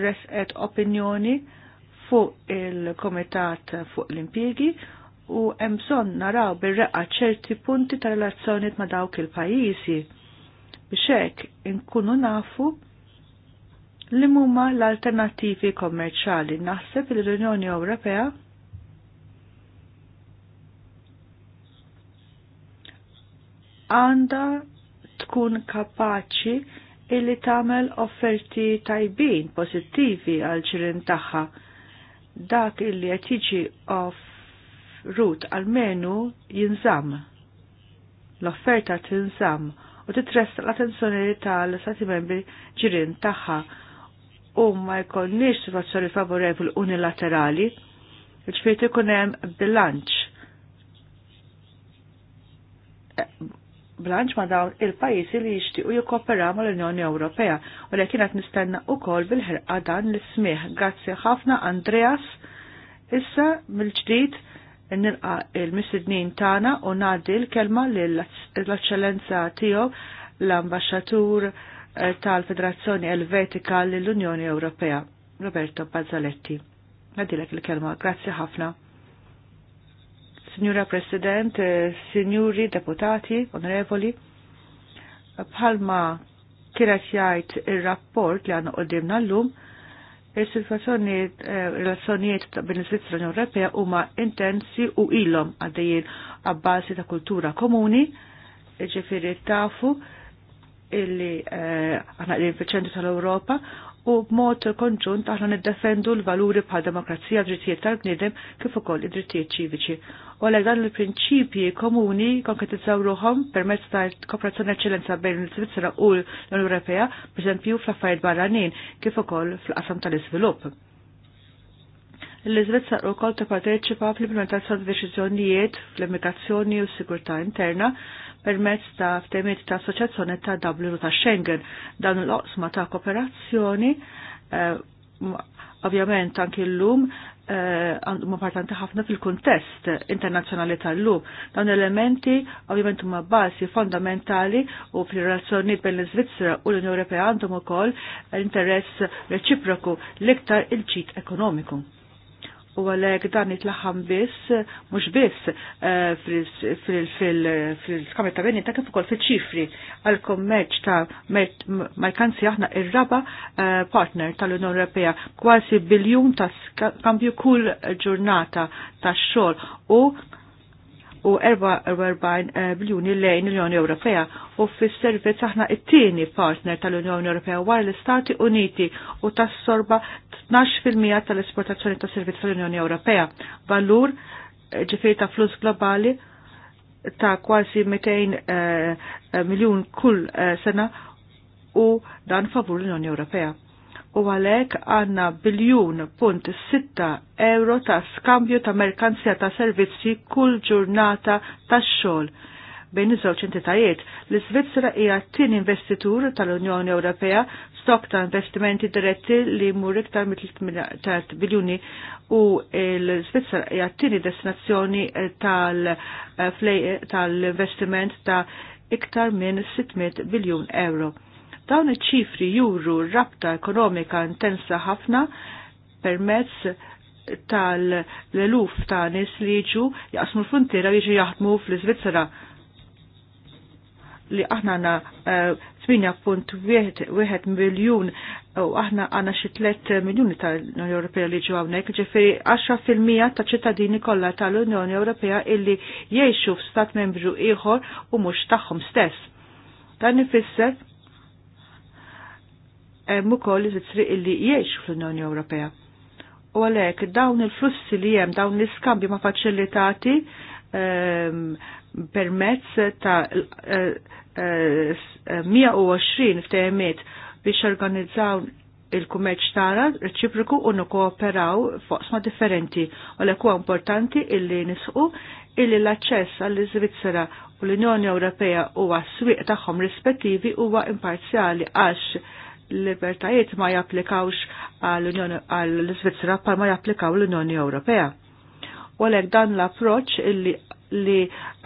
resqet opinjoni fuq il-Komitat fuq l-Impjegi u hemm bżonn naraw bir-reqqa ċerti punti ta' relazzjoniet ma' dawk il-pajjiżi biex hekk inkunu nafu li huma l-alternattivi kommerċali. Naħseb li l-Unjoni Ewropea għanda tkun kapaċi illi tagħmel offerti tajbin, pożittivi għal ċirin tagħha dak illi qed jiġi off root għal-menu jinżamm. L-offerta tinżamm u titressa l-attenzjoni tal-Stati membri ġirin tagħha u ma jkollniex situazzjoni favorevoli unilaterali, ġifieri ikun hemm bilanċ Blanċ ma' dawn il-pajjiżi li jixtiequ ma mal-Unjoni Ewropea u li kienet nistenna wkoll bil-ħerqa dan l-ismih. Grazzi ħafna Andreas. Issa mill-ġdid nilqa il-missidnin tagħna u ngħaddi l-kelma lill-Eċċellenza tiegħu l-Ambaxxatur eh, tal-Federazzjoni Elvetika lill-Unjoni Ewropea, Roberto Bazzaletti. Għadilek il-kelma, grazzi ħafna. Signora President, eh, Signori Deputati, Onorevoli, bħalma kienet jgħid ir-rapport li għandna qoddimna llum, is relazzjoniet eh, relazzjonijiet bejn l svizzera Unjoni Ewropea huma intensi u ilhom għaddejjin għabbażi ta' kultura komuni, ġifieri tafu illi għanna eh, qegħdin fil ċentru tal-Ewropa u b'mod konġunt aħna niddefendu l-valuri bħal demokrazija drittijiet tal-bniedem kif ukoll id-drittijiet ċiviċi. U għal dan il-prinċipji komuni konkretizzaw ruħhom permezz ta' kooperazzjoni eċċellenza bejn l-Svizzera u l-Unjoni Ewropea, pereżempju fl-affarijiet barranin kif ukoll fl-qasam tal-iżvilupp l-Izvezza u kol ta' parteċipa fl-implementazzjoni deċizjonijiet fl-immigrazzjoni u s-sigurta interna permezz ta' ftemiet ta' assoċjazzjoni ta' Dublin u ta' Schengen dan l-oqsma ta' kooperazzjoni eh, ovvjament anki l-lum eh, għandhom eh, importanti ħafna fil-kuntest internazzjonali tal-lum. Dawn elementi ovvjament huma bażi fondamentali u fir-relazzjonijiet bejn l-Iżvizzera u l-Unjoni Ewropea għandhom ukoll interess reċiproku l-iktar il-ċit ekonomiku u għalek dan itlaħam biss, mux biss eh, fil-kamer ta' kif ukoll fil-ċifri għal-kommerċ ta' Malkanzi aħna ir-raba eh, partner tal-Unjoni Ewropea kważi biljun ta' skambju kull ġurnata ta' xogħol u u 44 eh, biljuni lejn l-Unjoni Ewropea u fis-servizz aħna it-tieni partner tal-Unjoni Ewropea wara l-Istati Uniti u tas-sorba 12% tal-esportazzjoni ta' servizz tal-Unjoni Ewropea. Valur eh, ġifiri ta' flus globali ta' kważi 200 eh, miljun kull sena u dan favur l-Unjoni Ewropea u għalek għanna biljun punt sitta euro ta' skambju ta' merkanzja ta' servizzi kull ġurnata ta' xol bejn iż-żewġ entitajiet. L-Iżvizzera hija tin investitur tal-Unjoni Ewropea stok ta' investimenti diretti li mur iktar mit-3 biljuni u l-Iżvizzera hija t-tieni destinazzjoni eh, eh, eh, tal-investiment ta' iktar minn 600 biljun euro Dawn iċ-ċifri juru rabta ekonomika intensa ħafna permezz tal-eluf ta' nis li jiġu jaqsmu l-frontiera jiġu jaħdmu fl-Iżvizzera li aħna għanna 8.1 miljon u aħna għanna xi 3 miljoni tal-Unjoni Ewropea li ġew hawnhekk, ġifieri 10% ta' ċittadini kollha tal-Unjoni Ewropea illi jgħixu f'stat membru ieħor u mhux tagħhom stess. Dan ifisser hemm ukoll iż-triq illi jgħixu fl-Unjoni Ewropea. U għalhekk dawn il-flussi li hemm dawn l-iskambju ma' faċilitati ehm, permezz ta' 120 e, e, e, ftehmiet biex organizzaw il-kummerċ tara reċipriku u nikkooperaw foqsma differenti. U l huwa importanti illi nisqu illi l-aċċess għall-Iżvizzera u l-Unjoni Ewropea u s swieq tagħhom rispettivi huwa imparzjali għax libertajiet ma japplikawx għall-Svizzera pal ma japplikaw l-Unjoni Ewropea. U għalhekk dan l-approċċ li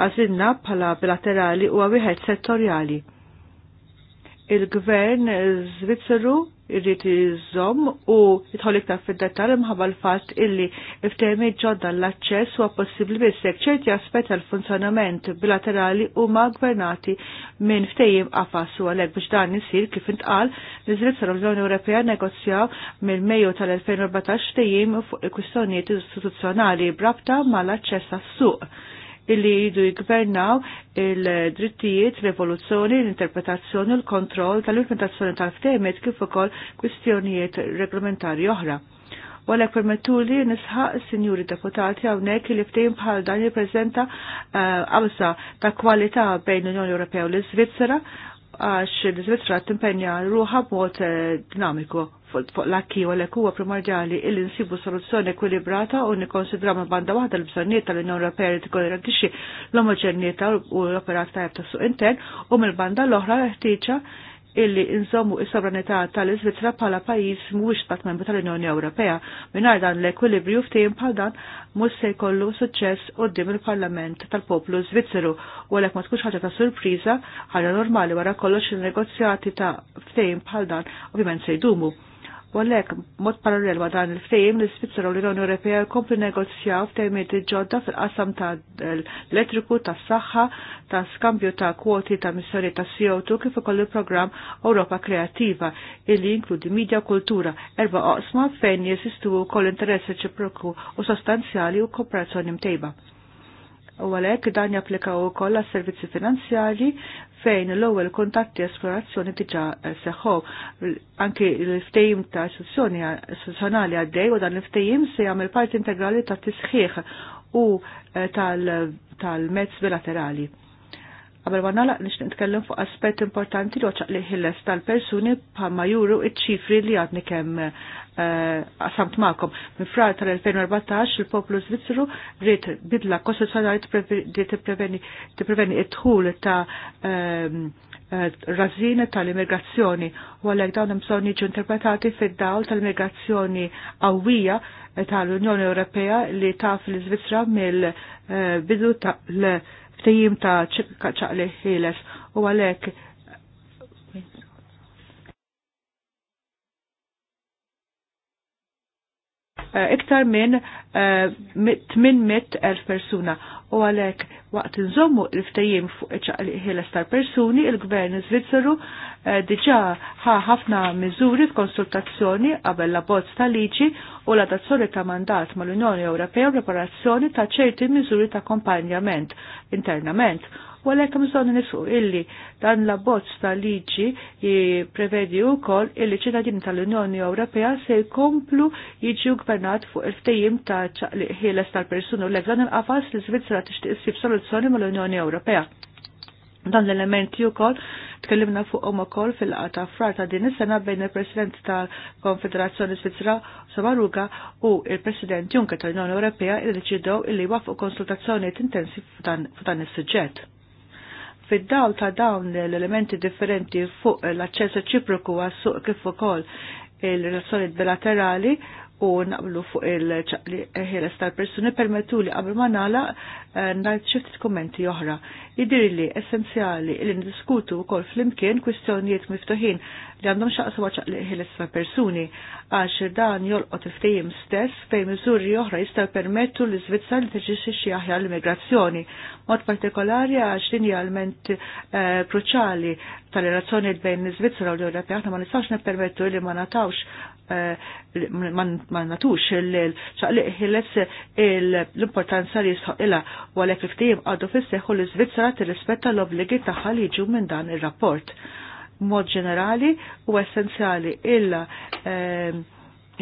għazinna bħala bilaterali huwa wieħed settorjali. Il-gvern Zvizzeru irrit iżomm u jitħolik ta' fid-dettal imħabba l-fatt illi ftehmi ġodda l-aċċess huwa possibbli biss jekk ċerti aspett tal-funzjonament bilaterali huma gvernati minn ftejim qafas u għalhekk biex dan isir kif intqal nizrit sa' u l-Unjoni Ewropea negozja minn Mejju tal-2014 ftehim fuq il-kwistjonijiet istituzzjonali brabta mal-aċċess għas-suq illi jidu jgvernaw il-drittijiet, l-evoluzzjoni, l-interpretazzjoni, l-kontroll tal-implementazzjoni tal-ftemet kif ukoll kwistjonijiet reglamentari oħra. Wala permettu li nisħaq sinjuri deputati għawnek li ftejn bħal dan jiprezenta eh, għabsa ta' kwalità bejn l-Unjoni Ewropea u l-Svizzera għax l-Svizzera timpenja ruħa b'mod eh, dinamiku fuq l-akki u l-ek huwa primordiali illi nsibu soluzzjoni ekwilibrata u nikonsidra ma' banda waħda l-bżonniet tal-Unjoni Ewropea li tikkongarantixxi l-omoġenjità u l-operat tajab ta' suq intern u mill-banda l-oħra ħtieġa illi inżommu is-sovranità tal iżvizra bħala pajjiż mhuwiex stat membru tal-Unjoni Ewropea. Mingħajr dan l-ekwilibrju ftehim bħal dan mhux se jkollu suċċess quddiem il-Parlament tal-Poplu Zvizzeru u għalhekk ma tkunx ħaġa ta' surpriża ħaġa normali wara kollox il negozjati ta' ftehim bħal dan ovvjament se jdumu U għalhekk mod parallel ma' dan il fejm l ispizzer u l-Unjoni Ewropea jkomplu negozjaw f'temiet ġodda fil-qasam ta' l-elettriku, ta' saħħa, ta' skambju ta' kwoti ta' missjoni ta' CO2 kif ukoll il-programm Ewropa Kreattiva illi jinkludi Media u kultura, erba' oqsma fejn jesistu wkoll interess reċiproku u sostanzjali u kooperazzjoni mtejba u għalek dan japplika u koll servizzi finanzjali fejn l-ewwel kontatti esplorazzjoni diġà eh, seħħu. Anki l-ftehim ta' istituzzjoni eh, istituzzjonali għaddej u dan l-ftehim se jagħmel parti integrali ta' tisħiħ u eh, tal-mezz bilaterali. Qabel ma nalaq nix nitkellem fuq aspett importanti li ċaq li ħilles tal-persuni bħalma juru iċ-ċifri li għadni kemm għasamt ma'kom. Mifrar tal-2014 il-poplu Svizzeru rrit bidla konstituzjonali t-preveni it-tħul ta' razzina tal-immigrazzjoni u għalek dawn imson jiġu interpretati fid-dawl tal-immigrazzjoni għawija tal-Unjoni Ewropea li taf fil svizzera mill-bidu tal-ftejim ta' ċaqli ħiles u għalek Eh, iktar minn 800.000 eh, persuna. U għalek waqt nżommu il-ftajim fuq ħiles tal-persuni, il-gvern Svizzeru eh, diġa ħa ħafna miżuri f'konsultazzjoni qabel la bozz tal-liġi u la dazzjoni ta' mandat mal-Unjoni Ewropea preparazzjoni ta' ċerti miżuri ta' kompanjament internament U għalhekk bżonn nifu illi dan l bozz ta' liġi jipprevedi wkoll illi ċittadini tal-Unjoni Ewropea se jkomplu jiġu gvernat fuq il ftejim ta' ħieles tal-persuna u l dan il-qafas li Svizzera tixtieq issib soluzzjoni mal-Unjoni Ewropea. Dan l-elementi wkoll tkellimna fuqhom ukoll fil-qata frata ta' din is-sena bejn il-President tal-Konfederazzjoni Svizzera Samaruga u il-President Juncker tal-Unjoni Ewropea li deċidew illi wafqu konsultazzjonijiet intensi f'dan is-suġġett fid-dawl ta' dawn l-elementi differenti fuq l-aċċess reċiproku għas-suq kif ukoll il-relazzjoni bilaterali u naqblu fuq il-ċaqli ħeles tal-persuni permettu li qabel ma nagħlaq eh, ngħid xi kommenti oħra li essenzjali li ndiskutu wkoll flimkien kwistjonijiet miftuħin li għandhom xaqsu waċaq li ħilissa persuni għax dan jolqot il-ftejim stess fej miżuri oħra jistaw permettu li Svizzar li xi aħjar l-immigrazzjoni, mod partikolari għax din hija element eh, kruċali tal-relazzjoni bejn l-Svizzera u l-Ewropea aħna ma nistax nippermettu li ma natawx eh, ma natux l-ċaqliq ħiles l-importanza li jisħoq ila u għalek il-ftim għaddu fisseħu l-Svizzera ti tirrispetta l-obligi tagħha li jiġu minn dan ir-rapport. Mod ġenerali u essenzjali illa ehm,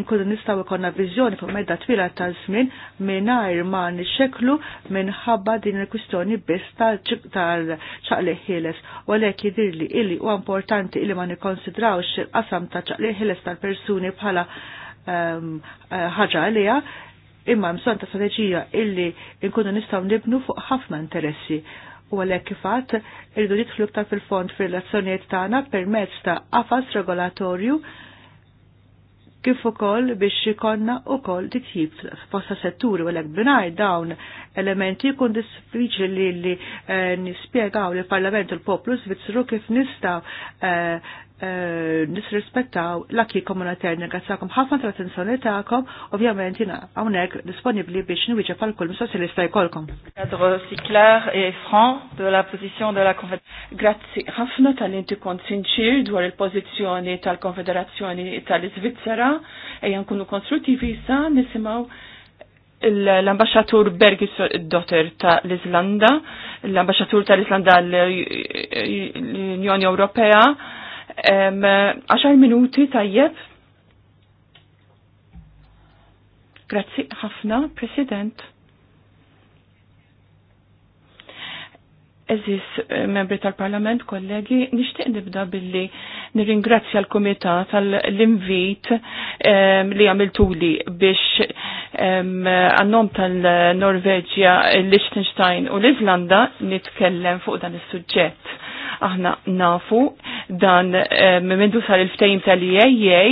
nkunu nistaw ikonna viżjoni fuq medda twila ta' żmien mingħajr ma nixxeklu minħabba din il-kwistjoni biss tal ċaqliq ħieles. Għalhekk jidirli illi huwa importanti illi ma nikkonsidrawx il-qasam ta' ċaqliq ħieles tal-persuni bħala ehm, ħaġa għalija imma mson ta' strateġija illi nkunu nistaw nibnu fuq ħafna interessi u għalhekk kifat irridu jidħlu iktar fil-fond fir-relazzjonijiet tagħna permezz ta' qafas regolatorju kif ukoll biex ikonna ukoll titjib fosta setturi u għalhekk binaj dawn elementi jkun diffiċli li, li eh, nispjegaw li parlament u l-poplu Svizzru kif nistgħu eh, Eh, nisrispettaw l-akki komunitar nirgazzakom ħafna tal-attenzjoni ta'kom, ovvjament jina għonek disponibli biex nwiġa fal kull mis-socialista jkolkom. Kadro si klar e fran de la pozizjon de la konfederazzjoni. Grazzi ħafna tal-inti kont sinċir dwar il-pozizjoni tal-konfederazzjoni tal-Svizzera, ejjan kunu konstruttivi sa nisimaw l-ambasċatur Bergis Dotter ta' l-Islanda, l-ambasċatur tal-Islanda l-Unjoni Ewropea, 10 minuti tajjeb. Grazzi ħafna, President. Eżis membri tal-Parlament, kollegi, nishtiq nibda billi nirringrazzja l-Komitat tal-invit li għamiltuli biex għannom tal-Norveġja, l-Liechtenstein u l-Izlanda nitkellem fuq dan is-suġġett Aħna nafu dan eh, mendu sar il-ftejn tal-IAEA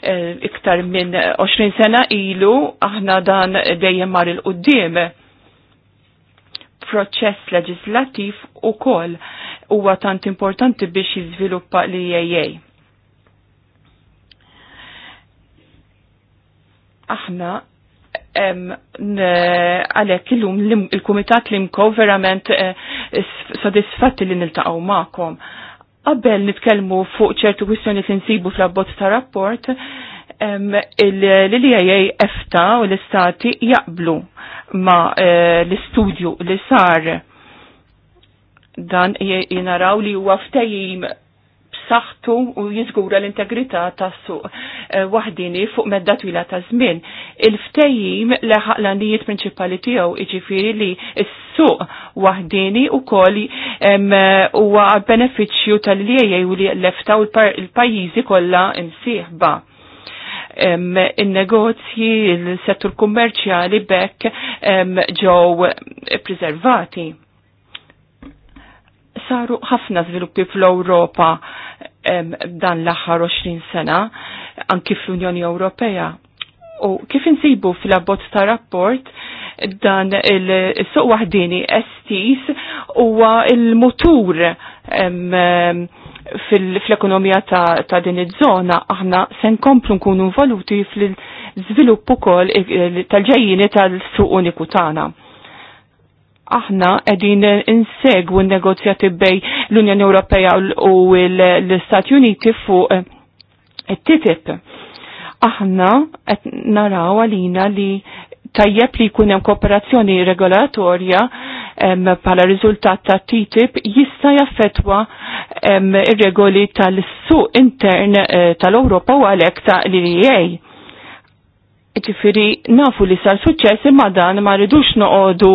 eh, iktar minn 20 sena ilu aħna dan dejjem mar il-qoddim proċess leġislativ u kol huwa tant importanti biex jiżviluppa li iaea Aħna għalek illum il-Kumitat Limko verament eh, sodisfatti li niltaqgħu maqom. Qabel nitkellmu fuq ċertu kwistjoni li fl-abbozz ta' rapport, l-LIA EFTA u l-Istati jaqblu ma eh, l-istudju li sar dan jinaraw li huwa għaftajim b'saħħtu u jiżgura l-integrità tas-suq eh, waħdini fuq medda twila ta' żmien. il ftejim leħaq l għandijiet prinċipali tiegħu iġifiri li s-suq waħdini wkoll huwa benefiċċju tal-liejja u li l-efta u l-pajjiżi kollha imsiħba. in-negozji, il-settur kummerċjali bekk ġew preservati saru ħafna sviluppi fl-Europa dan l-aħħar 20 sena anki fl-Unjoni Ewropea. U kif insibu fil-abbozz ta' rapport dan il-suq wahdini estis huwa il-mutur fil-ekonomija ta', ta din iż-żona aħna se nkomplu nkunu involuti fil-żvilupp ukoll tal-ġejjini tal-suq uniku tagħna aħna edin insegwu negozjati bej l-Unjoni Ewropea u l-Istati Uniti fuq eh, it-TTIP. Aħna qed naraw għalina li tajjeb li jkun hemm kooperazzjoni regolatorja bħala riżultat ta' TTIP jista' jaffetwa ir-regoli tal-suq intern eh, tal-Ewropa u għalhekk ta' l-EA ġifiri nafu li sar suċċess imma dan ma rridux noqogħdu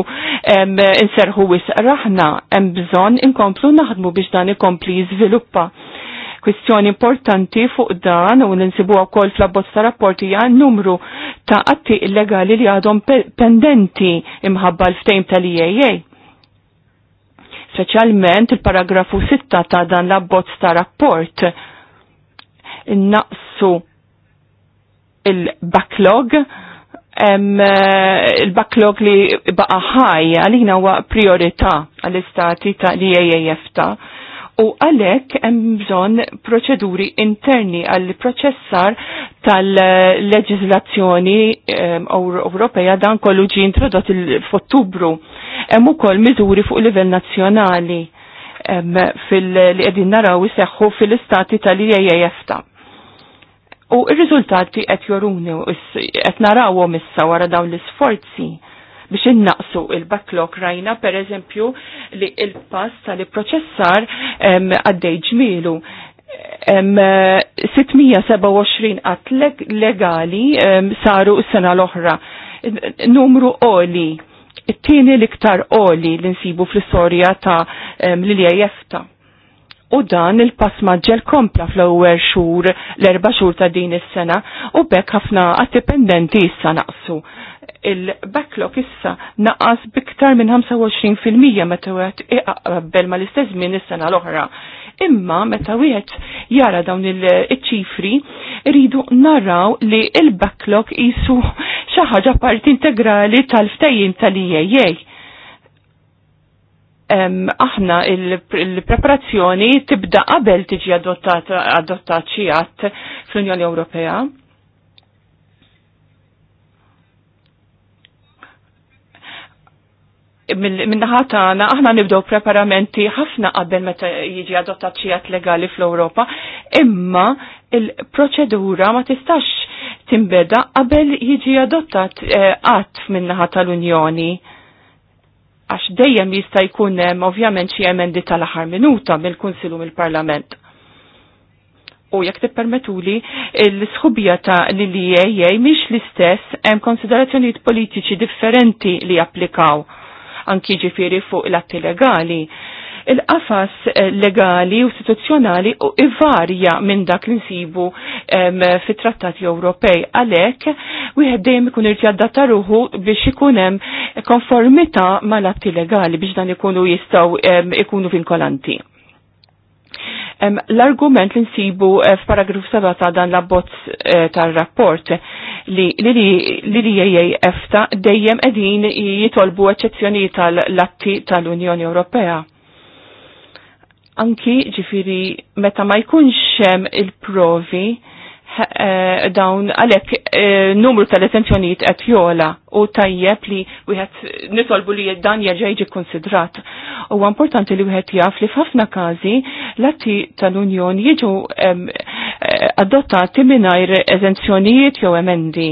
inserħu wis raħna hemm bżonn inkomplu naħdmu biex dan ikompli jiżviluppa. Kwistjoni importanti fuq dan u ninsibuha wkoll fl abbozza rapporti hija numru ta' atti illegali li għadhom pendenti imħabba l-ftejm tal-IAA. Speċjalment il-paragrafu 6 ta' dan l-abbozz rapport innaqsu il-backlog eh, il-backlog li baqa ħaj għalina huwa priorità għall-istati ta' li e ta' u għalek hemm bżonn proċeduri interni għall proċessar tal leġizlazzjoni Ewropea dan kollu ġi introdott f'Ottubru. Hemm ukoll miżuri fuq livell nazzjonali fil-li qegħdin naraw iseħħu fil-istati tal-IAF ta' U il riżultati qed joruni qed narawhom issa wara dawn l-isforzi biex innaqsu il-backlog rajna per eżempju li il-pass tal-proċessar għaddej ġmielu 627 qatt legali saru s-sena l-oħra. Numru oli, it-tieni l-iktar oli l-insibu fl-istorja ta' l-IAF ta' u dan il-pass maġġel kompla fl-ewwel xhur l-erba' xhur ta' din is-sena u bekk ħafna għad-dipendenti issa naqsu. Il-backlog issa naqas biktar minn 25% meta wieħed iqabbel ma l-istess żmien is-sena l-oħra. Imma meta wieħed jara dawn il-ċifri rridu naraw li il-backlog isu xi ħaġa parti integrali tal-ftejjin tal-IEA aħna il-preparazzjoni tibda qabel tiġi adottat adottat xi għadd fl-Unjoni Ewropea. Minnaħa tagħna aħna nibdew preparamenti ħafna qabel meta jiġi adottat xi legali fl-Ewropa, imma il-proċedura ma tistax timbeda qabel jiġi adottat qatt eh, minnaħa tal-Unjoni għax dejjem jista' jkun hemm ovvjament xi emendi tal-aħħar minuta mill-Kunsilu mill-Parlament. U jekk tippermetuli l-sħubija ta' lili lia e mhix l-istess hemm konsiderazzjonijiet politiċi differenti li japplikaw anki ġifiri fuq l-atti legali il-qafas eh, legali u istituzzjonali u ivarja minn dak li nsibu fit trattati Ewropej. Għalek, wieħed dejjem ikun irġadda ruħu biex ikun hemm konformità mal-atti legali biex dan ikunu jistgħu ikunu vinkolanti. L-argument li nsibu eh, f'paragrafu 7 ta' dan l-abbozz eh, tar-rapport li li jgħajf dejjem edin jitolbu eccezzjoni tal-latti tal-Unjoni Ewropea anki ġifiri meta ma jkunx hemm il-provi eh, dawn għalhekk eh, numru tal esenzjoniet qed jola u tajjeb li wieħed nitolbu li dan jerġa' jiġi konsidrat. Huwa importanti li wieħed jaf li f'ħafna każi l-atti tal-Unjoni jiġu eh, adottati mingħajr eżenzjonijiet jew emendi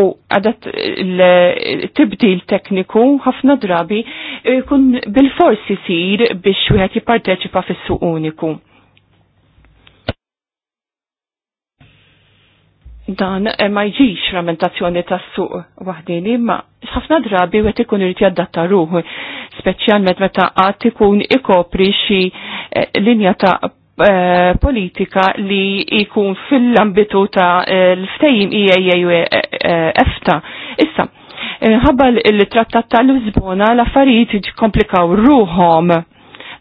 u għadat l-tibdil tekniku ħafna drabi kun bil fors jisir biex wieħed jipparteċipa fis-suq uniku. dan eh, ma jġix ramentazzjoni tas suq waħdini, ma ħafna drabi għet ikun irrit jaddatta ruħu, speċjalment meta għat ikun ikopri xi eh, linja ta' Eh, politika li jkun fil-ambitu ta' eh, l-ftejim IAEA u e, eh, EFTA. Issa, ħabba l-trattat ta' Lisbona l-affarijiet komplikaw ruħom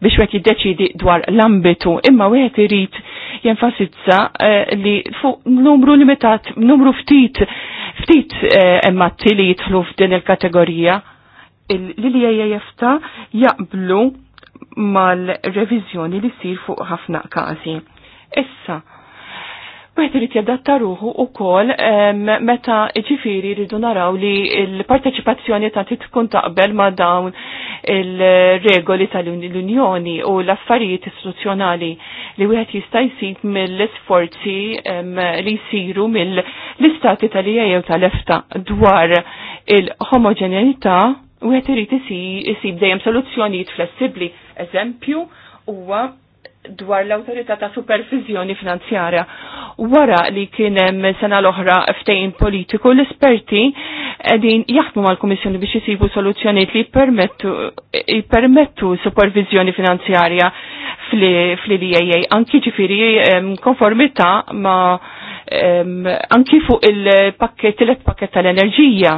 biex wek jiddeċidi dwar l-ambitu, imma wieħed irid jenfasizza li fuq numru limitat, numru ftit, ftit imma t-tili jitħlu f'din il-kategorija, l-li jajjafta e e jaqblu mal-revizjoni li sir fuq ħafna każi. Issa, Wieħed irid jadatta ruħu wkoll meta ġifieri rridu naraw li l-parteċipazzjoni ta' tkun taqbel ma' dawn il-regoli tal-Unjoni u l-affarijiet istituzzjonali li wieħed jista' jsib mill-isforzi li jsiru mill-istati tal-IA jew tal-EFTA dwar il-homogeneità wieħed irid isib dejjem soluzzjonijiet flessibbli eżempju huwa dwar l-autorità ta' supervizjoni finanzjarja. Wara li kien hemm sena l-oħra ftejn politiku, l-esperti qegħdin jaħdmu mal-Kummissjoni biex isibu soluzzjonijiet li jippermettu supervizjoni finanzjarja fl-IAA, anki ġifieri konformità ma' anki fuq il-pakket il pakket tal-enerġija.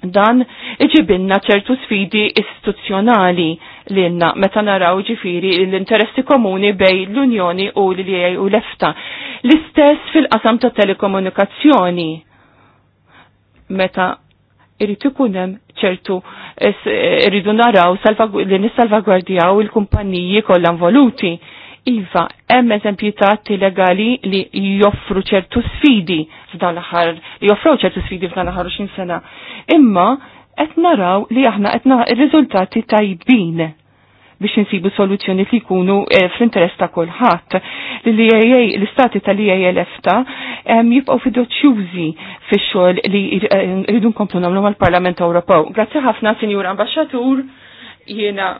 Dan iġibinna ċertu sfidi istituzzjonali l-inna meta naraw ġifiri l-interessi komuni bej l-Unjoni u l-LIA u l-EFTA. L-istess fil-qasam ta' telekomunikazzjoni meta irritu kunem ċertu irridu naraw li nissalvagwardjaw il-kumpanniji kollha involuti. Iva, hemm eżempji ta' atti legali li joffru ċertu sfidi f'dan l-aħħar, li joffru ċertu sfidi f'dan l-aħħar 20 sena. Imma qed naraw li aħna qed naħ ir-riżultati tajbin biex insibu soluzzjoni li jkunu eh, fl-interess ta' kulħadd. L-istati tal-IALF ta' jibqgħu fiduċjużi fix-xogħol li eh, rridu nkomplu nagħmlu mal-Parlament Ewropew. Grazzi ħafna, Sinjur Ambaxxatur. jiena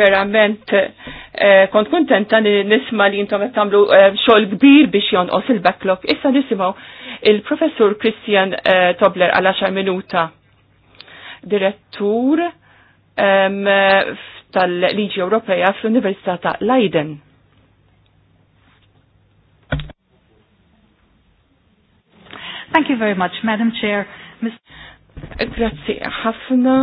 verament eh, kont kontenta li nisma li jintom qed tagħmlu xogħol kbir biex jonqos il-backlog. Issa nisimgħu il-Professur Christian Tobler għal 10 minuta direttur tal-Liġi Ewropea fl-Università ta' Leiden. Thank you very much, Madam Chair. Ms. Grazie ħafna,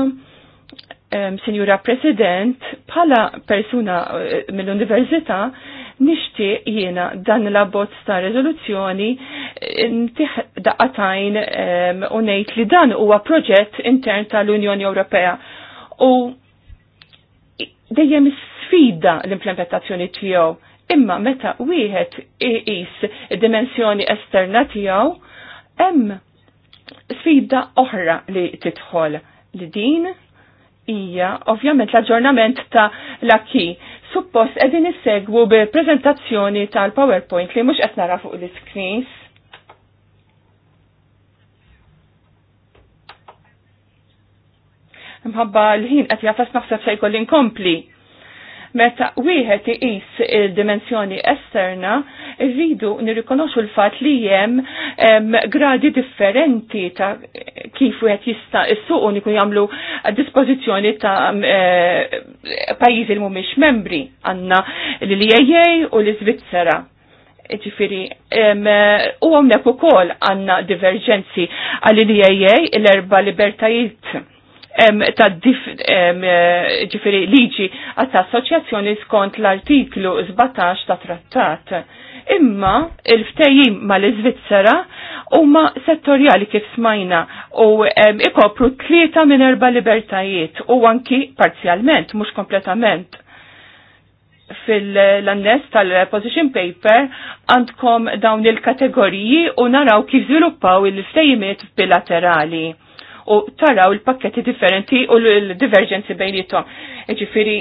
um, Signora President, pala persuna eh, mill-Università nixtieq jiena dan l-abbozz ta' riżoluzzjoni eh, ntih daqatajn ehm, u ngħid li dan huwa proġett intern tal-Unjoni Ewropea u dejjem sfida l-implementazzjoni tiegħu imma meta wieħed iqis dimensjoni esterna tiegħu hemm sfida oħra li tidħol li din hija ovvjament l-aġġornament ta' l-akki suppost edin issegwu bil-prezentazzjoni tal-PowerPoint li mux etnara fuq l screens Mħabba l-ħin qed jafas naħseb se jkolli inkompli? Meta wieħed iqis il-dimensjoni esterna, rridu nirrikonoxu l-fatt li hemm gradi differenti ta' kif wieħed jista' is-suq uniku jagħmlu dispożizzjoni ta' eh, pajjiżi li mhumiex membri għandna l-IAA u l-Iżvizzera ġifiri, u għomnek u kol għanna divergenzi għalli li l-erba libertajiet ta' eh, ġifiri liġi għata assoċjazzjoni skont l-artiklu 17 ta' trattat. Imma il-ftejim ma l-Izvizzera huma settorjali kif smajna u ikopru tlieta minn erba libertajiet u anki parzjalment, mhux kompletament fil annest tal-position paper għandkom dawn il-kategoriji u naraw kif żviluppaw il-ftejimiet bilaterali u taraw il-pakketti differenti u l-divergenzi bejnietom. Eġifiri,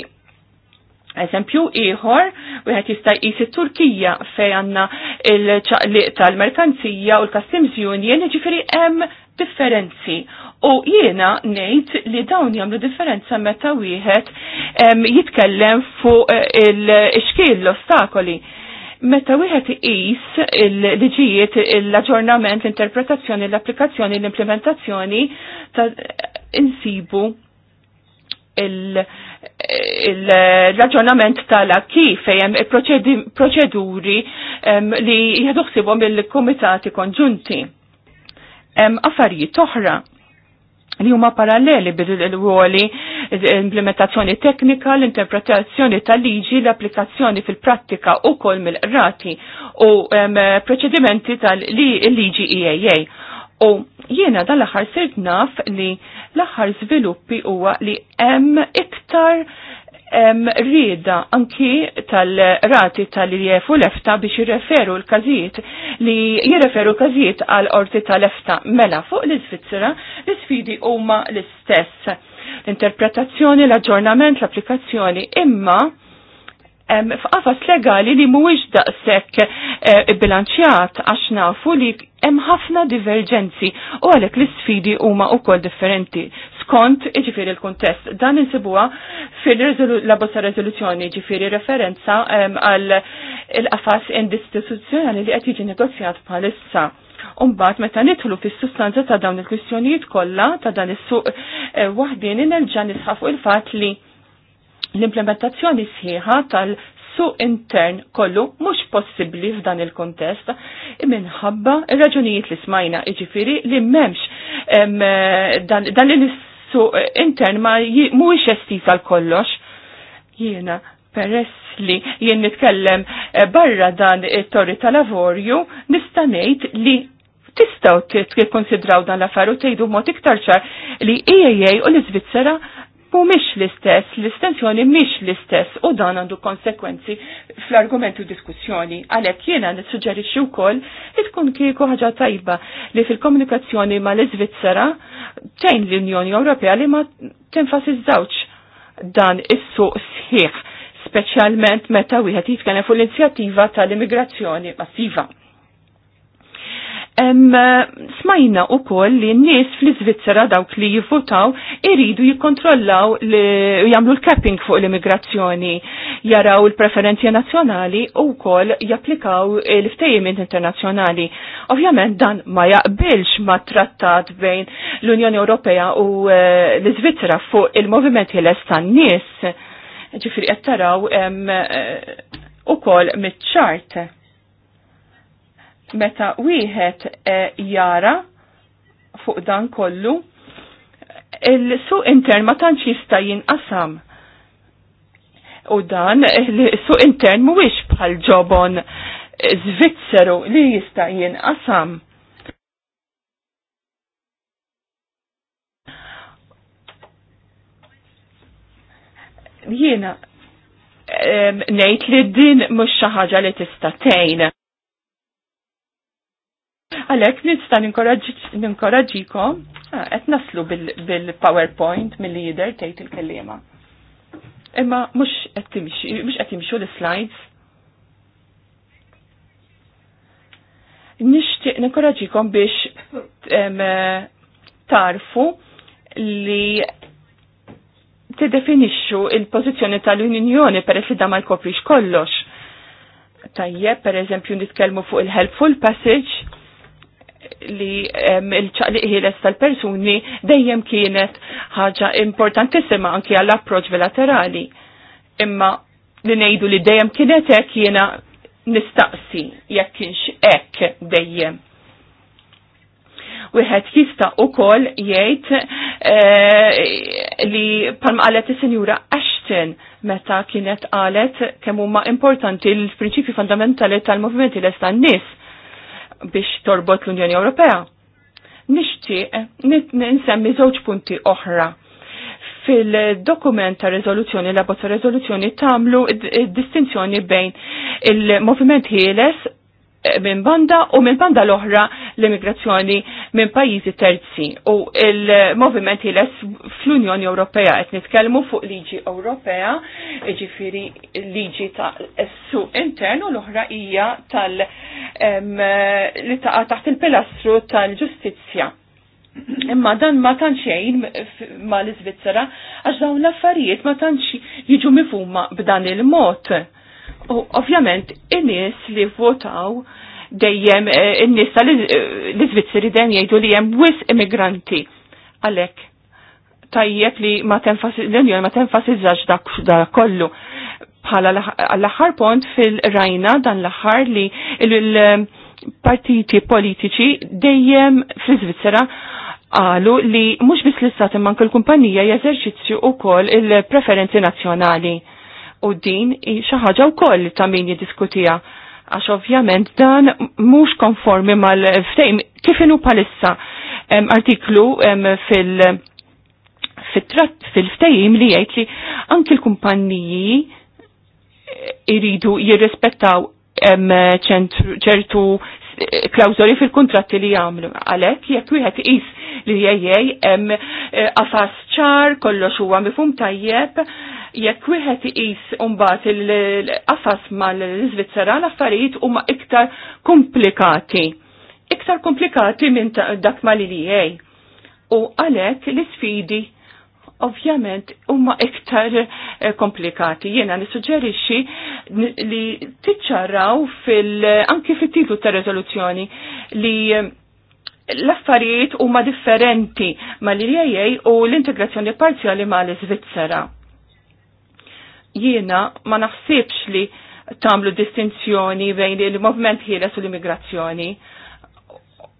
Eżempju ieħor, wieħed jista' jqis it-Turkija fejn għandna il-ċaqliq tal-merkanzija u l-Customs Union, jiġifieri hemm differenzi. U jiena ngħid li dawn jagħmlu differenza meta wieħed jitkellem fuq eh, il-xkiel l-ostakoli. Meta wieħed iqis il-liġijiet, l-aġġornament, l-interpretazzjoni, l-applikazzjoni, l-implementazzjoni ta' insibu l-raġonament tal hemm il proċeduri li jħeduħsibom il-komitati konġunti. Hemm Affarijiet oħra li huma paralleli bil-ruoli implementazzjoni teknika, l-interpretazzjoni tal-liġi, l-applikazzjoni fil-prattika u kol mill-rati u proċedimenti tal-liġi EAA. U jiena dal-aħħar sirt naf li l-aħħar sviluppi huwa li hemm iktar rida anki tal-rati tal-IEF u lefta biex jirreferu l-kazijiet li jirreferu l kazijiet għal orti tal-lefta mela fuq l-Svizzera l-sfidi huma l-istess. L-interpretazzjoni, l-aġġornament, l-applikazzjoni imma f'qafas legali li mhuwiex daqshekk eh, bilanċjat għax nafu li hemm ħafna diverġenzi u għalhekk l-isfidi huma wkoll differenti skont ġifiri l-kuntest. Dan insibuha fil-labossa rezoluzjoni ġifiri referenza għal il-qafas indistituzjonali li qed jiġi negozjat bħalissa. Umbat meta nidħlu fis-sustanza ta' dawn il-kwistjonijiet kollha ta' dan is-suq eh, waħdin nerġa' nisħafu il-fatt li l-implementazzjoni sħiħa tal-suq intern kollu mhux possibbli f'dan il-kontest minħabba ir-raġunijiet li smajna iġifieri li m'hemmx eh, dan, dan so intern ma mhuwiex estisa għal kollox. Jiena peress li jien nitkellem eh, barra dan it-torri tal-avorju, nista' ngħid li tistgħu tikkonsidraw dan l-affar u tgħidu mod iktar ċar li EAA u l-Iżvizzera mhumiex l-istess, l-istensjoni mhix l-istess u dan għandu konsekwenzi fl-argumentu diskussjoni. Għalhekk jiena nissuġġerixxi wkoll li tkun kieku ħaġa tajba li fil-komunikazzjoni mal-Iżvizzera tgħin l-Unjoni Ewropea li ma tinfasizzawx dan is-suq sħiħ speċjalment meta wieħed jitkellem fuq l-inzjattiva tal-immigrazzjoni massiva. Eh, smajna u koll li n-nis fl-Svizzera dawk li jifutaw iridu jikontrollaw li jamlu l-capping fuq l-immigrazzjoni, jaraw l-preferenzi nazjonali u koll japplikaw l-ftejimint internazjonali. Ovvjament dan ma jaqbilx ma trattat bejn l-Unjoni Ewropea u eh, l-Svizzera fuq il-movimenti l-estan-nis ġifri għattaraw eh, u kol mit-ċart Meta wieħed eh, jara fuq dan kollu, il-suq intern ma tantx jista' jinqasam. U dan eh, il-suq intern mhuwiex bħal ġobon Zvizzeru li jista' jinqasam. Jiena eh, ngħid li din mhux xi ħaġa li tista' tgħin Għalek, nista ninkoraġikom, eh, qed naslu bil-PowerPoint mill-leader tgħid il-kellima. Imma mhux qed timxu l-slides. Nixtieq ninkoraġikom biex tarfu li tiddefinixxu il-pożizzjoni tal-Unjoni per li da ma jkoprix kollox. Tajjeb, per eżempju, nitkellmu fuq il-helpful passage, li il-ċaqliq ħieles tal-persuni dejjem kienet ħaġa importantissima anki għall-approċ bilaterali. Imma li nejdu li dejjem kienet hekk jiena nistaqsi jekk kienx hekk dejjem. Wieħed jista' ukoll jgħid eh, li palm qalet is-Sinjura Ashton meta kienet qalet kemm huma importanti l-prinċipji fundamentali tal-movimenti lesta n-nies biex torbot l-Unjoni Ewropea. Nixtieq ninsemmi żewġ punti oħra fil-dokument ta' rezoluzzjoni, la bozza rezoluzzjoni tamlu distinzjoni bejn il-moviment ħieles Eh, minn banda u minn banda l-oħra l-immigrazzjoni minn pajjiżi terzi. U il l-es fl-Unjoni Ewropea qed nitkellmu fuq liġi Ewropea, ġifiri liġi ta' essu internu l-oħra hija tal- li taqa' taħt il-pilastru tal-ġustizzja. Imma dan ma tantxejn ma l-Iżvizzera għax dawn l-affarijiet ma tantx jiġu mifhuma b'dan il-mod U ovvjament, in-nies li votaw dejjem eh, in-nies tal-Iżvizzeri eh, dejjem jgħidu li hemm wis immigranti. Għalhekk tajjeb li ma l-Unjoni ma tenfasizzax dak kollu. Bħala l-aħħar pont fil-rajna dan l-aħħar li l-partiti politiċi dejjem fl-Iżvizzera għalu li mhux biss l-istat imman kumpanija jeżerċizzju wkoll il-preferenzi nazzjonali u din xi ħaġa wkoll ta' min jidiskutija. għax ovvjament dan mhux konformi mal-ftejm kif inhu palissa artiklu fil- fit-tratt fil-ftejim li jgħid li anki l-kumpanniji iridu jirrispettaw ċertu eh, klawżoli fil-kontratti li jagħmlu. Għalhekk jekk wieħed is li jgħajjaj hemm eh, ċar kollox huwa mifhum tajjeb Jekk wieħed iqis mbagħad il-qafas mal-Iżvizzera l-affarijiet huma iktar komplikati. Iktar komplikati minn dak mal-IEA. U għalhekk l-isfidi ovvjament huma iktar eh, komplikati. Jiena nissuġġerixxi li tiċċaraw fil anki fit-titlu ta' rezoluzzjoni li eh, l-affarijiet huma differenti mal-IAA e u l-integrazzjoni parzjali mal-Iżvizzera jiena ma naħsibx li tamlu distinzjoni bejn il-movement ħieles u l-immigrazzjoni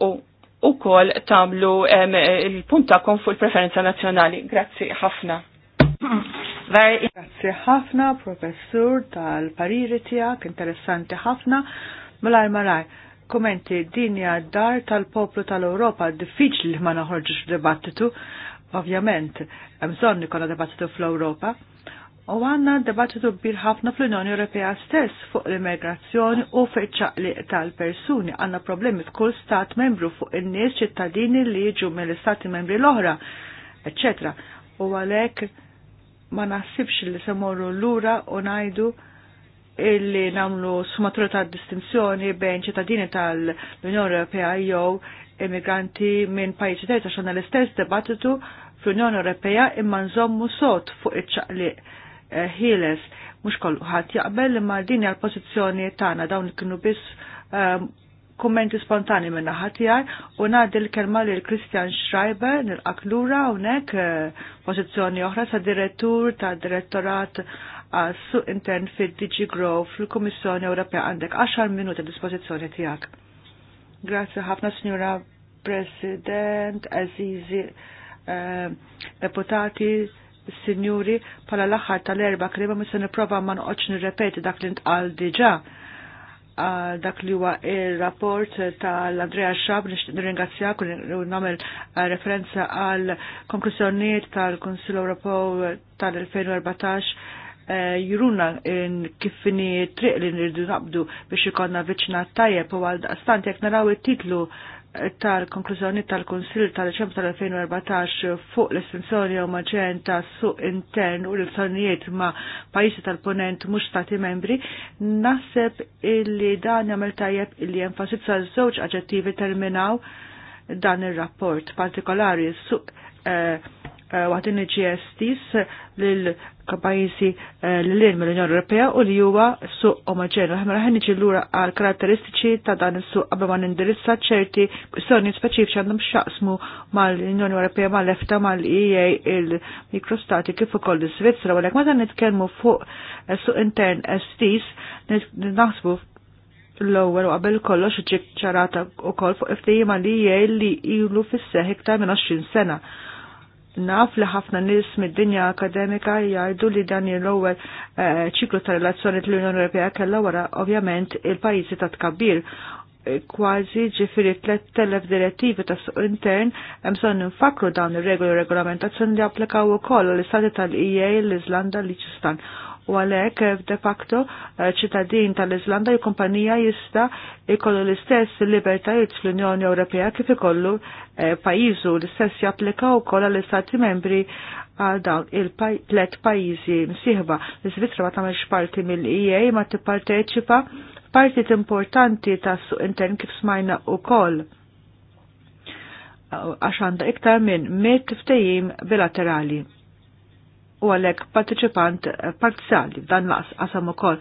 u kol tamlu il-punta kon fuq il-preferenza nazjonali. Grazzi ħafna. Grazzi ħafna, professur tal-pariri tijak, interessanti ħafna. Malar, malar, kommenti dinja dar tal-poplu tal-Europa, diffiċli ma naħorġux dibattitu, ovvjament, bżon nikola dibattitu fl-Europa u għanna debattitu bil ħafna fl-Unjoni Ewropea stess fuq l-immigrazzjoni u fil-ċaqli tal-persuni. Għanna problemi f'kull stat membru fuq in-nies ċittadini li jiġu mill-istati membri l-oħra, ecc. U għalek ma naħsibx li semorru l-ura u najdu illi namlu sumatura ta' distinzjoni bejn ċittadini tal-Unjoni Ewropea jew immigranti minn pajjiżi terza xogħol l-istess debattitu fl-Unjoni Ewropea imma nżommu sot fuq iċ-ċaqliq ħieles mhux kulħadd jaqbel imma din hija l-pożizzjoni tagħna dawn kienu biss ehm, kommenti spontani minna ħatijar u naħdi l-kelma li l-Kristjan Schreiber nil-aklura unek eh, pozizjoni oħra sa' direttur ta' direttorat eh, su intern fid DG Grow fil-Komissjoni Ewropea għandek 10 minuti dispozizjoni tijak. Grazie ħafna signora President, Azizi, eh, deputati, Sinjuri, pala l-axar tal-erba kriba mis niprofa ma noqgħodx nirrepeti dak li ntqal diġà dak li huwa il rapport tal-Andrea Xab nixtieq nirringrazzjak u nagħmel referenza għal konklużjonijiet tal-Kunsill Ewropew tal-2014 e, juruna kif triq li nirridu naqbdu biex ikonna viċna tajjeb u għal daqstant jek naraw it-titlu tal-konklużjoni tal-Konsil tal-ċempju tal-2014 fuq l-estensjoni maġen ta' suq intern u l-elezzjonijiet ma' pajjiżi tal-ponent mhux stati membri, naħseb illi dan jagħmel tajjeb illi enfasizza żewġ aġettivi terminaw dan ir-rapport partikolari suq eh, Eh, waħdin il-GSTs l-pajjiżi eh, l-lin mill unjon Ewropea u li huwa suq omoġenu. Ħemma l lura għal karatteristiċi ta' dan is-suq qabel ma nindirizza ċerti kwistjoni speċifiċi għandhom x'jaqsmu mal-Unjoni Ewropea mal-EFTA mal ia il-mikrostati kif ukoll l-Svizzera u meta nitkellmu fuq eh, suq intern STs naħsbu l-ewwel qabel kollox ġiet ċarata wkoll fuq ma' li jgħid e li ilu fis-seħ iktar minn 20 sena naf li ħafna nis mid-dinja akademika jgħidu li dan l-ewwel eh, ċiklu ta' relazzjoni tal-Unjoni Ewropea kellha wara ovvjament il-pajjiżi ta' tkabbir eh, kważi ġifiri 3000 direttivi ta' suq intern hemm son infakru dawn ir-regoli u regolamentazzjoni li applikaw ukoll l istati tal-EA l-Iżlanda l-Liċistan u għalhekk de facto eh, ċittadin tal izlanda u kumpanija jista' jkollu l-istess libertajiet fl-Unjoni Ewropea kif ikollu eh, pajizu l-istess japplika wkoll għall-Istati membri għal dawn il-tlet pajjiżi msieħba. L-Iżvitra ma tamel parti mill-EA ma tipparteċipa partit importanti ta' suq intern kif smajna u koll eh, għax għanda iktar minn mit ftejim bilaterali u għalek partiċipant parzjali f'dan laqs qasam ukoll.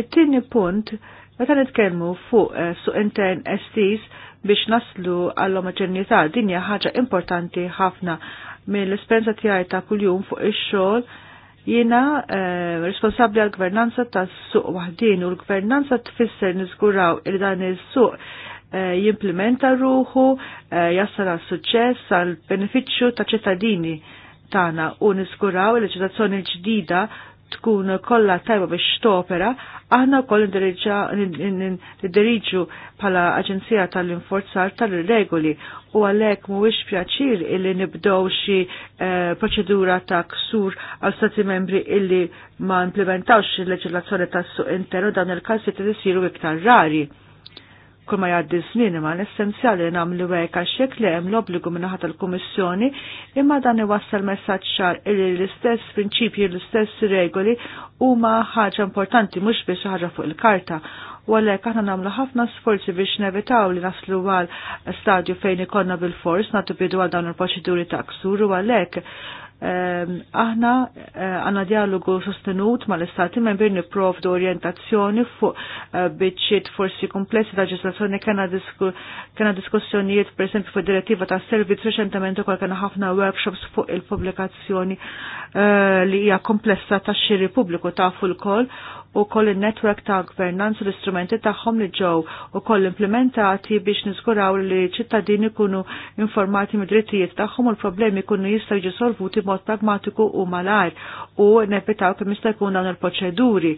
It-tieni punt meta nitkellmu fuq eh, suq intern estis biex naslu għall-omoġenità din hija ħaġa importanti ħafna mill-esperjenza tiegħi ta' kuljum fuq ix-xogħol jiena eh, responsabbli għal gvernanza tas suq waħdin u l-gvernanza tfisser niżguraw il dan is-suq eh, jimplementa ruħu, jasal għal suċċess għal benefiċċju ta' ċittadini tana u niskuraw il-leġizazzjoni ġdida tkun kollha tajba biex topera, aħna wkoll nidiriġu bħala Aġenzija tal-Inforzar tal-Regoli u għalhekk mhuwiex pjaċir illi nibdew xi eh, proċedura ta' ksur għal stati membri illi ma implementawx il-leġilazzjoni tas-suq Interu dan il-każ se isiru iktar rari kull ma jgħaddi żmien imma l-essenzjali nagħmlu hekk għax jekk li hemm l-obbligu minn naħa tal-Kummissjoni imma dan iwassal messaċċar ċar li l-istess prinċipji l-istess regoli huma ħaġa importanti mhux biex ħaġa fuq il-karta u għalek aħna namlu ħafna sforzi biex nevitaw li naslu għal stadju fejn ikonna bil-fors natu bidu għal dawn il-proċeduri ta' ksur u għalek Ehm, aħna eh, għanna dialogu sostenut ma l-Istati membri niprovdu orientazzjoni fuq eh, biċċiet forsi komplessi ta' ġislazzjoni kena diskussjonijiet per esempio fuq direttiva ta' servizz reċentement ukoll kena ħafna workshops fuq il-pubblikazzjoni eh, li hija komplessa ta' xiri pubbliku ta' fuq il u koll il-network ta' governance l-istrumenti tagħhom li ġew u koll implementati biex niżguraw li ċittadini kunu informati mid-drittijiet tagħhom u l-problemi kunu jistgħu jiġu solvuti mod pragmatiku u malajr u nevitaw kemm jista' jkun dawn il-proċeduri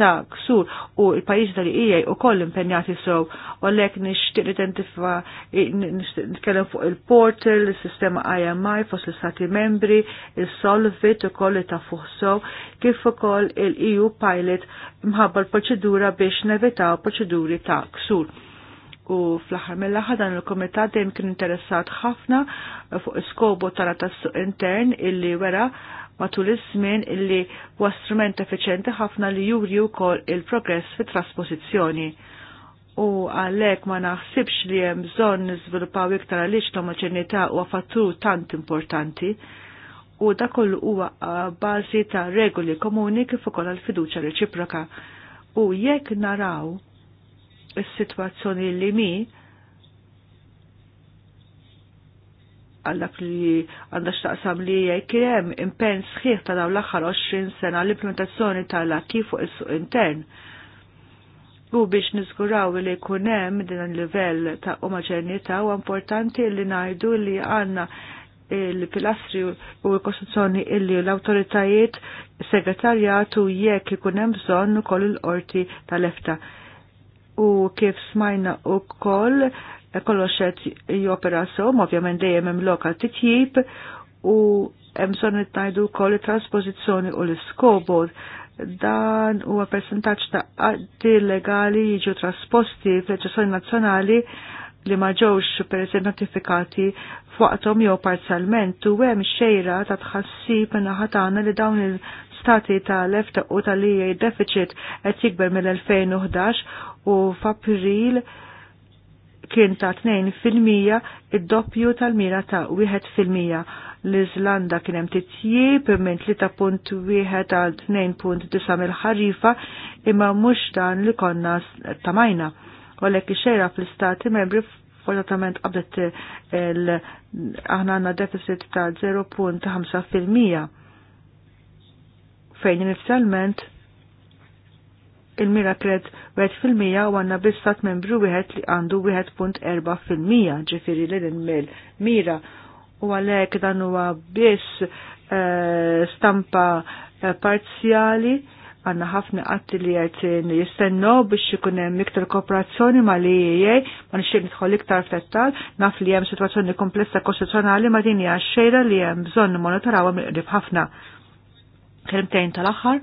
ta' ksur u l-pajjiż li hija koll impenjati sew u lek nixtieq identifa nitkellem fuq il-portal, is-sistema IMI fost l-Stati membri, il-Solvit ukoll li ta' fuq sew kif ukoll il-EU Pilot mħabba l-proċedura biex nevitaw proċeduri ta' ksur. U fl-aħħar mill dan il-komitat dejjem kien interessat ħafna fuq iskobu tal tas-suq intern illi wera matul iż-żmien illi huwa strument effiċjenti ħafna li juri wkoll il-progress fit-trasposizzjoni u għalek ma naħsibx li hemm bżonn niżviluppaw iktar għaliex ta' maċenità huwa fattur tant importanti u da kollu huwa bażi ta' regoli komuni kif ukoll għal fiduċa reċiproka. U jekk naraw is-sitwazzjoni li mi għallak li għandax x'taqsam li jekk impenn sħiħ ta' dawn l-aħħar 20 sena l-implementazzjoni tal-akki fuq is-suq intern u biex nizguraw li kunem din il-level ta' omogenita u importanti li najdu li għanna il-pilastri u l kostruzzjoni illi l-autoritajiet segretarjatu jekk ikun hemm bżonn ukoll il-qorti tal-efta. U kif smajna ukoll kollox qed jopera sew, ovvjament dejjem hemm lokal titjib u hemm bżonn itnajdu wkoll il trasposizzjoni u l-iskobod dan huwa persentaġġ ta' għaddi legali jiġu trasposti fl-leġislazzjoni nazzjonali li ma ġewx pereżempju notifikati f'waqthom jew parzialment u hemm xejra ta' tħassib naħa tagħna li dawn il-stati tal lefta u tal-IA deficit qed jikber mill-2011 u f'April kien ta' 2% id-doppju tal-mira ta' 1%. L-Iżlanda kien hemm titjib minn 3.1 għal 2.9 mill-ħarifa imma mhux dan li konna tamajna u l xejra fl-istati membri fortunatament qabdet aħna għanna deficit ta' 0.5% fejn inizjalment il-mira kred 1% u għanna bistat membru wieħed li għandu 1.4% ġifiri li l-mil mira u għalek dan huwa biss eh, stampa eh, parzjali għanna ħafna għatti li għed jistennu biex jikunem iktar kooperazzjoni ma li jiej, ma nxie nitħol iktar flettal, naf li jem situazzjoni komplessa konstituzjonali ma dini xejra li jem bżon monitoraw għam li ħafna. tejn tal axar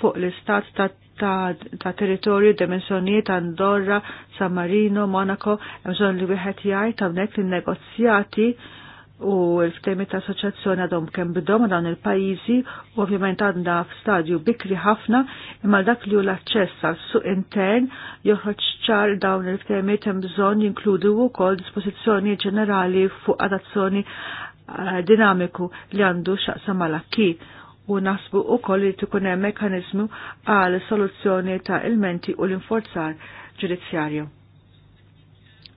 fuq l-istat ta' ta', ta territorju dimensjonijiet Andorra, San Marino, Monaco, bżonn li wieħed jgħid hawnhekk li negozjati u l-ftemi ta' assoċjazzjoni għadhom kemm bidhom dawn il-pajjiżi u ovvjament għandna f'stadju bikri ħafna imma dak li hu l-aċċess għal suq intern joħroġ ċar dawn il-ftemi hemm bżonn jinkludu wkoll dispożizzjoni ġenerali fuq adazzjoni eh, dinamiku li għandu xaqsa mal u nasbu u koll li tkun hemm mekanizmu għal soluzzjoni ta' ilmenti u l-inforzar ġudizzjarju.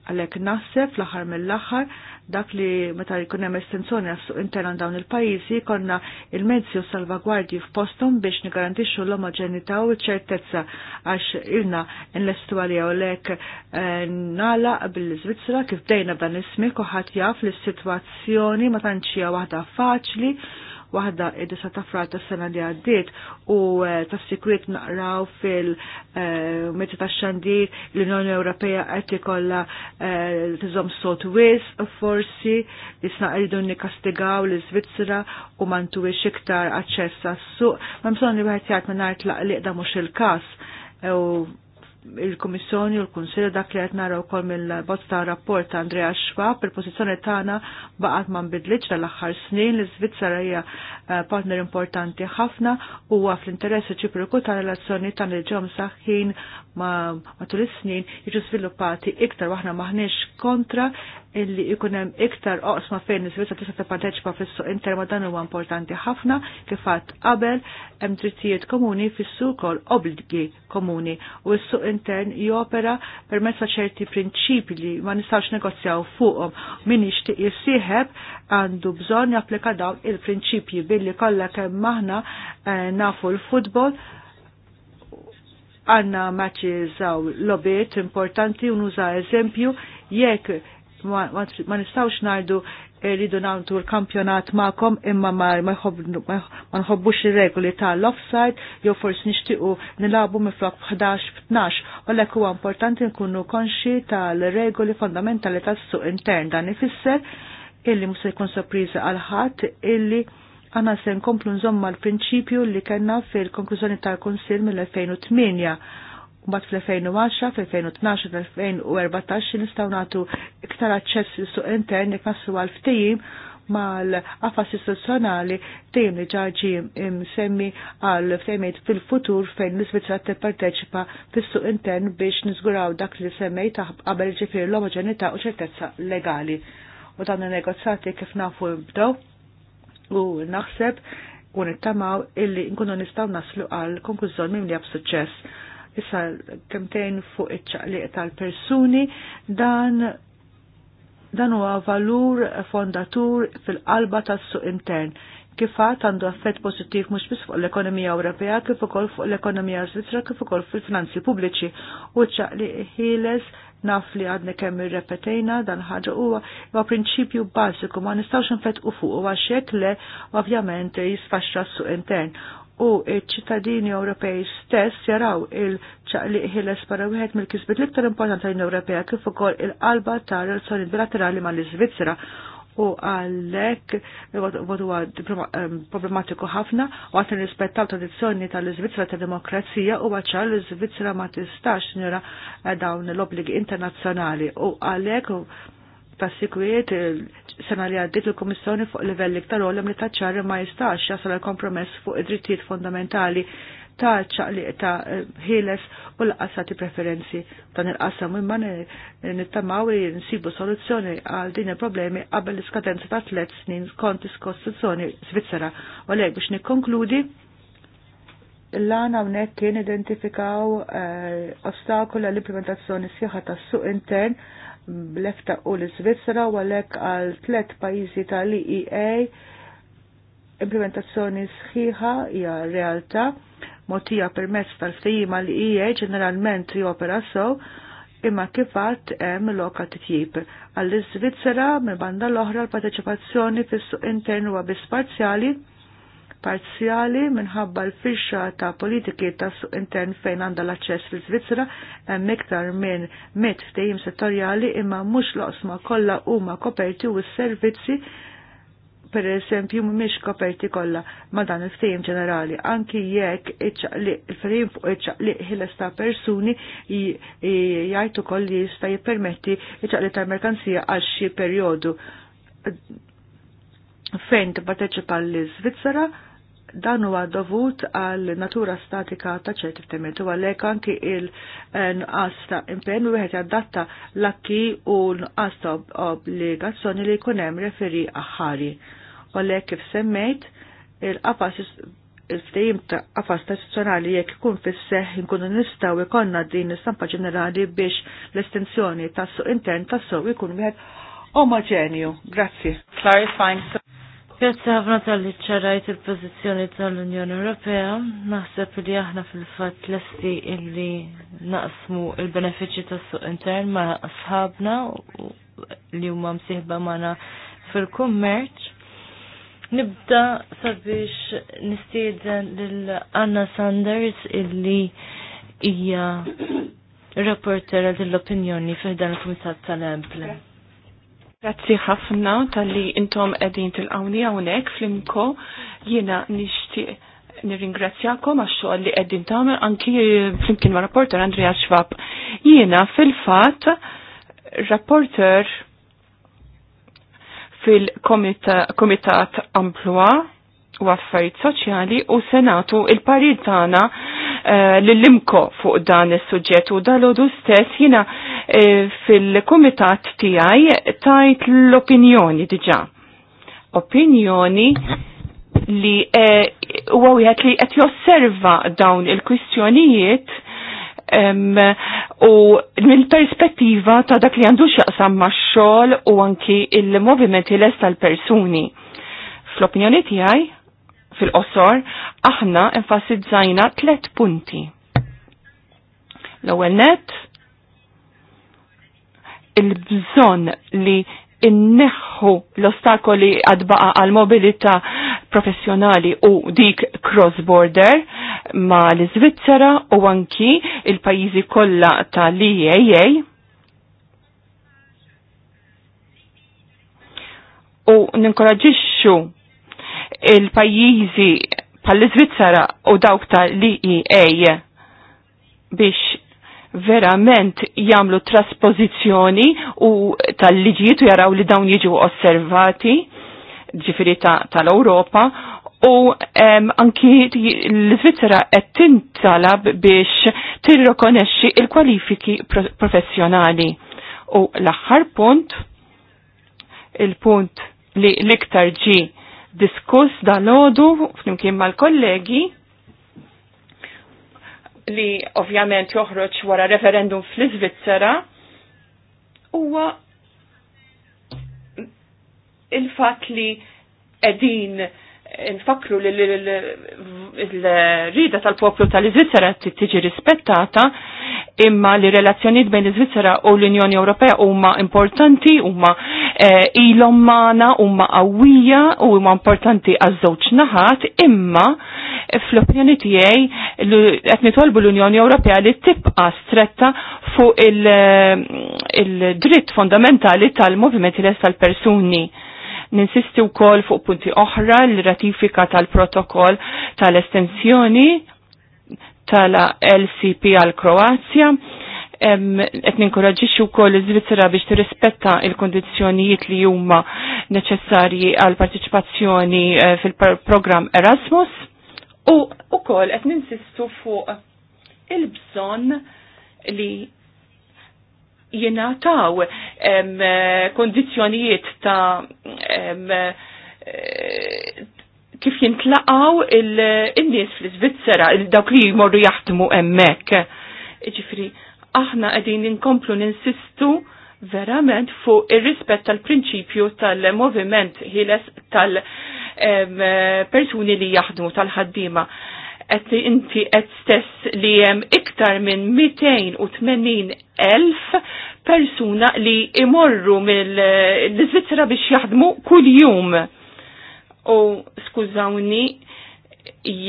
Għalhekk naħseb fl-aħħar mill-aħħar dak li meta jkun hemm estensjoni għas interna dawn il-pajjiżi konna il-mezzi u salvagwardji f'postom biex nigarantixxu l-omoġenità u ċertezza għax ilna nlestu għalija u lek eh, nala bil-Svizzera kif dejna dan ismi ħadd jaf li s-sitwazzjoni ma tantx hija waħda faċli waħda id-disa ta' frat ta' sena li għaddiet u eh, ta' sikwit naqraw fil-mezzi eh, ta' xandir l-Unjoni Ewropea qed ikollha eh, tiżom sot wis forsi li snaqridu nikastigaw l-Iżvizzera u mantuwiex iktar aċċess s suq Ma bżonn li wieħed jgħid mingħajr tlaqliq da mhux il-każ il-Komissjoni u l-Kunsilju dak li qed naraw ukoll mill-bozz ta' rapport ta' Andrea Schwab, il-pożizzjoni tagħna baqgħet ma nbidlitx tal-aħħar snin li Svizzera hija eh, partner importanti ħafna huwa fl-interessi ċipriku ta' relazzjoni tan nirġom saħħin matul is-snin jiġu sviluppati iktar waħna maħniex kontra illi ikun hemm iktar oqsma fejn iż tista' tipparteċipa fis-suq intern ma dan huwa importanti ħafna kif qatt qabel hemm drittijiet komuni fis-suq ukoll komuni u s-suq intern jopera permezz ċerti prinċipi li ma nistgħux negozjaw fuqhom min jixtieq jissieħeb għandu bżonn japplika dawn il-prinċipji billi kollha kemm aħna eh, nafu l-futbol għanna maċċi zaw lobiet importanti u nuża eżempju jekk ma nistawx najdu rridu eh, nagħmlu l-kampjonat ma'kom imma ma nħobbux ir-regoli tal-offside jew forsi nixtiequ nilabu miflok 11-12 u huwa importanti nkunu konxi tal-regoli fondamentali tas-suq intern dan ifisser illi musa jkun sorpriża għal ħadd illi Għana se nkomplu nżomma l-prinċipju li kena fil-konklużjoni tal-Konsil mill-2008 Mbagħad fl-2010, fl-2012, fl-2014 nistgħu nagħtu iktar aċċess fis-suq intern jekk naslu għal ftehim mal-qafas istituzzjonali tim li ġaġi msemmi għal ftehimiet fil-futur fejn l t tipparteċipa fis-suq intern biex nizguraw dak li semmejt qabel ġifir l omogenita u ċertezza legali. U dan in-negozjati kif nafu bdew u naħseb u nittamaw illi nkunu nistaw naslu għal konklużjoni mimli li suċess. Issa kemtejn fuq iċ-ċaqliq tal-persuni dan dan huwa valur fondatur fil-qalba tas-suq intern kifat għandu affett pozittiv mhux biss fuq l-ekonomija Ewropea kif ukoll fuq l-ekonomija Svizzera kif ukoll fil-finanzi pubbliċi u ċaqli ħieles naf li għadne kemm irrepetejna dan ħaġa huwa ma prinċipju bażiku ma nistgħux nfetqu fuq u għax le ovvjament jisfaxxa suq intern u ċ-ċittadini Ewropej stess jaraw il-ċaqliq ħiles para wieħed mill-kisbit l-iktar importanti l-Ewropea kif ukoll il-qalba ta' relazzjoni bilaterali mal-Iżvizzera u għallek għadu problematiku ħafna u għat nirrispettaw tradizzjoni tal zvizzera ta' demokrazija u għacċa l zvizzera ma tistax njura eh, dawn l-obligi internazzjonali u u ta' sikwiet sena li għaddit il-Komissjoni fuq livell iktar olem li taċċar ma jistax jasal kompromess fuq id-drittijiet fundamentali ta' li ta' ħieles u l ti preferenzi dan il-qasam imma nittamaw li nsibu soluzzjoni għal din il-problemi qabel l-iskadenza ta' tlet snin kont iskostituzzjoni Svizzera. U lej biex nikkonkludi l-għana unnek kien identifikaw eh, ostakola l-implementazzjoni sħiħa ta' suq intern blefta u l-Svizzera u għalek għal tlet pajizi tal-EEA implementazzjoni sħiħa hija realtà motija permezz tal-ftehima li hija ġeneralment jopera sew imma kifat hemm loka titjib. Għall-Iżvizzera minn banda l-oħra l-parteċipazzjoni fis-suq intern huwa biss parzjali parzjali minħabba l-fisċa ta' politiki ta' suq intern fejn għanda l-aċċess fil-Svizzera hemm iktar minn mit ftehim settorjali imma mhux loqsma kollha huma koperti u s-servizzi per esempio mhumiex koperti kollha ma' dan il fejm ġenerali, anki jekk il-ftehim fuq iċċaqliq ħiles ta' persuni jgħid ukoll li jista' jippermetti iċċaqliq ta' merkanzija għal xi perjodu fejn tibbateċipa l-Svizzera dan huwa dovut għal natura statika ta' ċerti ftehimiet u għalhekk anki il-nqas ta' impenn wieħed jadatta l-akki u nqas ta' obbligazzjoni li jkun hemm referi aħħari. U kif semmejt il-qafas il-ftehim ta' qafas tradizzjonali jekk ikun fis-seħħ inkunu nistgħu jkollna din istampa ġenerali biex l-estensjoni tas-suq intern tas-suq ikun wieħed omogenju. Grazzi. Clarifying. Grazzi ħafna tal-li ċarajt il-pozizjoni tal-Unjoni Ewropea. Naħseb li aħna fil-fat lesti illi naqsmu il-benefiċi tas suq intern ma' asħabna li huma msieħba magħna fil-kummerċ. Nibda sabiex nistieden lil Anna Sanders illi hija rapportera dell-opinjoni fil dan il-Kumitat tal-Emple. Grazzi ħafna tal-li intom edin til-għawni għawnek fl-imko jena nishtiq nirringrazzjakom għax xogħol li qegħdin tagħmel anki flimkien ma' rapporter Andrea Schwab. Jiena fil-fatt rapporter fil-komitat Amplua u affarijiet soċjali u senatu il parit tagħna uh, fuq dan is-suġġett u dalodu stess jiena uh, fil-kumitat tiegħi tajt l-opinjoni diġà. Opinjoni li huwa eh, uh, wieħed li qed josserva dawn il-kwistjonijiet Um, u mill-perspettiva ta' dak li għandu xaqsam ma' xol u anki il-movimenti l-est tal-persuni. Fl-opinjoni tijaj, fil-qosor, aħna enfasizzajna tlet punti. L-ewwel net il-bżonn li inneħħu l-ostakoli għadbaqa għal mobilità professjonali u dik cross-border ma l-Svizzera u anki il-pajizi kollha tal-EAA u ninkoraġixxu il-pajjiżi bħall-Iżvizzera u dawk tal-EEA biex verament jamlu trasposizjoni u tal-liġijiet u jaraw li dawn jiġu osservati ġifiri tal-Europa u anki l-Svizzera qed tintalab biex tirrokonexxi il-kwalifiki professjonali. U l-aħħar punt, il-punt li l-iktar ġi diskuss dal-ħodu flimkien mal-kollegi li ovvjament joħroġ wara referendum fl-Iżvizzera huwa il-fatt li edin nfakru li l-rida tal-poplu tal-Iżvizzera tiġi rispettata imma li relazzjoniet bejn l zvizzera u l-Unjoni Ewropea huma importanti, huma eh, ilhom magħna, huma qawwija u huma importanti għaż-żewġ naħat, imma fl-opinjoni tiegħi qed nitolbu l-Unjoni Ewropea li tibqa' stretta fuq il-dritt fondamentali tal-movimenti les tal-persuni Ninsisti wkoll fuq punti oħra l-ratifika tal-protokoll tal-estensjoni tal-LCP għal Kroazja qed ninkoraġġixxi wkoll l Zvizzera biex tirrispetta il kondizjonijiet li huma neċessarji għal partiċipazzjoni eh, fil-programm Erasmus u wkoll qed ninsistu fuq il-bżonn li jena taw kondizjonijiet ta' em, eh, kif jintlaqaw il-nies fl-Svizzera, dawk li jmorru jaħdmu emmek. Ġifri, aħna għedin inkomplu ninsistu verament fuq ir-rispett tal-prinċipju tal-moviment ħiles tal-persuni eh, li jaħdmu tal-ħaddima qed inti qed stess li hemm iktar minn 280 elf persuna li imorru mill-Iżvizzera biex jaħdmu kuljum. U skużawni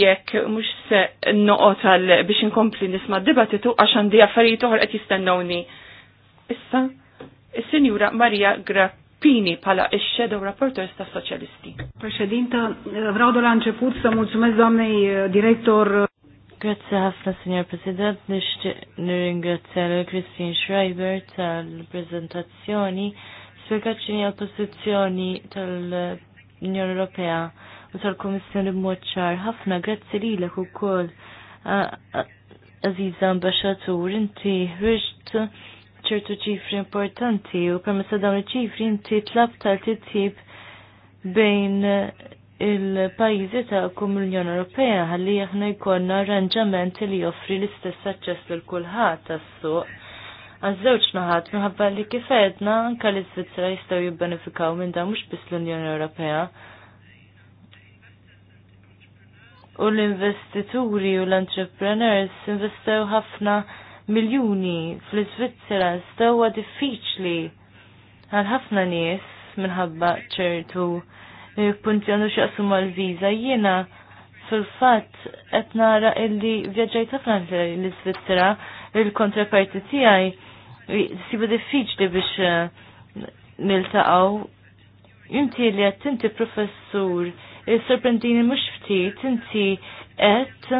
jekk mhux se noqgħod għal biex inkompli nisma' dibattitu għax għandi affarijiet oħra qed jistennawni. Issa, is-Sinjura Marija Grapp. Pini pala il-Shadow Rapporteurs sta' Soċjalisti. Președinta, vreau de la început să mulțumesc doamnei eh, director. Grazie ħafna, signor President, nirringrazzja l Christine Schreiber tal-prezentazzjoni. Spiegaċini għal-pozizjoni tal-Unjoni Europea u tal-Komissjoni b'moċċar. Ħafna grazzi li l ukoll. Eh, eh, Aziza Ambasċatur, inti ħriġt ċertu ċifri importanti u permessa dawn iċifri ċifri inti tlab tal tittib bejn il-pajizi ta' kum l-Unjoni Ewropea għalli aħna jkollna arranġament li joffri l-istess aċċess l kulħadd għas suq Għaż-żewġ naħat minħabba li kif għedna anke l Svizzera jistgħu jibbenefikaw minn dan mhux biss l-Unjoni Ewropea. U l-investituri u l-entrepreneurs investew ħafna miljuni fl-Svizzera stewa diffiċli għal ħafna nies minħabba ċertu eh, punti għandu xaqsu mal-viza jiena fil-fat qed nara illi vjaġġajt ħafna l-Svizzera il-kontraparti tiegħi sibu diffiċli biex eh, niltaqgħu. Inti li qed tinti professur, sorprendini mhux ftit, inti qed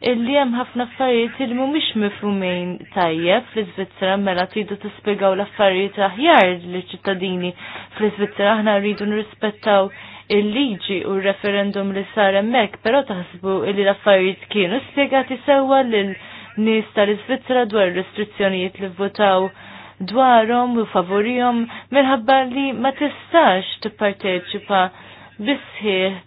illi hemm ħafna affarijiet li mhumiex mifhumejn tajjeb fl-Iżvizzera mela tridu tispjegaw l-affarijiet aħjar liċ-ċittadini fl-Iżvizzera aħna rridu nirrispettaw il-liġi u r-referendum li sar hemmhekk, però taħsbu illi l-affarijiet kienu spjegati sewwa lil nies tal-Iżvizzera dwar restrizzjonijiet li votaw dwarhom u favorihom minħabba li ma tistax tipparteċipa bisħieħ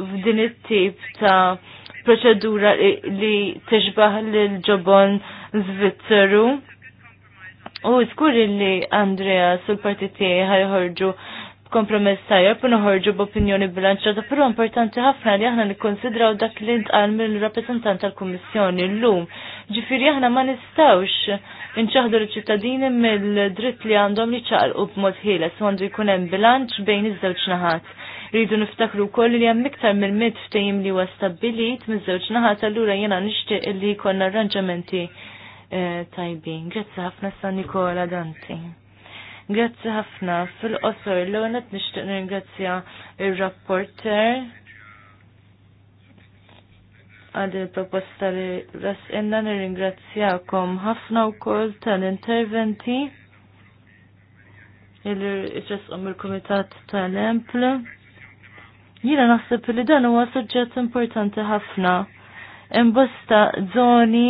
f'din it-tip ta' proċedura li teġbaħ l-ġobon Zvizzeru. U skur li Andrea sul partiti ħajħorġu kompromess tajja u noħorġu b'opinjoni bilanċata, però importanti ħafna li aħna nikkonsidraw dak li ntqal mill-rappresentant tal-Kummissjoni llum. Ġifieri aħna ma nistgħux inċaħdu l-ċittadini mill-dritt li għandhom li ċaqalqu b'mod ħieles għandu jkun hemm bilanċ bejn iż-żewġ naħat. Rridu niftakru wkoll li hemm iktar minn mit ftehim li huwa stabbilit miż-żewġ naħat allura jiena nixtieq li jkollna arranġamenti tajbin. Grazzi ħafna San Nikola Danti. Grazzi ħafna fil-qosor l qed nixtieq nirringrazzja ir-rapporter għad il-proposta li rasqenna nirringrazzjakom ħafna wkoll tal-interventi il-ċesqom il-Komitat tal emplu Jiena naħseb li dan huwa suġġett importanti ħafna. Imbosta zoni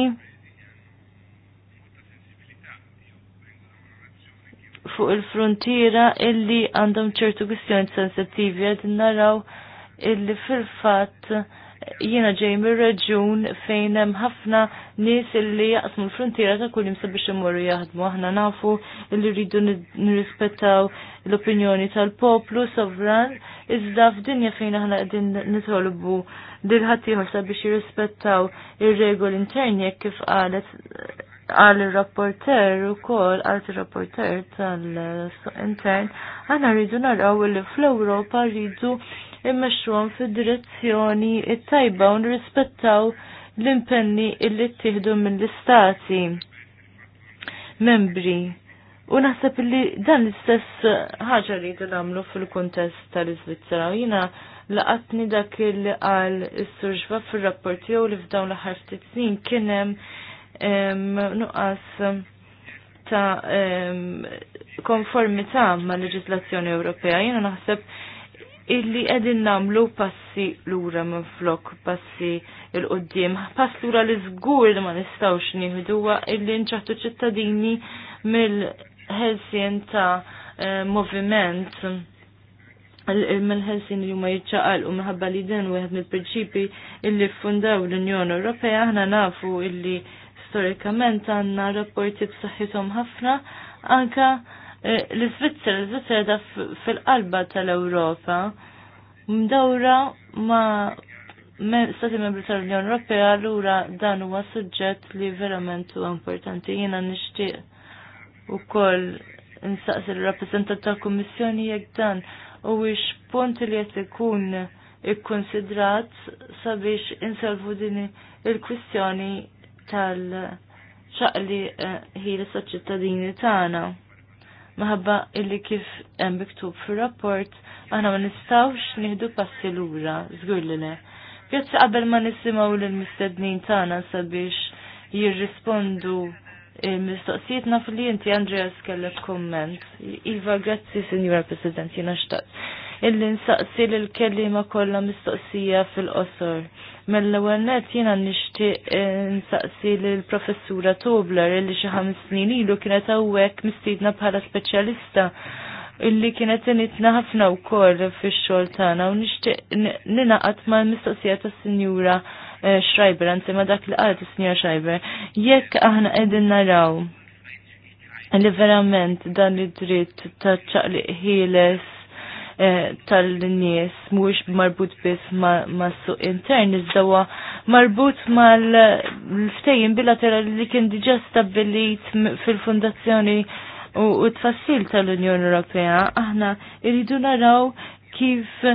fuq il-frontiera illi għandhom ċertu kwistjoni sensittivi għed naraw illi fil-fatt jiena ġej mir-reġjun fejn hemm ħafna nies illi jaqsmu l-frontiera ta' kull imsa biex imorru jaħdmu. Aħna nafu li rridu nirrispettaw l-opinjoni tal-poplu sovran, iżda f'dinja fejn aħna qegħdin nitolbu lil ħaddieħor sabiex jirrispettaw ir-regoli interni jekk kif qalet għal il-rapporter u kol għal il-rapporter tal-intern, għana rridu naraw li fl-Europa rridu immexxuhom fid-direzzjoni t tajba u nirrispettaw l-impenni illi ttieħdu mill-istati membri. U naħseb li dan l-istess ħaġa li nagħmlu fil-kuntest tal-Iżvizzera. Jiena laqatni dak li għal is-surġba fir-rapport jew li f'dawn l-aħħar ftit snin kien hemm nuqqas ta' konformità mal leġislazzjoni Ewropea. Jiena naħseb illi qegħdin nagħmlu passi lura minn flok passi il qudiem Pass lura li żgur li ma nistgħux nihduwa illi nċaħtu ċittadini mill-ħelsien ta' eh, moviment mill-ħelsin li huma jiċċaqal u minħabba li din wieħed mill-prinċipi illi fundaw l-Unjoni Ewropea aħna nafu illi storikament għandna rapporti b'saħħithom ħafna anka l-Svizzera, l-Svizzera da fil-qalba tal-Europa, mdawra ma stati membri tal-Unjoni Ewropea allura dan huwa suġġett li verament huwa importanti. Jiena nixtieq ukoll nsaqsi l rappresentant tal-Kummissjoni jekk dan huwiex punt li qed ikun ikkonsidrat sabiex inselvu din il-kwistjoni tal-ċaqli eh, ħieles tal-ċittadini tagħna maħabba illi kif hemm miktub fir-rapport aħna ma nistgħux nieħdu passi lura, żgur li le. Pjazzi qabel ma nisimgħu lill-mistednin tagħna sabiex jirrispondu mistoqsijietna mistoqsijiet li inti Andreas kellek komment. Iva, grazzi, Signora President, jina xtaqt illi nsaqsi l kellima kollha mistoqsija fil-qosor. Mill-ewwel net jiena nixtieq eh, nsaqsi lil professura Tobler illi xi ħames snin ilu kienet hawnhekk mistiedna bħala speċjalista illi kienet initna ħafna wkoll fix-xogħol tagħna u nixtieq ninaqat mal-mistoqsija tas-Sinjura eh, Schreiber, anzi ma dak li qalet is-Sinjura Schreiber, jekk aħna qegħdin naraw li verament dan id-dritt ta' ċaqliq ħieles Eh, tal-nies mhuwiex marbut biss ma' suq intern, iżda huwa marbut mal-ftejjin bilaterali li kien diġà stabbilit fil-Fundazzjoni u t-fassil tal-Unjoni Ewropea. Aħna irridu naraw kif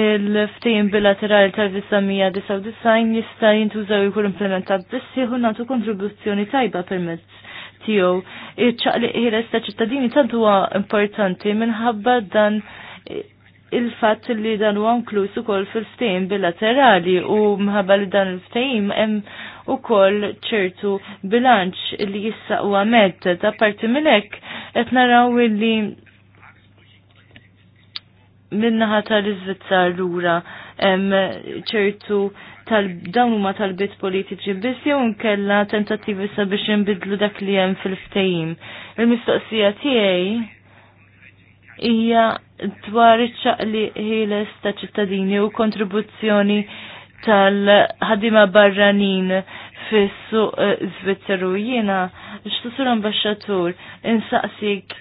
il-ftejn bilaterali tal-1999 jista' jintużaw jkun implementat biss jieħu nagħtu kontribuzzjoni tajba permezz tiegħu. Iċ-ċaqliq ta' ċittadini tant huwa importanti minħabba dan il-fatt li dan huwa inkluż ukoll fil-ftehim bilaterali u mħabba li dan il-ftehim hemm ukoll ċertu bilanċ li jissa huwa għamet ta' parti minn hekk qed naraw li minnaħa tal l lura ċertu dawn huma talbiet politiċi biss jew nkella tentattivi sabiex inbidlu dak li hemm fil-ftehim. Il-mistoqsija tiegħi hija dwar iċċaqli ħieles ta' ċittadini u kontribuzzjoni tal-ħadima barranin fis-suq Zvizzeru eh, jiena x'tusur ambaxxatur insaqsik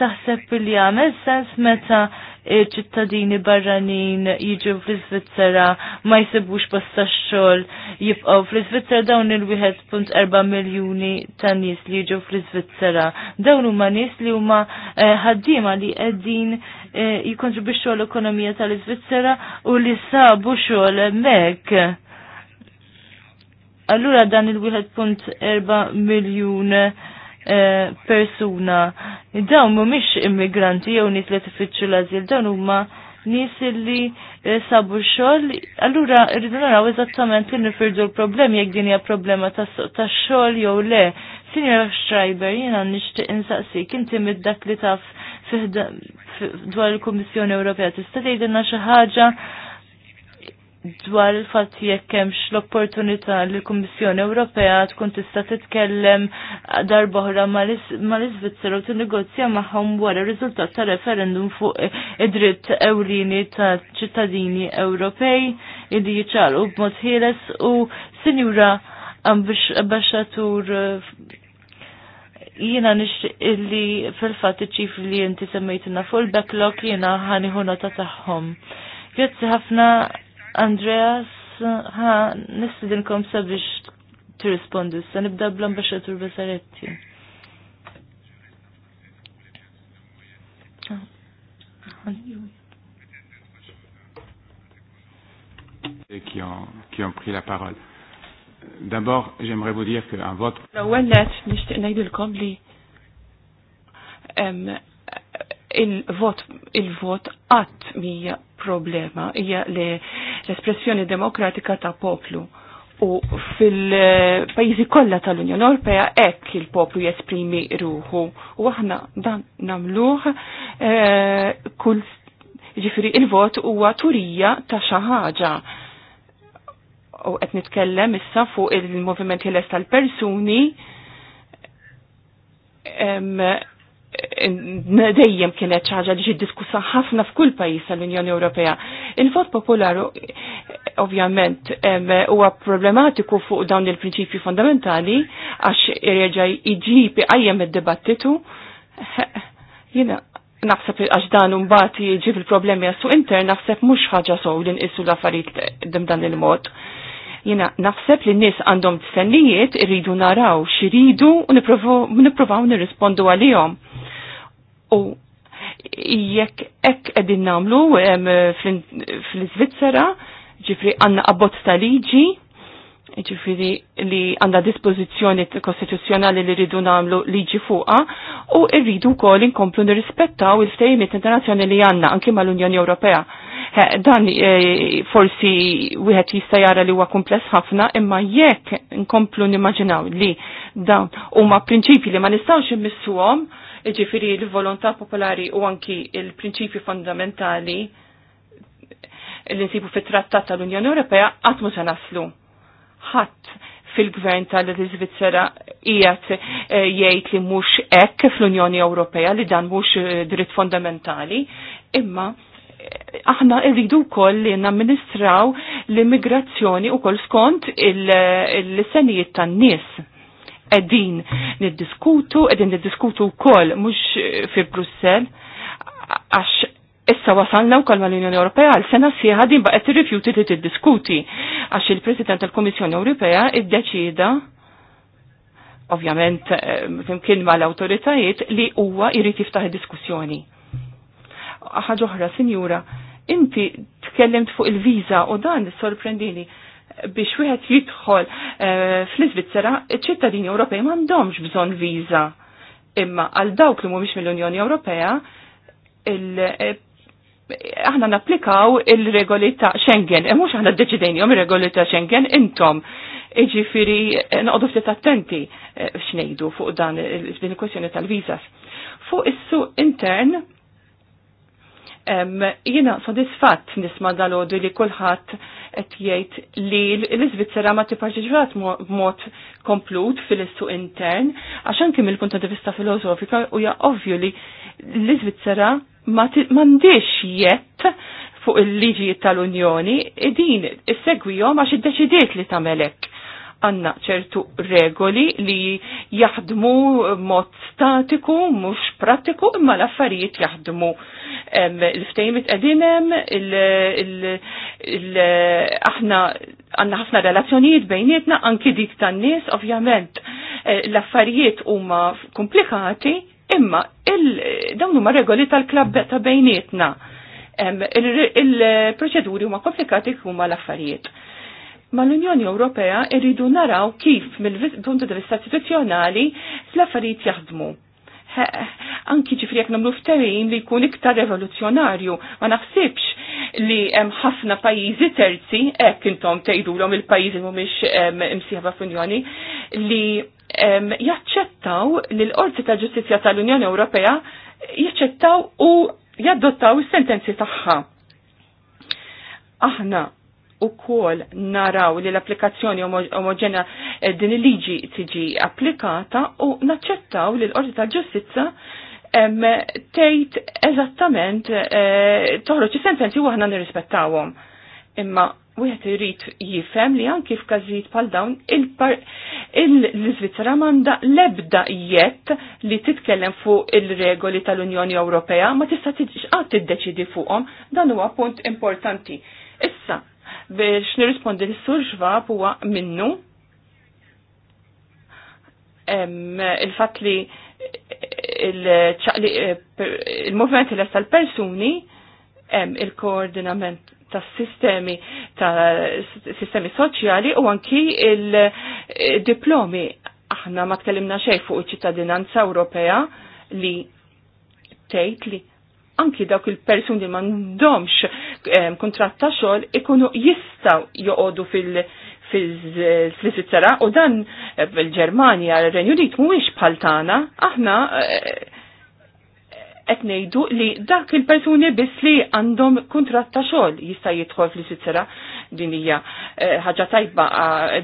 taħseb li għamel sens meta ċittadini barranin jiġu fl-Svizzera ma jsibux posta xol jibqaw fl-Svizzera dawn il-1.4 miljoni ta' nis li jiġu fl-Svizzera. Dawn huma nis li huma eh, ħaddiema li qegħdin eh, jikontribwixxu l-ekonomija tal-Svizzera u li sabu xogħol hemmhekk. Allura dan il-1.4 miljun Eh, persuna. Dawn mhumiex immigranti jew nies li tifittxu l-azil, dawn huma nies li eh, sabu xogħol. Allura rridu naraw eżattament kien nifirdu l-problemi jekk din hija problema tax-xogħol jew le. Sinjora Schreiber, jiena nixtieq insaqsik, inti mid-dak li taf dwar il-Kummissjoni Ewropea tista' tgħidilna xi ħaġa dwar il-fatt jekk hemmx l-opportunità li l-Kummissjoni Ewropea tkun tista' titkellem darboħra mal iżvizzer u tinnegozja magħhom wara r-riżultat ta' referendum fuq id-dritt ewlieni ta' ċittadini Ewropej li jiċċalu b'mod ħieles u sinjura ambasċatur jiena li illi fil-fatt iċif li inti semmejtina fuq il-backlog jina ħaniħu nota tagħhom. Grazzi ħafna Andreas, ha, nistidinkom sabiex tirrispondu, sa nibda bl-ambasġatur Besaretti. Qui ont, qui ont pris la parole. D'abord, j'aimerais vous dire qu'un vote il-vot il-vot qatt mija problema hija l-espressjoni demokratika ta' poplu. U fil-pajjiżi kollha tal-Unjoni Ewropea hekk il-poplu jesprimi ruħu. U aħna dan nagħmluh eh, kull ġifiri il-vot huwa turija ta' xi ħaġa. U qed nitkellem issa fuq il-movimenti l tal-persuni dejjem kienet ħaġa li ġid diskussa ħafna f'kull pajjiż tal-Unjoni Ewropea. Il-vot popolari ovvjament huwa problematiku fuq dawn il prinċipju fondamentali għax irreġa' iġipi għajjem id-dibattitu. <laughs> Jiena naħseb għax dan mbagħad jiġib il-problemi għassu Inter, naħseb mhux ħaġa sow li nqissu l-affarijiet dim dan il-mod. Jiena naħseb li n-nies għandhom t-sennijiet irridu naraw xiridu u nipprovaw nirrispondu għalihom U jekk ek edin namlu fl-Svizzera, ġifri għanna abbozz ta' liġi, ġifiri li għanda dispozizjoni kostituzjonali li rridu namlu liġi fuqa u rridu kol inkomplu nirrispettaw il-stajmiet internazjonali li għanna anki mal-Unjoni Ewropea. Dan e, forsi wieħed jista' jara li huwa kumpless ħafna imma jekk inkomplu nimmaġinaw li dawn huma prinċipji li ma nistgħux immissuhom Iġifiri l-volontà popolari u anki il-prinċipju fondamentali li nsibu fit-trattat tal-Unjoni Ewropea qatt se naslu. Ħadd fil-gvern tal-Iżvizzera qiegħed eh, jgħid li mhux hekk fl-Unjoni Ewropea li dan mhux eh, dritt fondamentali, imma eh, aħna rridu wkoll li namministraw l-immigrazzjoni wkoll skont il-senijiet tan-nies edin niddiskutu, edin niddiskutu kol, mux fi Brussel, għax issa wasalna wkoll mal-Unjoni Ewropea għal sena sieħa din baqgħet rifjuti li tiddiskuti għax il-President tal-Kummissjoni Ewropea iddeċida ovvjament eh, ma mal-awtoritajiet li huwa jrid jiftaħ diskussjoni. Ħaġa oħra, Sinjura, inti tkellimt fuq il-viża u dan sorprendini biex wieħed jidħol eh, fl-Iżvizzera, iċ-ċittadini Ewropej m'għandhomx bżonn viża. Imma għal dawk li mhumiex mill-Unjoni Ewropea, eh, aħna napplikaw il-regoli ta' Schengen, eh, mhux aħna ddeċidejnihom ir-regoli ta' Schengen intom. Iġifieri noqogħdu ftit attenti x'ngħidu fuq dan il-kwestjoni tal-viżas. Fuq is-suq intern, Jiena sodisfatt nisma dal-ħodu li kullħat qed jgħid li l-Iżvizzera ma tipparteċipat b'mod komplut fil istu intern, għax anke mill punta di vista filosofika ja ovvju li l-Iżvizzera m'għandix jett fuq il-liġijiet tal-Unjoni, e din issegwihom għax iddeċidiet li tamelek għanna ċertu regoli li jaħdmu mod statiku, mux pratiku, imma l-affarijiet jaħdmu l-ftejmit edinem, aħna għanna ħafna relazzjonijiet bejnietna, anki dik tan-nies, ovvjament eh, l-affarijiet huma komplikati, imma dawn huma regoli tal-klabb ta' bejnietna. Il-proċeduri huma komplikati huma l-affarijiet ma l-Unjoni Ewropea irridu naraw kif mill punt ta' vista istituzzjonali fl-affarijiet jaħdmu. Anki ġifri jek namlu f'terin li jkun iktar revoluzzjonarju, ma naħsibx li hemm ħafna pajjiżi terzi, hekk intom tgħidulhom il-pajjiżi mhumiex imsieħba f'Unjoni, li jaċċettaw li l-Qorti ta' Ġustizzja tal-Unjoni Ewropea jaċċettaw u jaddottaw is-sentenzi tagħha. Aħna u kol naraw li l-applikazzjoni omogena eh, din il-liġi tiġi applikata u naċċettaw li l-Qorti tal-Ġustizza tgħid eżattament eh, toħroġ i sentenzi u aħna nirrispettawhom. Imma wieħed irid jifhem li kif f'każijiet bħal dawn l-Iżvizzera manda l-ebda jett li titkellem fuq il-regoli tal-Unjoni Ewropea ma tista' tiġqgħad tiddeċidi fuqhom dan huwa punt importanti. Issa, biex nirrispondi l-sur ġvab huwa minnu il-fat li eh, il-movement il tal persuni il-koordinament tas sistemi ta' sistemi soċjali u anki il-diplomi aħna ma tkellimna xejn fuq iċ-ċittadinanza Ewropea li tgħid li anki dawk il-persuni li m'għandhomx eh, kuntratt ta' xogħol ikunu jistgħu joqogħdu fil- fil svizzera u dan eh, fil-Ġermanja, l-Renju Unit mhuwiex bħal tagħna, aħna eh, qed ngħidu li dak il-persuni biss li għandhom kuntratt ta' xogħol jista' jidħol fl-Svizzera din hija ħaġa tajba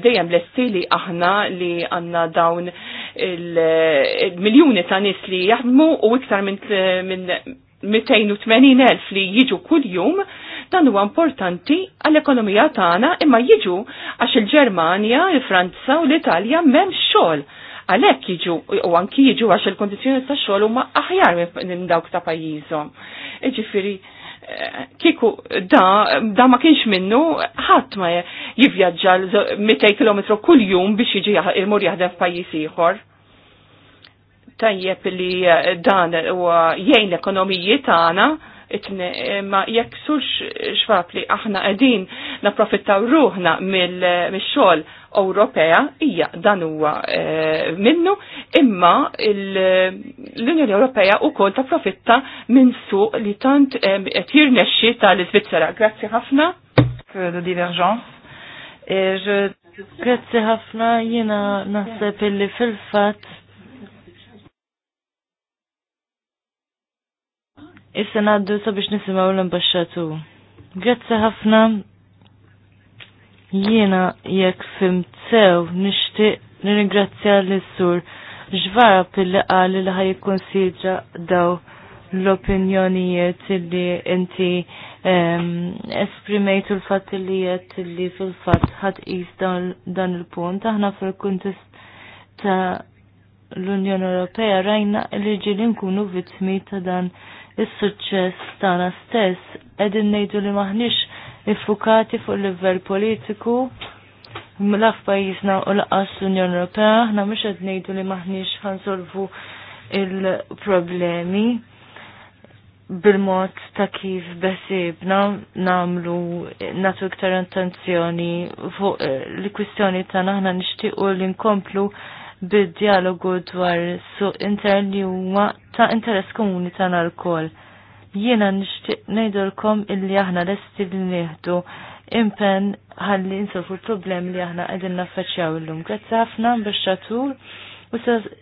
dejjem l-estili aħna li għandna dawn il-miljuni ta' nies li jaħdmu u iktar minn 280.000 li jiġu kuljum, dan huwa importanti għall-ekonomija tagħna imma jiġu għax il-Ġermanja, il-Franza u l-Italja m'hemmx xogħol. Għalhekk jiġu u anki jiġu għax il-kondizzjoni ta' xogħol huma aħjar minn dawk ta' pajjiżhom. Jiġifieri eh, kiku da, da ma kienx minnu ħadd ma jivvjaġġa 200 km kuljum biex jiġi jmur jaħdem f'pajjiż ieħor tajjeb li eh, dan huwa jgħin l ekonomiji tagħna eh, ma jekk sux xfab li aħna qegħdin naprofittaw ruħna mill-xogħol eh, Ewropea hija dan huwa minnu imma l-Unjoni Ewropea wkoll tapprofitta minn suq li tant qed jirnexxi tal-Iżvizzera. Grazzi ħafna. De divergence. Grazzi ħafna jiena naħseb illi fil-fatt Issa naddu sabiex nisimaw l imbaxxatu Grazzi ħafna. Jiena jekk fimtew nixtieq nirringrazzja l-sur ġvara pilli qali li ħaj ikkonsidra daw l-opinjonijiet li inti ehm, esprimejtu l-fatt li jett li fil-fatt ħat jis dan il-punt. Aħna fil-kuntest ta' l-Unjoni Ewropea rajna li ġilin nkunu vittmi ta' dan is-suċċess tagħna stess qegħdin ngħidu li maħniex iffukati fuq livell politiku laf pajjiżna u laqas l-Unjoni Europea, aħna mhux qed ngħidu li maħniex ħansolvu il-problemi bil-mod ta' kif besibna namlu natu iktar intenzjoni fuq eh, li kwistjoni ta' naħna nixtiequ li nkomplu bid-dialogu dwar su intern li huma ta' interess komuni tagħna narkol. Jiena nishtiq ngħidulkom illi aħna lesti li nieħdu impen ħalli insolvu l-problemi li aħna qegħdin naffaċċjaw illum. Grazzi ħafna biex tatul. U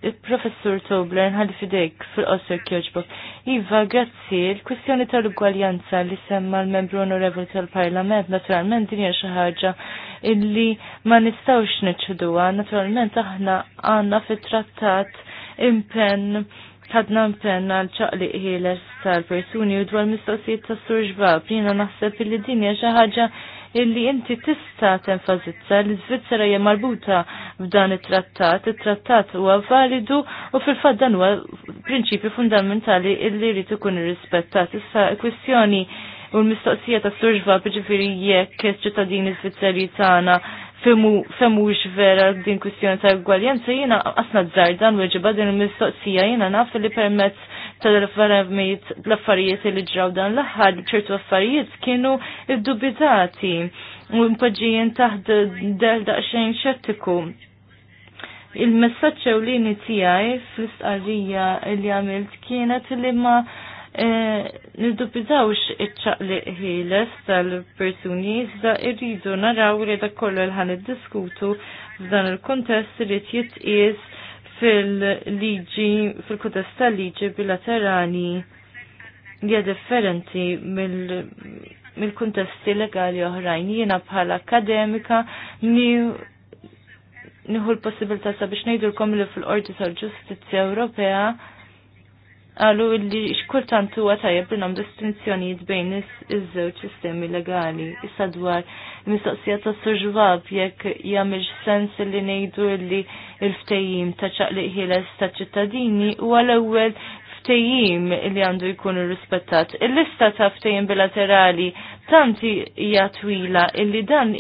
il-professur Tobler nħalli fidejk fil qosser Kirchbock. Iva, grazzi, il-kwistjoni tal-ugwaljanza li semma l-membru onorevoli tal-parlament, naturalment din hija xi ħaġa illi ma nistgħux niċċuduha, naturalment aħna għandna fit-trattat impenn ħadna mpenn għal ċaqli ħieles tal-persuni u dwar mistoqsijiet tas-surġbab, jiena naħseb illi din hija xi ħaġa illi inti tista' tenfazizza li Svizzera hija marbuta b'dan it-trattat, it-trattat huwa validu u fil-fatt dan huwa prinċipju fundamentali illi jrid ikun irrispettat. Issa kwistjoni u l-mistoqsija ta' surġva biġifieri jekk ċittadini Svizzeri tagħna femu vera din kwistjoni ta' gwaljanza jiena qasna żgħar dan weġiba din il-mistoqsija jiena naf li permezz tal-referendumit l-affarijiet li ġraw dan l-aħħar ċertu affarijiet kienu iddubitati u mpoġġijin taħt del daqsxejn xettiku. il messaġġ li nitijaj fl-istqarrija li għamilt kienet li ma e, nidubidawx iċċaqli ħiles tal-persuni iżda irridu naraw li dak kollu l-ħan diskutu f'dan il-kontest li jitqies fil-liġi, fil-kudess tal-liġi bilaterali li differenti mill-kuntesti legali oħrajn. Jiena bħala akademika nieħu l-possibilità sabiex ngħidulkom li fil-Qorti tal-Ġustizzja Ewropea għalu illi xkultant huwa tajjeb li nom distinzjonijiet bejn iż-żewġ sistemi legali. Issa dwar mistoqsija ta' surġvab jekk jagħmel sens li ngħidu illi l-ftejjim ta' ċaqliq ħieles ta' ċittadini huwa l-ewwel ftejjim li għandu jkun irrispettat. Il-lista ta' ftejjim bilaterali tanti hija twila illi dan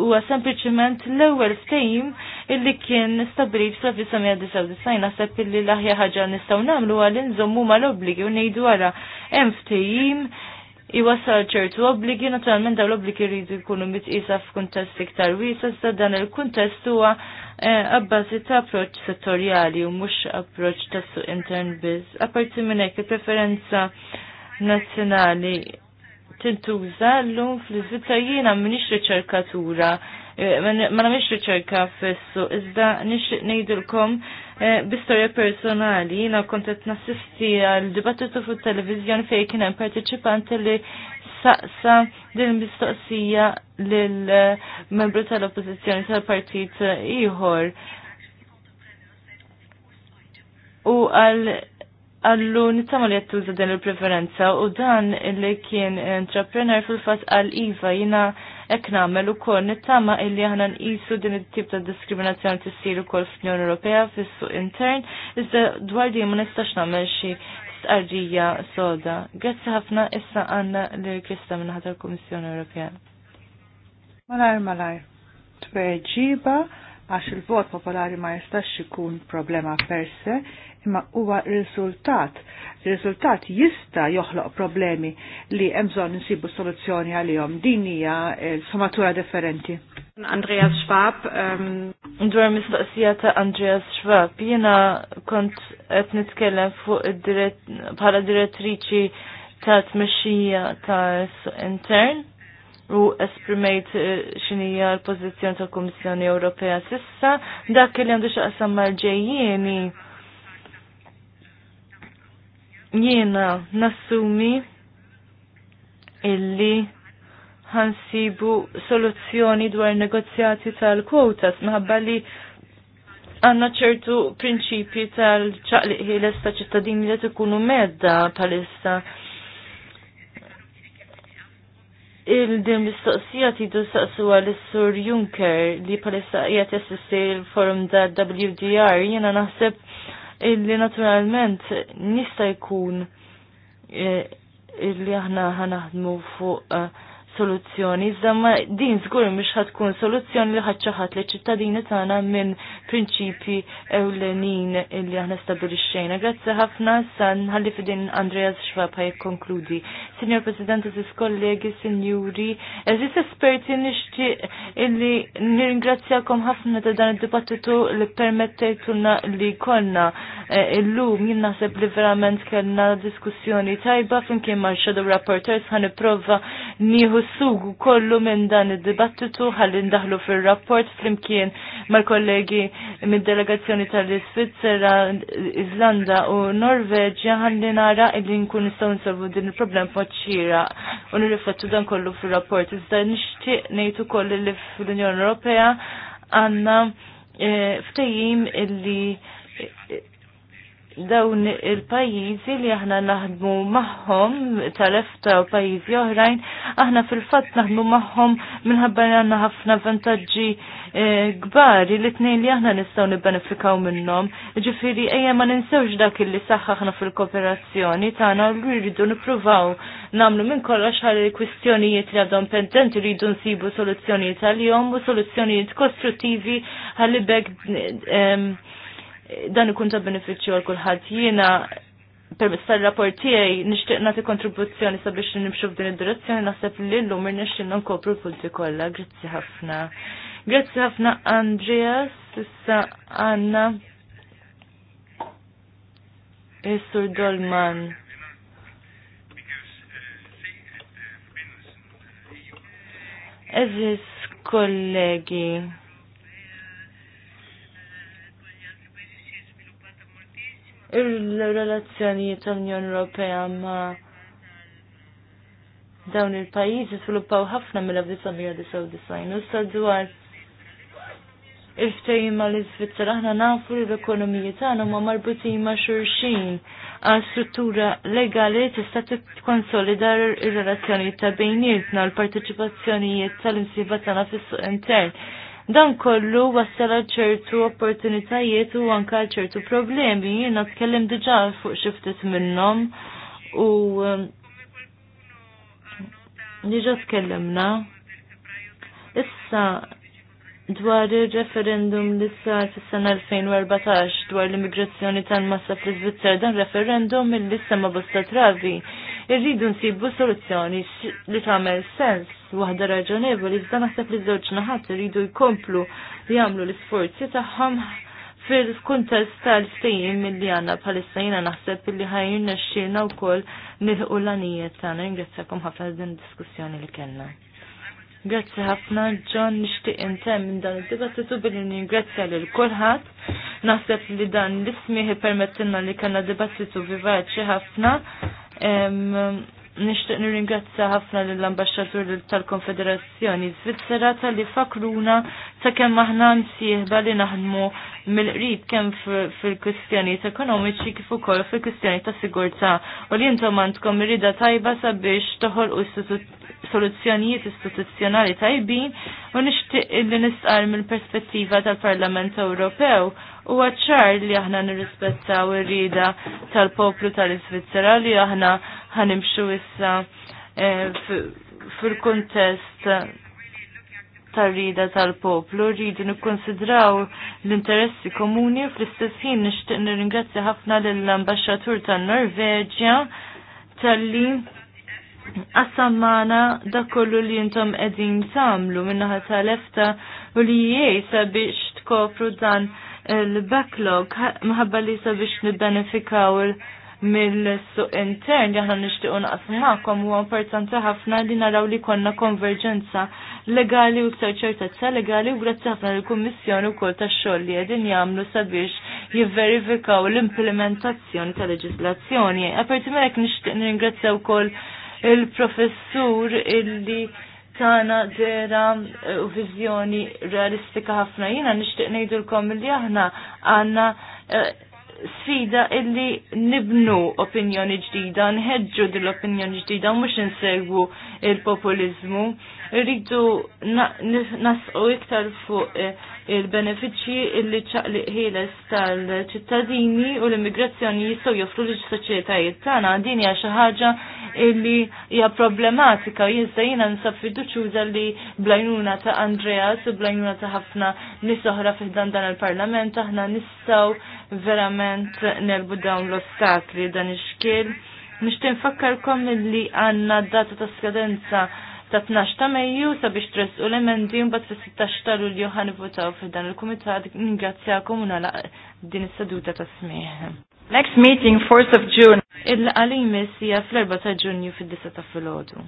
huwa sempliċement l-ewwel fejm illi kien stabbilit fl-1999 naħseb illi l-aħja ħaġa nistgħu nagħmlu għal inżommu mal-obbligi u ngħidu wara hemm ftehim iwassal ċertu obbligi, naturalment daw l-obbligi rridu jkunu mitqisa f'kuntest iktar wiesa, iżda dan il-kuntest huwa għabbażi eh, ta' approċ settorjali u mhux approċ ta' suq intern biss. Apparti minn hekk il-preferenza nazzjonali tintuża llum fl-Iżvizzera jiena m'iniex riċerkatura, eh, ma nagħmilx riċerka fessu, iżda nixtieq ngħidilkom eh, bistoria personali, jiena kont qed nassisti għal dibattitu fuq it-Televizjoni fejn kien hemm partiċipanti li saqsa din mistoqsija lil eh, membru tal-oppożizzjoni tal-partit ieħor. U għal Allu nittama li jattuża din il-preferenza u dan li kien entrepreneur fil-fat għal Iva jina ek namel u kol nittama illi ħana nqisu din it-tip ta' diskriminazzjoni tissir u kol fl Ewropea fis-suq intern, iżda dwar di ma nistax namel xi stqarrija soda. Grazzi ħafna issa għanna li Krista minn ħatar Kummissjoni Ewropea. Malar, malar, tweġiba għax il-vot popolari ma jistax ikun problema per se, imma huwa riżultat. Riżultat jista' joħloq problemi li hemm bżonn insibu soluzzjoni għalihom. Din hija somatura differenti. Andreas Schwab, ehm, dwar mistoqsija ta' Andreas Schwab, jiena kont qed nitkellem fuq bħala direttriċi ta' tmexxija ta' intern u esprimejt eh, xinija l pozizjon tal-Komissjoni Ewropea sissa, dak li għandu xaqsam mal-ġejjieni jiena nassumi illi ħansibu soluzzjoni dwar negozjati tal-kwotas minħabba li għanna ċertu prinċipji tal-ċaqliq l esta ċittadini li tkunu medda palissa. Il-din mistoqsija tidu saqsu għal-Sur Juncker li palissa jgħat jassisti l-forum da WDR jena naħseb illi naturalment nista' jkun eh, illi aħna ħanaħdmu fuq uh, soluzzjoni, iżda din żgur mhux ħad tkun soluzzjoni li ħadd li ċittadini tagħna minn prinċipji ewlenin li aħna stabilixxejna. Grazzi ħafna san ħalli fidin Andreas Schwab ħaj konkludi. Signor President, zis kollegi, sinjuri, zis esperti nixtieq illi nirringrazzjakom ħafna ta' dan id-dibattitu li permettejtulna li konna e, illum jien naħseb li verament kellna diskussjoni tajba flimkien ma' Shadow Rapporters prova nieħu s-sugu kollu minn dan id-dibattitu ħalli ndaħlu fil-rapport flimkien mal-kollegi mid-delegazzjoni tal-Svizzera, Islanda u Norveġja ħalli nara illi nkun nistgħu nsolvu din il-problem poċċira u nirriflettu dan kollu fil-rapport. Iżda nixtieq nejtu kollu li fl-Unjoni Ewropea għandna eh, ftehim illi dawn il-pajjiżi li aħna naħdmu magħhom tal-efta u pajjiżi oħrajn, aħna fil-fatt naħdmu magħhom minħabba li għandna ħafna vantaġġi gbar eh, li tnejn li aħna nistgħu nibbenefikaw minnhom. ġifiri ejja ma ninsewx dak illi saħħaħna fil-kooperazzjoni tagħna u rridu nippruvaw nagħmlu minn kollox ħalli kwistjonijiet li għadhom pendenti rridu nsibu soluzzjonijiet tal-jom u soluzzjonijiet kostruttivi ħalli bekk eh, dan ikun ta' beneficju għal kulħadd jiena permezz tar rapport tiegħi nixtieq nagħti kontribuzzjoni sabiex nimxu f'din id-direzzjoni naħseb li llum irnexxin nkopru l-punti kollha. Grazzi ħafna. Grazzi ħafna Andreas, issa Anna. Isur Dolman. Eżis kollegi il-relazzjoni tal-Unjoni Ewropea ma' dawn il-pajjiżi sviluppaw ħafna mill-1999 u sa dwar il-ftejim mal iżvizzera aħna nafu li l-ekonomiji tagħna huma marbutin ma' xulxin għal struttura legali tista' tikkonsolidar ir-relazzjoni ta' bejnietna l-parteċipazzjonijiet tal insibat tagħna fis-suq intern Dan kollu wassala ċertu opportunitajiet u anka ċertu problemi. Jiena tkellim diġà fuq xi ftit minnhom u um, diġà tkellimna. Issa dwar il-referendum li sar fis sena 2014 dwar l-immigrazzjoni tal-massa fl-Iżvizzera dan referendum li sema bosta travi irridu nsibu soluzzjoni li tagħmel sens waħda raġonevoli iżda naħseb li żewġ naħat irridu jkomplu li jagħmlu l-isforzi tagħhom fil-kuntest tal-stejjim milli għanna bħalissa naħseb li ħajrna xilna u koll nilħu l-għanijiet tagħna ringrazzakom ħafna din diskussjoni li kellna. Grazzi ħafna John nixtieq intemm minn dan id-dibattitu billi ningrazzja lil kulħadd. Naħseb li dan l ismi permettilna li kellna dibattitu vivaċi ħafna Nishtiq nirringrazzja ħafna lill ambasċatur tal-Konfederazzjoni Svizzera tal-li fakruna sakemm aħna msieħba li naħdmu mill-qrib kemm fil-kwistjonijiet ekonomiċi kif ukoll fil-kwistjoni ta' sigurtà u li intom għandkom irrida tajba sabiex toħolqu soluzzjonijiet istituzzjonali tajbin u nixtieq li nisqar mill-perspettiva tal-Parlament Ewropew u għacċar li aħna nirrispettaw ir-rida tal-poplu tal-Iżvizzera li aħna ħanimxu issa eh, fil-kontest tar-rida tal-poplu, rridu nikkonsidraw l-interessi komuni u fl-istess ħin nixtieq nirringrazzja ħafna lill-ambaxxatur tan-Norveġja tal-li assammana da kollu li jintom qegħdin samlu minnaħa tal-efta u li jiej sabiex tkopru dan il-backlog minħabba li sabiex nibbenefikaw il- mill-suq intern li aħna nixtiequ naqsmu magħkom huwa importanti ħafna li naraw li konna konverġenza legali u iktar ċertezza legali u grazzi ħafna li kummissjoni wkoll tax-xogħol li qegħdin jagħmlu sabiex jivverifikaw l-implementazzjoni ta' leġislazzjoni. Aperti minn hekk nixtieq u wkoll il-professur illi tana dera eh, u vizjoni realistika ħafna jina nishtiq nejdulkom li aħna għanna eh, sfida illi nibnu opinjoni ġdida, nħedġu dil-opinjoni ġdida, mux nsegwu il-populizmu rridu nasqu iktar fuq eh, il-benefiċċji illi ċaqliq ħieles tal-ċittadini u l-immigrazzjoni jistgħu joffru liġ soċjetajiet tagħna din hija xi ħaġa illi hija problematika u jiena nsab fiduċjuża li blajnuna ta' Andreas u blajnuna ta' ħafna nies oħra fiħdan dan il-Parlament aħna nistgħu verament nerbu dawn l-ostakli dan ix-xkiel. Nishtin fakkarkom li għanna data ta' skadenza ta' 12 ta' Mejju sabiex tress u l-emendi mbagħad fis-16 ta' Lulju ħanivvotaw f'dan il-kumitat ningrazzjakom u la' din is-seduta ta' smieħ. Next meeting 4th of June. Il-qalim hija fl-4 ta' Ġunju fid disa ta' filgħodu.